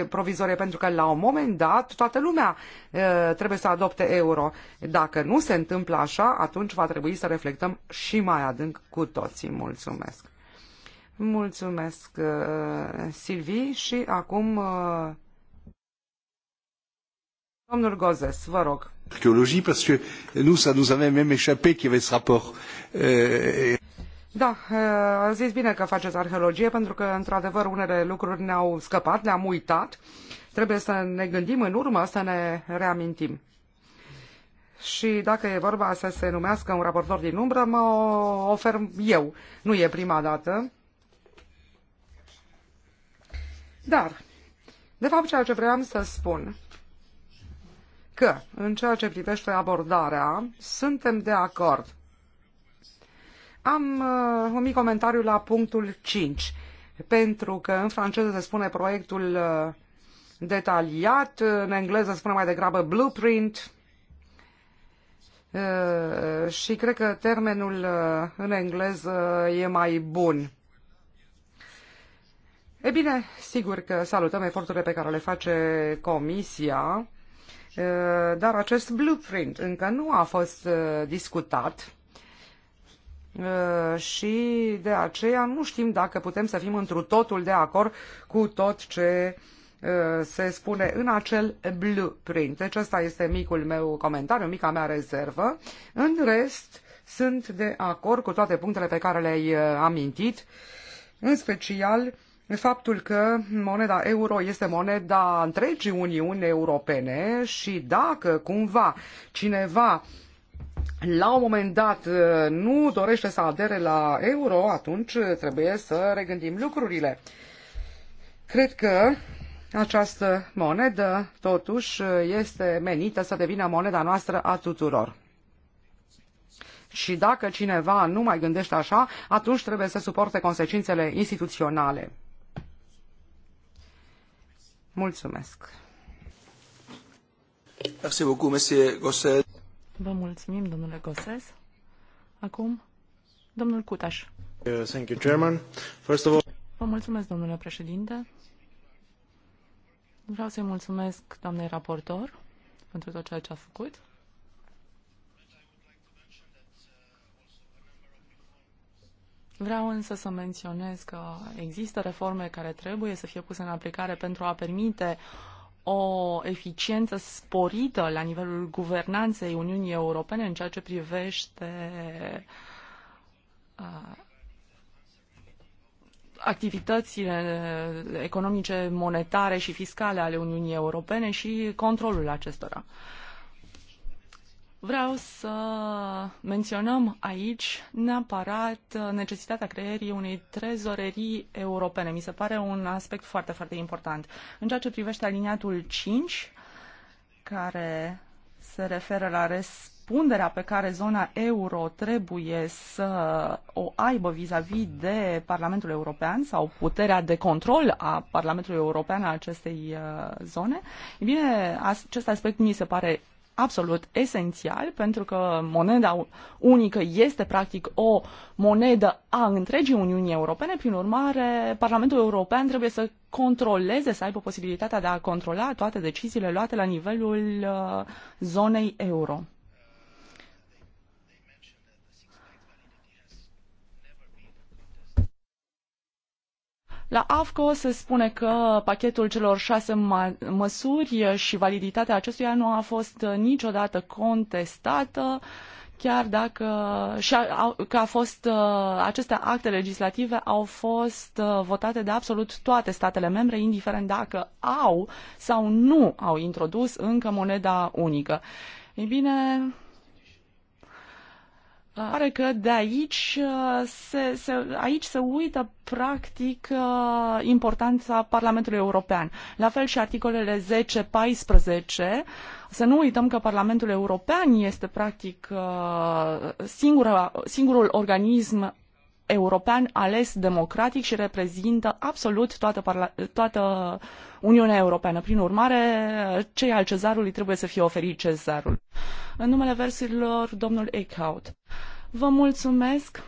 provizorie pentru că la un moment dat toată lumea eh, trebuie să adopte euro. Dacă nu se întâmplă așa, atunci va trebui să reflectăm și mai adânc cu toții. Mulțumesc! Mulțumesc, eh, Silvi, și acum Domnul Gozes, vă rog. Archéologie, pentru că noi ça nous avait même échappé qu'il y avait ce rapport. Euh... Da, eh, a zis bine că faceți arheologie, pentru că, într-adevăr, unele lucruri ne-au scăpat, le-am uitat. Trebuie să ne gândim în urmă, să ne reamintim. Și dacă e vorba să se numească un raportor din umbră, mă ofer eu. Nu e prima dată. Dar, de fapt, ceea ce vreau să spun, că, în ceea ce privește abordarea, suntem de acord am uh, un mic comentariu la punctul 5, pentru că în franceză se spune proiectul uh, detaliat, în engleză se spune mai degrabă blueprint uh, și cred că termenul uh, în engleză e mai bun. E bine, sigur că salutăm eforturile pe care le face Comisia, uh, dar acest blueprint încă nu a fost uh, discutat Uh, și de aceea nu știm dacă putem să fim întru totul de acord cu tot ce uh, se spune în acel blueprint. Deci ăsta este micul meu comentariu, mica mea rezervă. În rest, sunt de acord cu toate punctele pe care le-ai uh, amintit, în special faptul că moneda euro este moneda întregii Uniuni Europene și dacă cumva cineva la un moment dat uh, nu dorește să adere la euro, atunci trebuie să regândim lucrurile. Cred că această monedă, totuși, este menită să devină moneda noastră a tuturor. Și dacă cineva nu mai gândește așa, atunci trebuie să suporte consecințele instituționale. Mulțumesc! Merci beaucoup, Vă mulțumim, domnule Goses. Acum, domnul Cutaș. Uh, thank you, Chairman. First of all... Vă mulțumesc, domnule președinte. Vreau să-i mulțumesc doamnei raportor pentru tot ceea ce a făcut. Vreau însă să menționez că există reforme care trebuie să fie puse în aplicare pentru a permite uh, o eficiență sporită la nivelul guvernanței Uniunii Europene în ceea ce privește uh, activitățile economice, monetare și fiscale ale Uniunii Europene și controlul acestora. Uh, Vreau să menționăm aici neapărat necesitatea creierii unei trezorerii europene. Mi se pare un aspect foarte, foarte important. În ceea ce privește aliniatul 5, care se referă la răspunderea pe care zona euro trebuie să o aibă vis-a-vis -vis de Parlamentul European sau puterea de control a Parlamentului European a acestei uh, zone, e bine, acest aspect mi se pare absolut esențial pentru că moneda unică este practic o monedă a întregii Uniunii Europene. Prin urmare, Parlamentul European trebuie să controleze, să aibă posibilitatea de a controla toate deciziile luate la nivelul uh, zonei euro. La AFCO se spune că pachetul celor șase măsuri și validitatea acestuia nu a fost niciodată contestată, chiar dacă și a, că a fost, uh, aceste acte legislative au fost uh, votate de absolut toate statele membre, indiferent dacă au sau nu au introdus încă moneda unică. Ei bine, Ah. Pare că de aici uh, se, se, aici se uită practic uh, importanța Parlamentului European. La fel și articolele 10, 14. Să nu uităm că Parlamentul European este practic uh, singura, singurul organism european ales democratic și reprezintă absolut toată, toată Uniunea Europeană. Prin urmare, cei al cezarului trebuie să fie oferit cezarul. În numele versurilor, domnul Eichhout. Vă mulțumesc.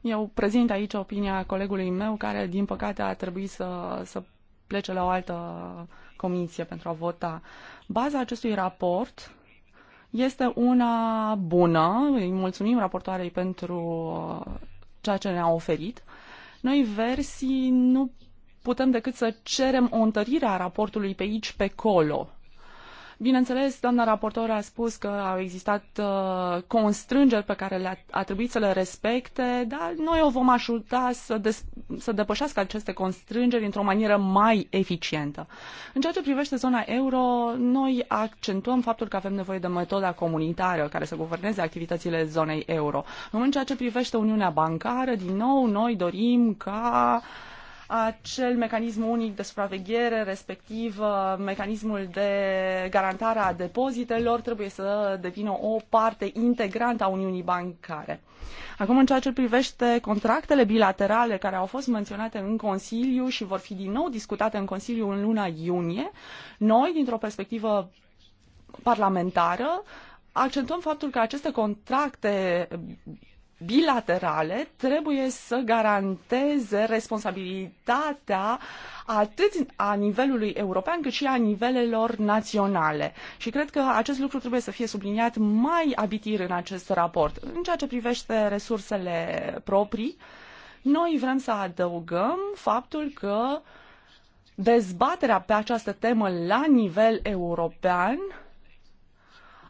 Eu prezint aici opinia colegului meu, care, din păcate, a trebuit să, să plece la o altă comisie pentru a vota. Baza acestui raport este una bună. Îi mulțumim raportoarei pentru uh, ceea ce ne-a oferit. Noi, versii, nu putem decât să cerem o întărire a raportului pe aici, pe colo. Bineînțeles, doamna raportor a spus că au existat uh, constrângeri pe care le a, trebuit să le respecte, dar noi o vom ajuta să, des, să depășească aceste constrângeri într-o manieră mai eficientă. În ceea ce privește zona euro, noi accentuăm faptul că avem nevoie de metoda comunitară care să guverneze activitățile zonei euro. În ceea ce privește Uniunea Bancară, din nou, noi dorim ca uh, acel mecanism unic de supraveghere, respectiv uh, mecanismul de garantare a depozitelor, trebuie să devină o parte integrantă a Uniunii Bancare. Acum, în ceea ce privește contractele bilaterale care au fost menționate în Consiliu și vor fi din nou discutate în Consiliu în luna iunie, noi, dintr-o perspectivă parlamentară, accentuăm faptul că aceste contracte bilaterale trebuie să garanteze responsabilitatea atât a nivelului european cât și a nivelelor naționale. Și cred că acest lucru trebuie să fie subliniat mai abitir în acest raport. În ceea ce privește resursele proprii, noi vrem să adăugăm faptul că dezbaterea pe această temă la nivel european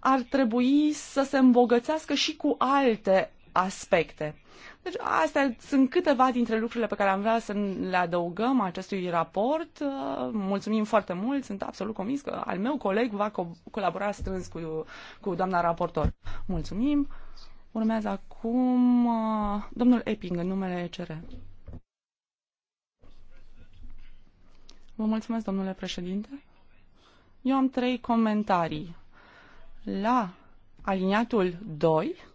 ar trebui să se îmbogățească și cu alte aspecte. Deci astea sunt câteva dintre lucrurile pe care am vrea să le adăugăm acestui raport. Uh, mulțumim foarte mult, sunt absolut convins că al meu coleg va co- colabora strâns cu, cu doamna raportor. Mulțumim. Urmează acum uh, domnul Epping în numele ECR. Vă mulțumesc, domnule președinte. Eu am trei comentarii. La aliniatul 2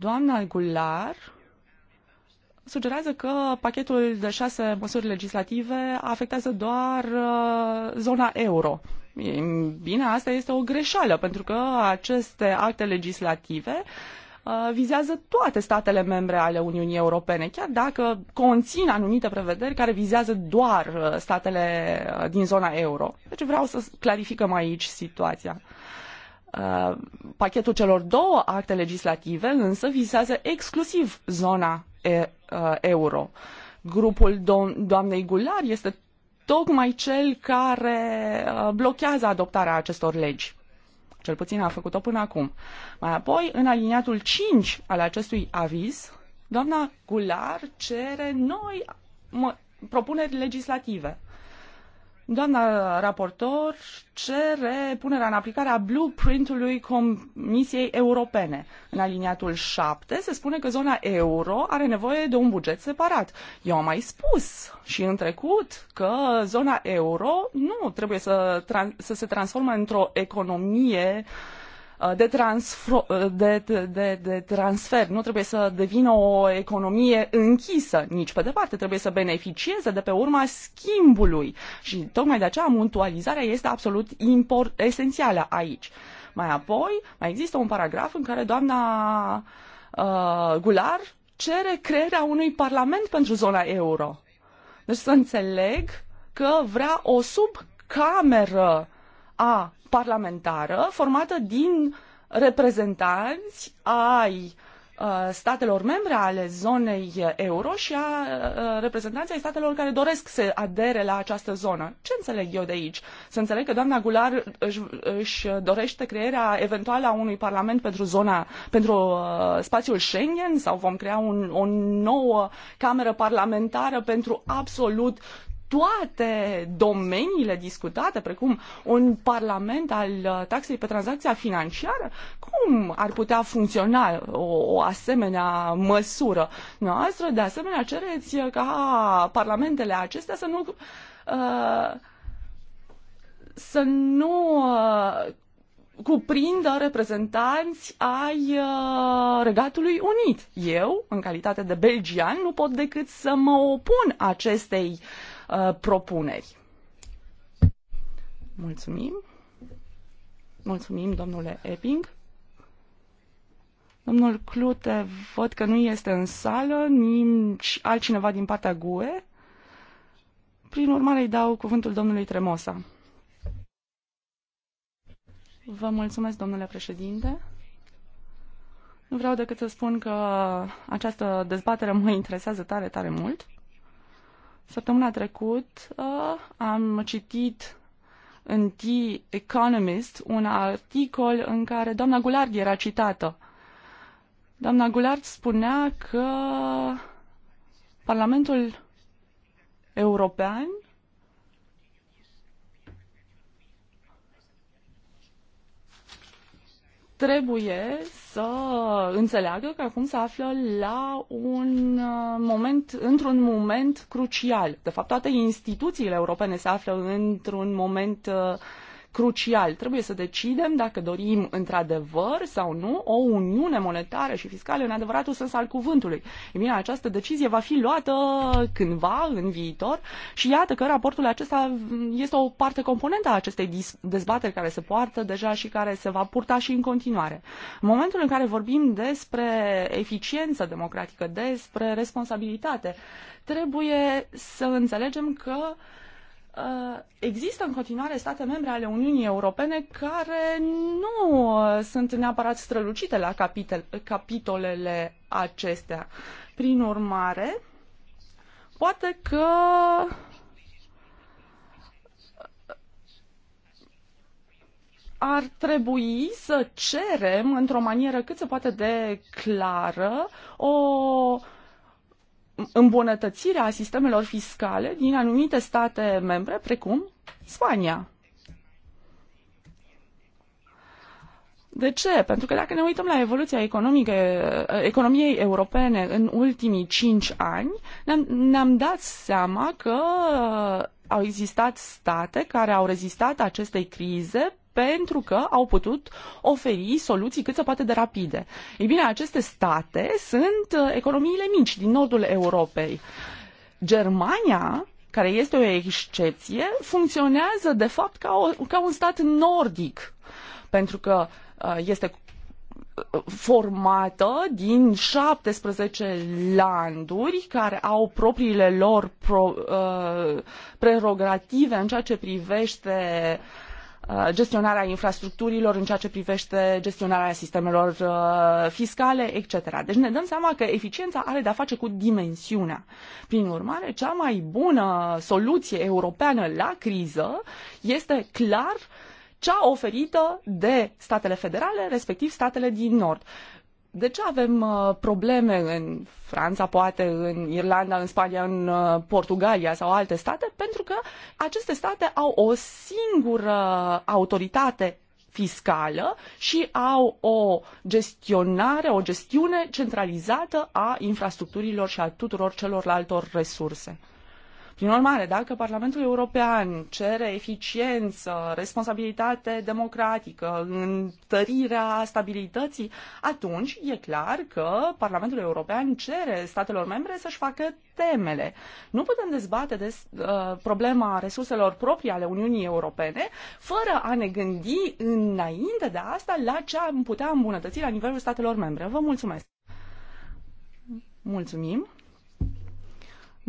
Doamna Gular sugerează că pachetul de șase măsuri legislative afectează doar uh, zona euro. Bine, asta este o greșeală, pentru că aceste acte legislative uh, vizează toate statele membre ale Uniunii Europene, chiar dacă conțin anumite prevederi care vizează doar uh, statele din zona euro. Deci vreau să clarificăm aici situația. Uh, Uh, pachetul celor două acte legislative însă visează exclusiv zona e, uh, euro. Grupul do- doamnei Gular este tocmai cel care uh, blochează adoptarea acestor legi. Cel puțin a făcut-o până acum. Mai apoi, în aliniatul 5 al acestui aviz, doamna Gular cere noi propuneri legislative. Doamna raportor cere punerea în aplicare a blueprintului Comisiei Europene. În aliniatul 7 se spune că zona euro are nevoie de un buget separat. Eu am mai spus și în trecut că zona euro nu trebuie să, să se transformă într-o economie uh, Uh, de, transfer, uh, de, de, de transfer, nu trebuie să devină o economie închisă nici pe departe, trebuie să beneficieze de pe urma schimbului și tocmai de aceea mutualizarea este absolut import, esențială aici. Mai apoi, mai există un paragraf în care doamna uh, Gular cere crearea unui parlament pentru zona euro. Deci să înțeleg că vrea o subcameră a parlamentară formată din reprezentanți ai uh, statelor membre ale zonei euro și a uh, reprezentanței statelor care doresc să adere la această zonă. Ce înțeleg eu de aici? Să înțeleg că doamna Gular își, își dorește crearea eventuală a unui parlament pentru zona, pentru uh, spațiul Schengen sau vom crea un, o nouă cameră parlamentară pentru absolut toate domeniile discutate, precum un parlament al uh, taxei pe tranzacția financiară? Cum ar putea funcționa o, o asemenea măsură noastră? De asemenea, cereți uh, ca parlamentele acestea să nu. Uh, să nu uh, cuprindă reprezentanți ai uh, Regatului Unit. Eu, în calitate de belgian, nu pot decât să mă opun acestei uh, Uh, propuneri. Mulțumim. Mulțumim, domnule Epping. Domnul Clute, văd că nu este în sală, nici altcineva din partea GUE. Prin urmare, îi dau cuvântul domnului Tremosa. Vă mulțumesc, domnule președinte. Nu vreau decât să spun că această dezbatere mă interesează tare, tare mult. Săptămâna trecut uh, am citit în The Economist un articol în care doamna Gulard era citată. Doamna Gulard spunea că Parlamentul European trebuie să înțeleagă că acum se află la un uh, moment, într-un moment crucial. De fapt, toate instituțiile europene se află într-un moment uh, crucial. Trebuie să decidem dacă dorim într-adevăr sau nu o uniune monetară și fiscală în adevăratul sens al cuvântului. E bine, această decizie va fi luată cândva în viitor și iată că raportul acesta este o parte componentă a acestei dezbateri care se poartă deja și care se va purta și în continuare. În momentul în care vorbim despre eficiență democratică, despre responsabilitate, trebuie să înțelegem că uh, Uh, există în continuare state membre ale Uniunii Europene care nu uh, sunt neapărat strălucite la capitel, capitolele acestea. Prin urmare, poate că uh, ar trebui să cerem într-o manieră cât se poate de clară o uh, îmbunătățirea sistemelor fiscale din anumite state membre, precum Spania. De ce? Pentru că dacă ne uităm la evoluția economică, economiei europene în ultimii cinci ani, ne-am, ne-am dat seama că au existat state care au rezistat acestei crize pentru că au putut oferi soluții cât se poate de rapide. Ei bine, aceste state sunt uh, economiile mici din nordul Europei. Germania care este o excepție, funcționează de fapt ca, o, ca un stat nordic, pentru că uh, este uh, formată din 17 landuri care au propriile lor pro, uh, prerogative în ceea ce privește uh, Uh, gestionarea infrastructurilor, în ceea ce privește gestionarea sistemelor uh, fiscale, etc. Deci ne dăm seama că eficiența are de-a face cu dimensiunea. Prin urmare, cea mai bună soluție europeană la criză este clar cea oferită de statele federale, respectiv statele din Nord. De ce avem uh, probleme în Franța, poate în Irlanda, în Spania, în uh, Portugalia sau alte state? Pentru că aceste state au o singură autoritate fiscală și au o gestionare, o gestiune centralizată a infrastructurilor și a tuturor celorlaltor resurse. Prin urmare, dacă Parlamentul European cere eficiență, responsabilitate democratică, întărirea stabilității, atunci e clar că Parlamentul European cere statelor membre să-și facă temele. Nu putem dezbate de uh, problema resurselor proprii ale Uniunii Europene fără a ne gândi înainte de asta la ce am putea îmbunătăți la nivelul statelor membre. Vă mulțumesc! Mulțumim!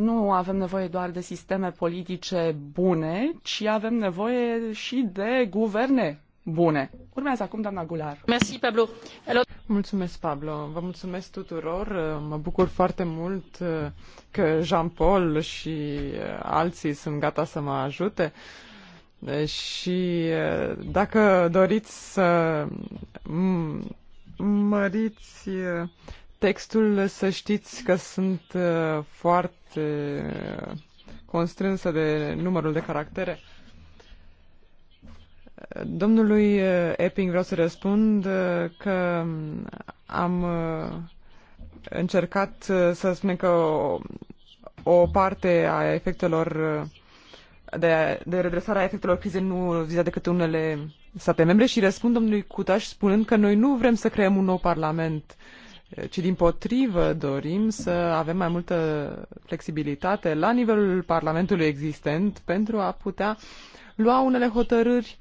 Nu avem nevoie doar de sisteme politice bune, ci avem nevoie și de guverne bune. Urmează acum doamna Gular. Merci, Pablo. Hello. Mulțumesc, Pablo. Vă mulțumesc tuturor. Mă bucur foarte mult uh, că Jean-Paul și uh, alții sunt gata să mă ajute. Uh, și dacă doriți să măriți textul, să știți că sunt foarte este constrânsă de numărul de caractere. Domnului eh, Epping vreau să răspund eh, că mm, am eh, încercat să spunem că o, o parte a efectelor de, de redresarea efectelor crizei nu vizează decât unele state membre și răspund domnului Cutaș spunând că noi nu vrem să creăm un nou parlament uh, ci din potrivă dorim să avem mai multă flexibilitate la nivelul Parlamentului existent pentru a putea lua unele hotărâri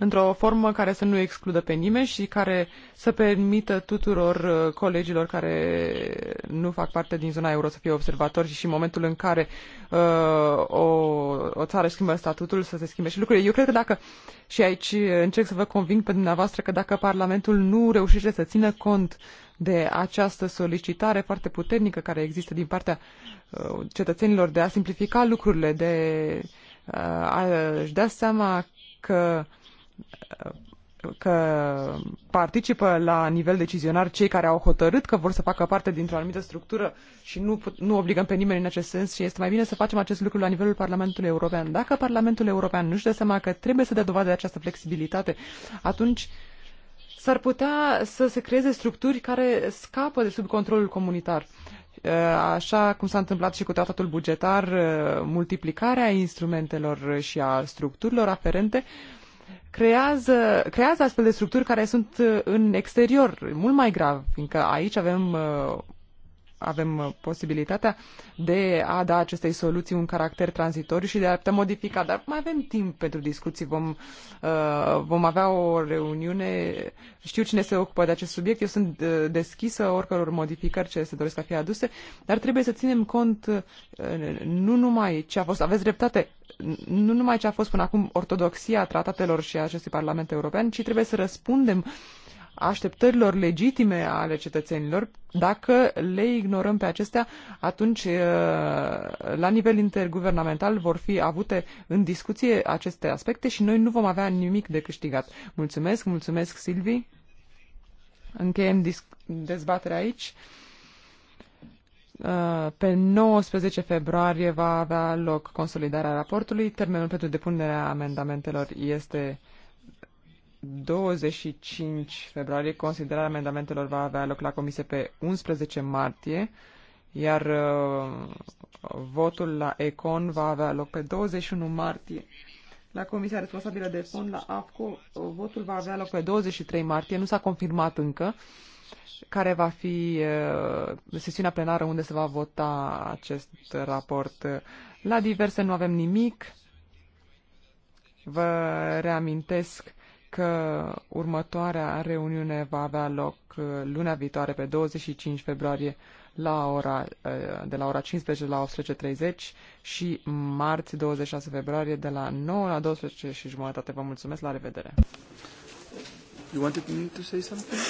într-o formă care să nu excludă pe nimeni și care să permită tuturor uh, colegilor care nu fac parte din zona euro să fie observatori și, și în momentul în care uh, o, o țară schimbă statutul să se schimbe și lucrurile. Eu cred că dacă, și aici încerc să vă conving pe dumneavoastră, că dacă Parlamentul nu reușește să țină cont de această solicitare foarte puternică care există din partea uh, cetățenilor de a simplifica lucrurile, de uh, a-și da seama că uh, că participă la nivel decizionar cei care au hotărât că vor să facă parte dintr-o anumită structură și nu, nu obligăm pe nimeni în acest sens și este mai bine să facem acest lucru la nivelul Parlamentului European. Dacă Parlamentul European nu-și dă seama că trebuie să dea dovadă de această flexibilitate, atunci s-ar putea să se creeze structuri care scapă de sub controlul comunitar. Uh, așa cum s-a întâmplat și cu tratatul bugetar, uh, multiplicarea instrumentelor și a structurilor aferente creează, creează astfel de structuri care sunt uh, în exterior, mult mai grav, fiindcă aici avem uh, avem uh, posibilitatea de a da acestei soluții un caracter tranzitoriu și de a putea modifica. Dar mai avem timp pentru discuții. Vom, uh, vom avea o reuniune. Știu cine se ocupă de acest subiect. Eu sunt uh, deschisă oricăror modificări ce se doresc să fie aduse, dar trebuie să ținem cont uh, nu numai ce a fost, aveți dreptate, nu numai ce a fost până acum ortodoxia tratatelor și a acestui Parlament European, ci trebuie să răspundem așteptărilor legitime ale cetățenilor, dacă le ignorăm pe acestea, atunci uh, la nivel interguvernamental vor fi avute în discuție aceste aspecte și noi nu vom avea nimic de câștigat. Mulțumesc, mulțumesc Silvi. Încheiem dezbaterea aici. Uh, pe 19 februarie va avea loc consolidarea raportului. Termenul pentru depunerea amendamentelor este 25 februarie, considerarea amendamentelor va avea loc la comisie pe 11 martie, iar uh, votul la Econ va avea loc pe 21 martie. La comisia responsabilă de fond, la AFCO, votul va avea loc pe 23 martie, nu s-a confirmat încă care va fi uh, sesiunea plenară unde se va vota acest raport. La diverse nu avem nimic. Vă reamintesc că următoarea reuniune va avea loc uh, luna viitoare, pe 25 februarie, la ora, uh, de la ora 15 la 18.30 și marți 26 februarie de la 9 la 12 și jumătate. Vă mulțumesc, la revedere! You wanted me to say something?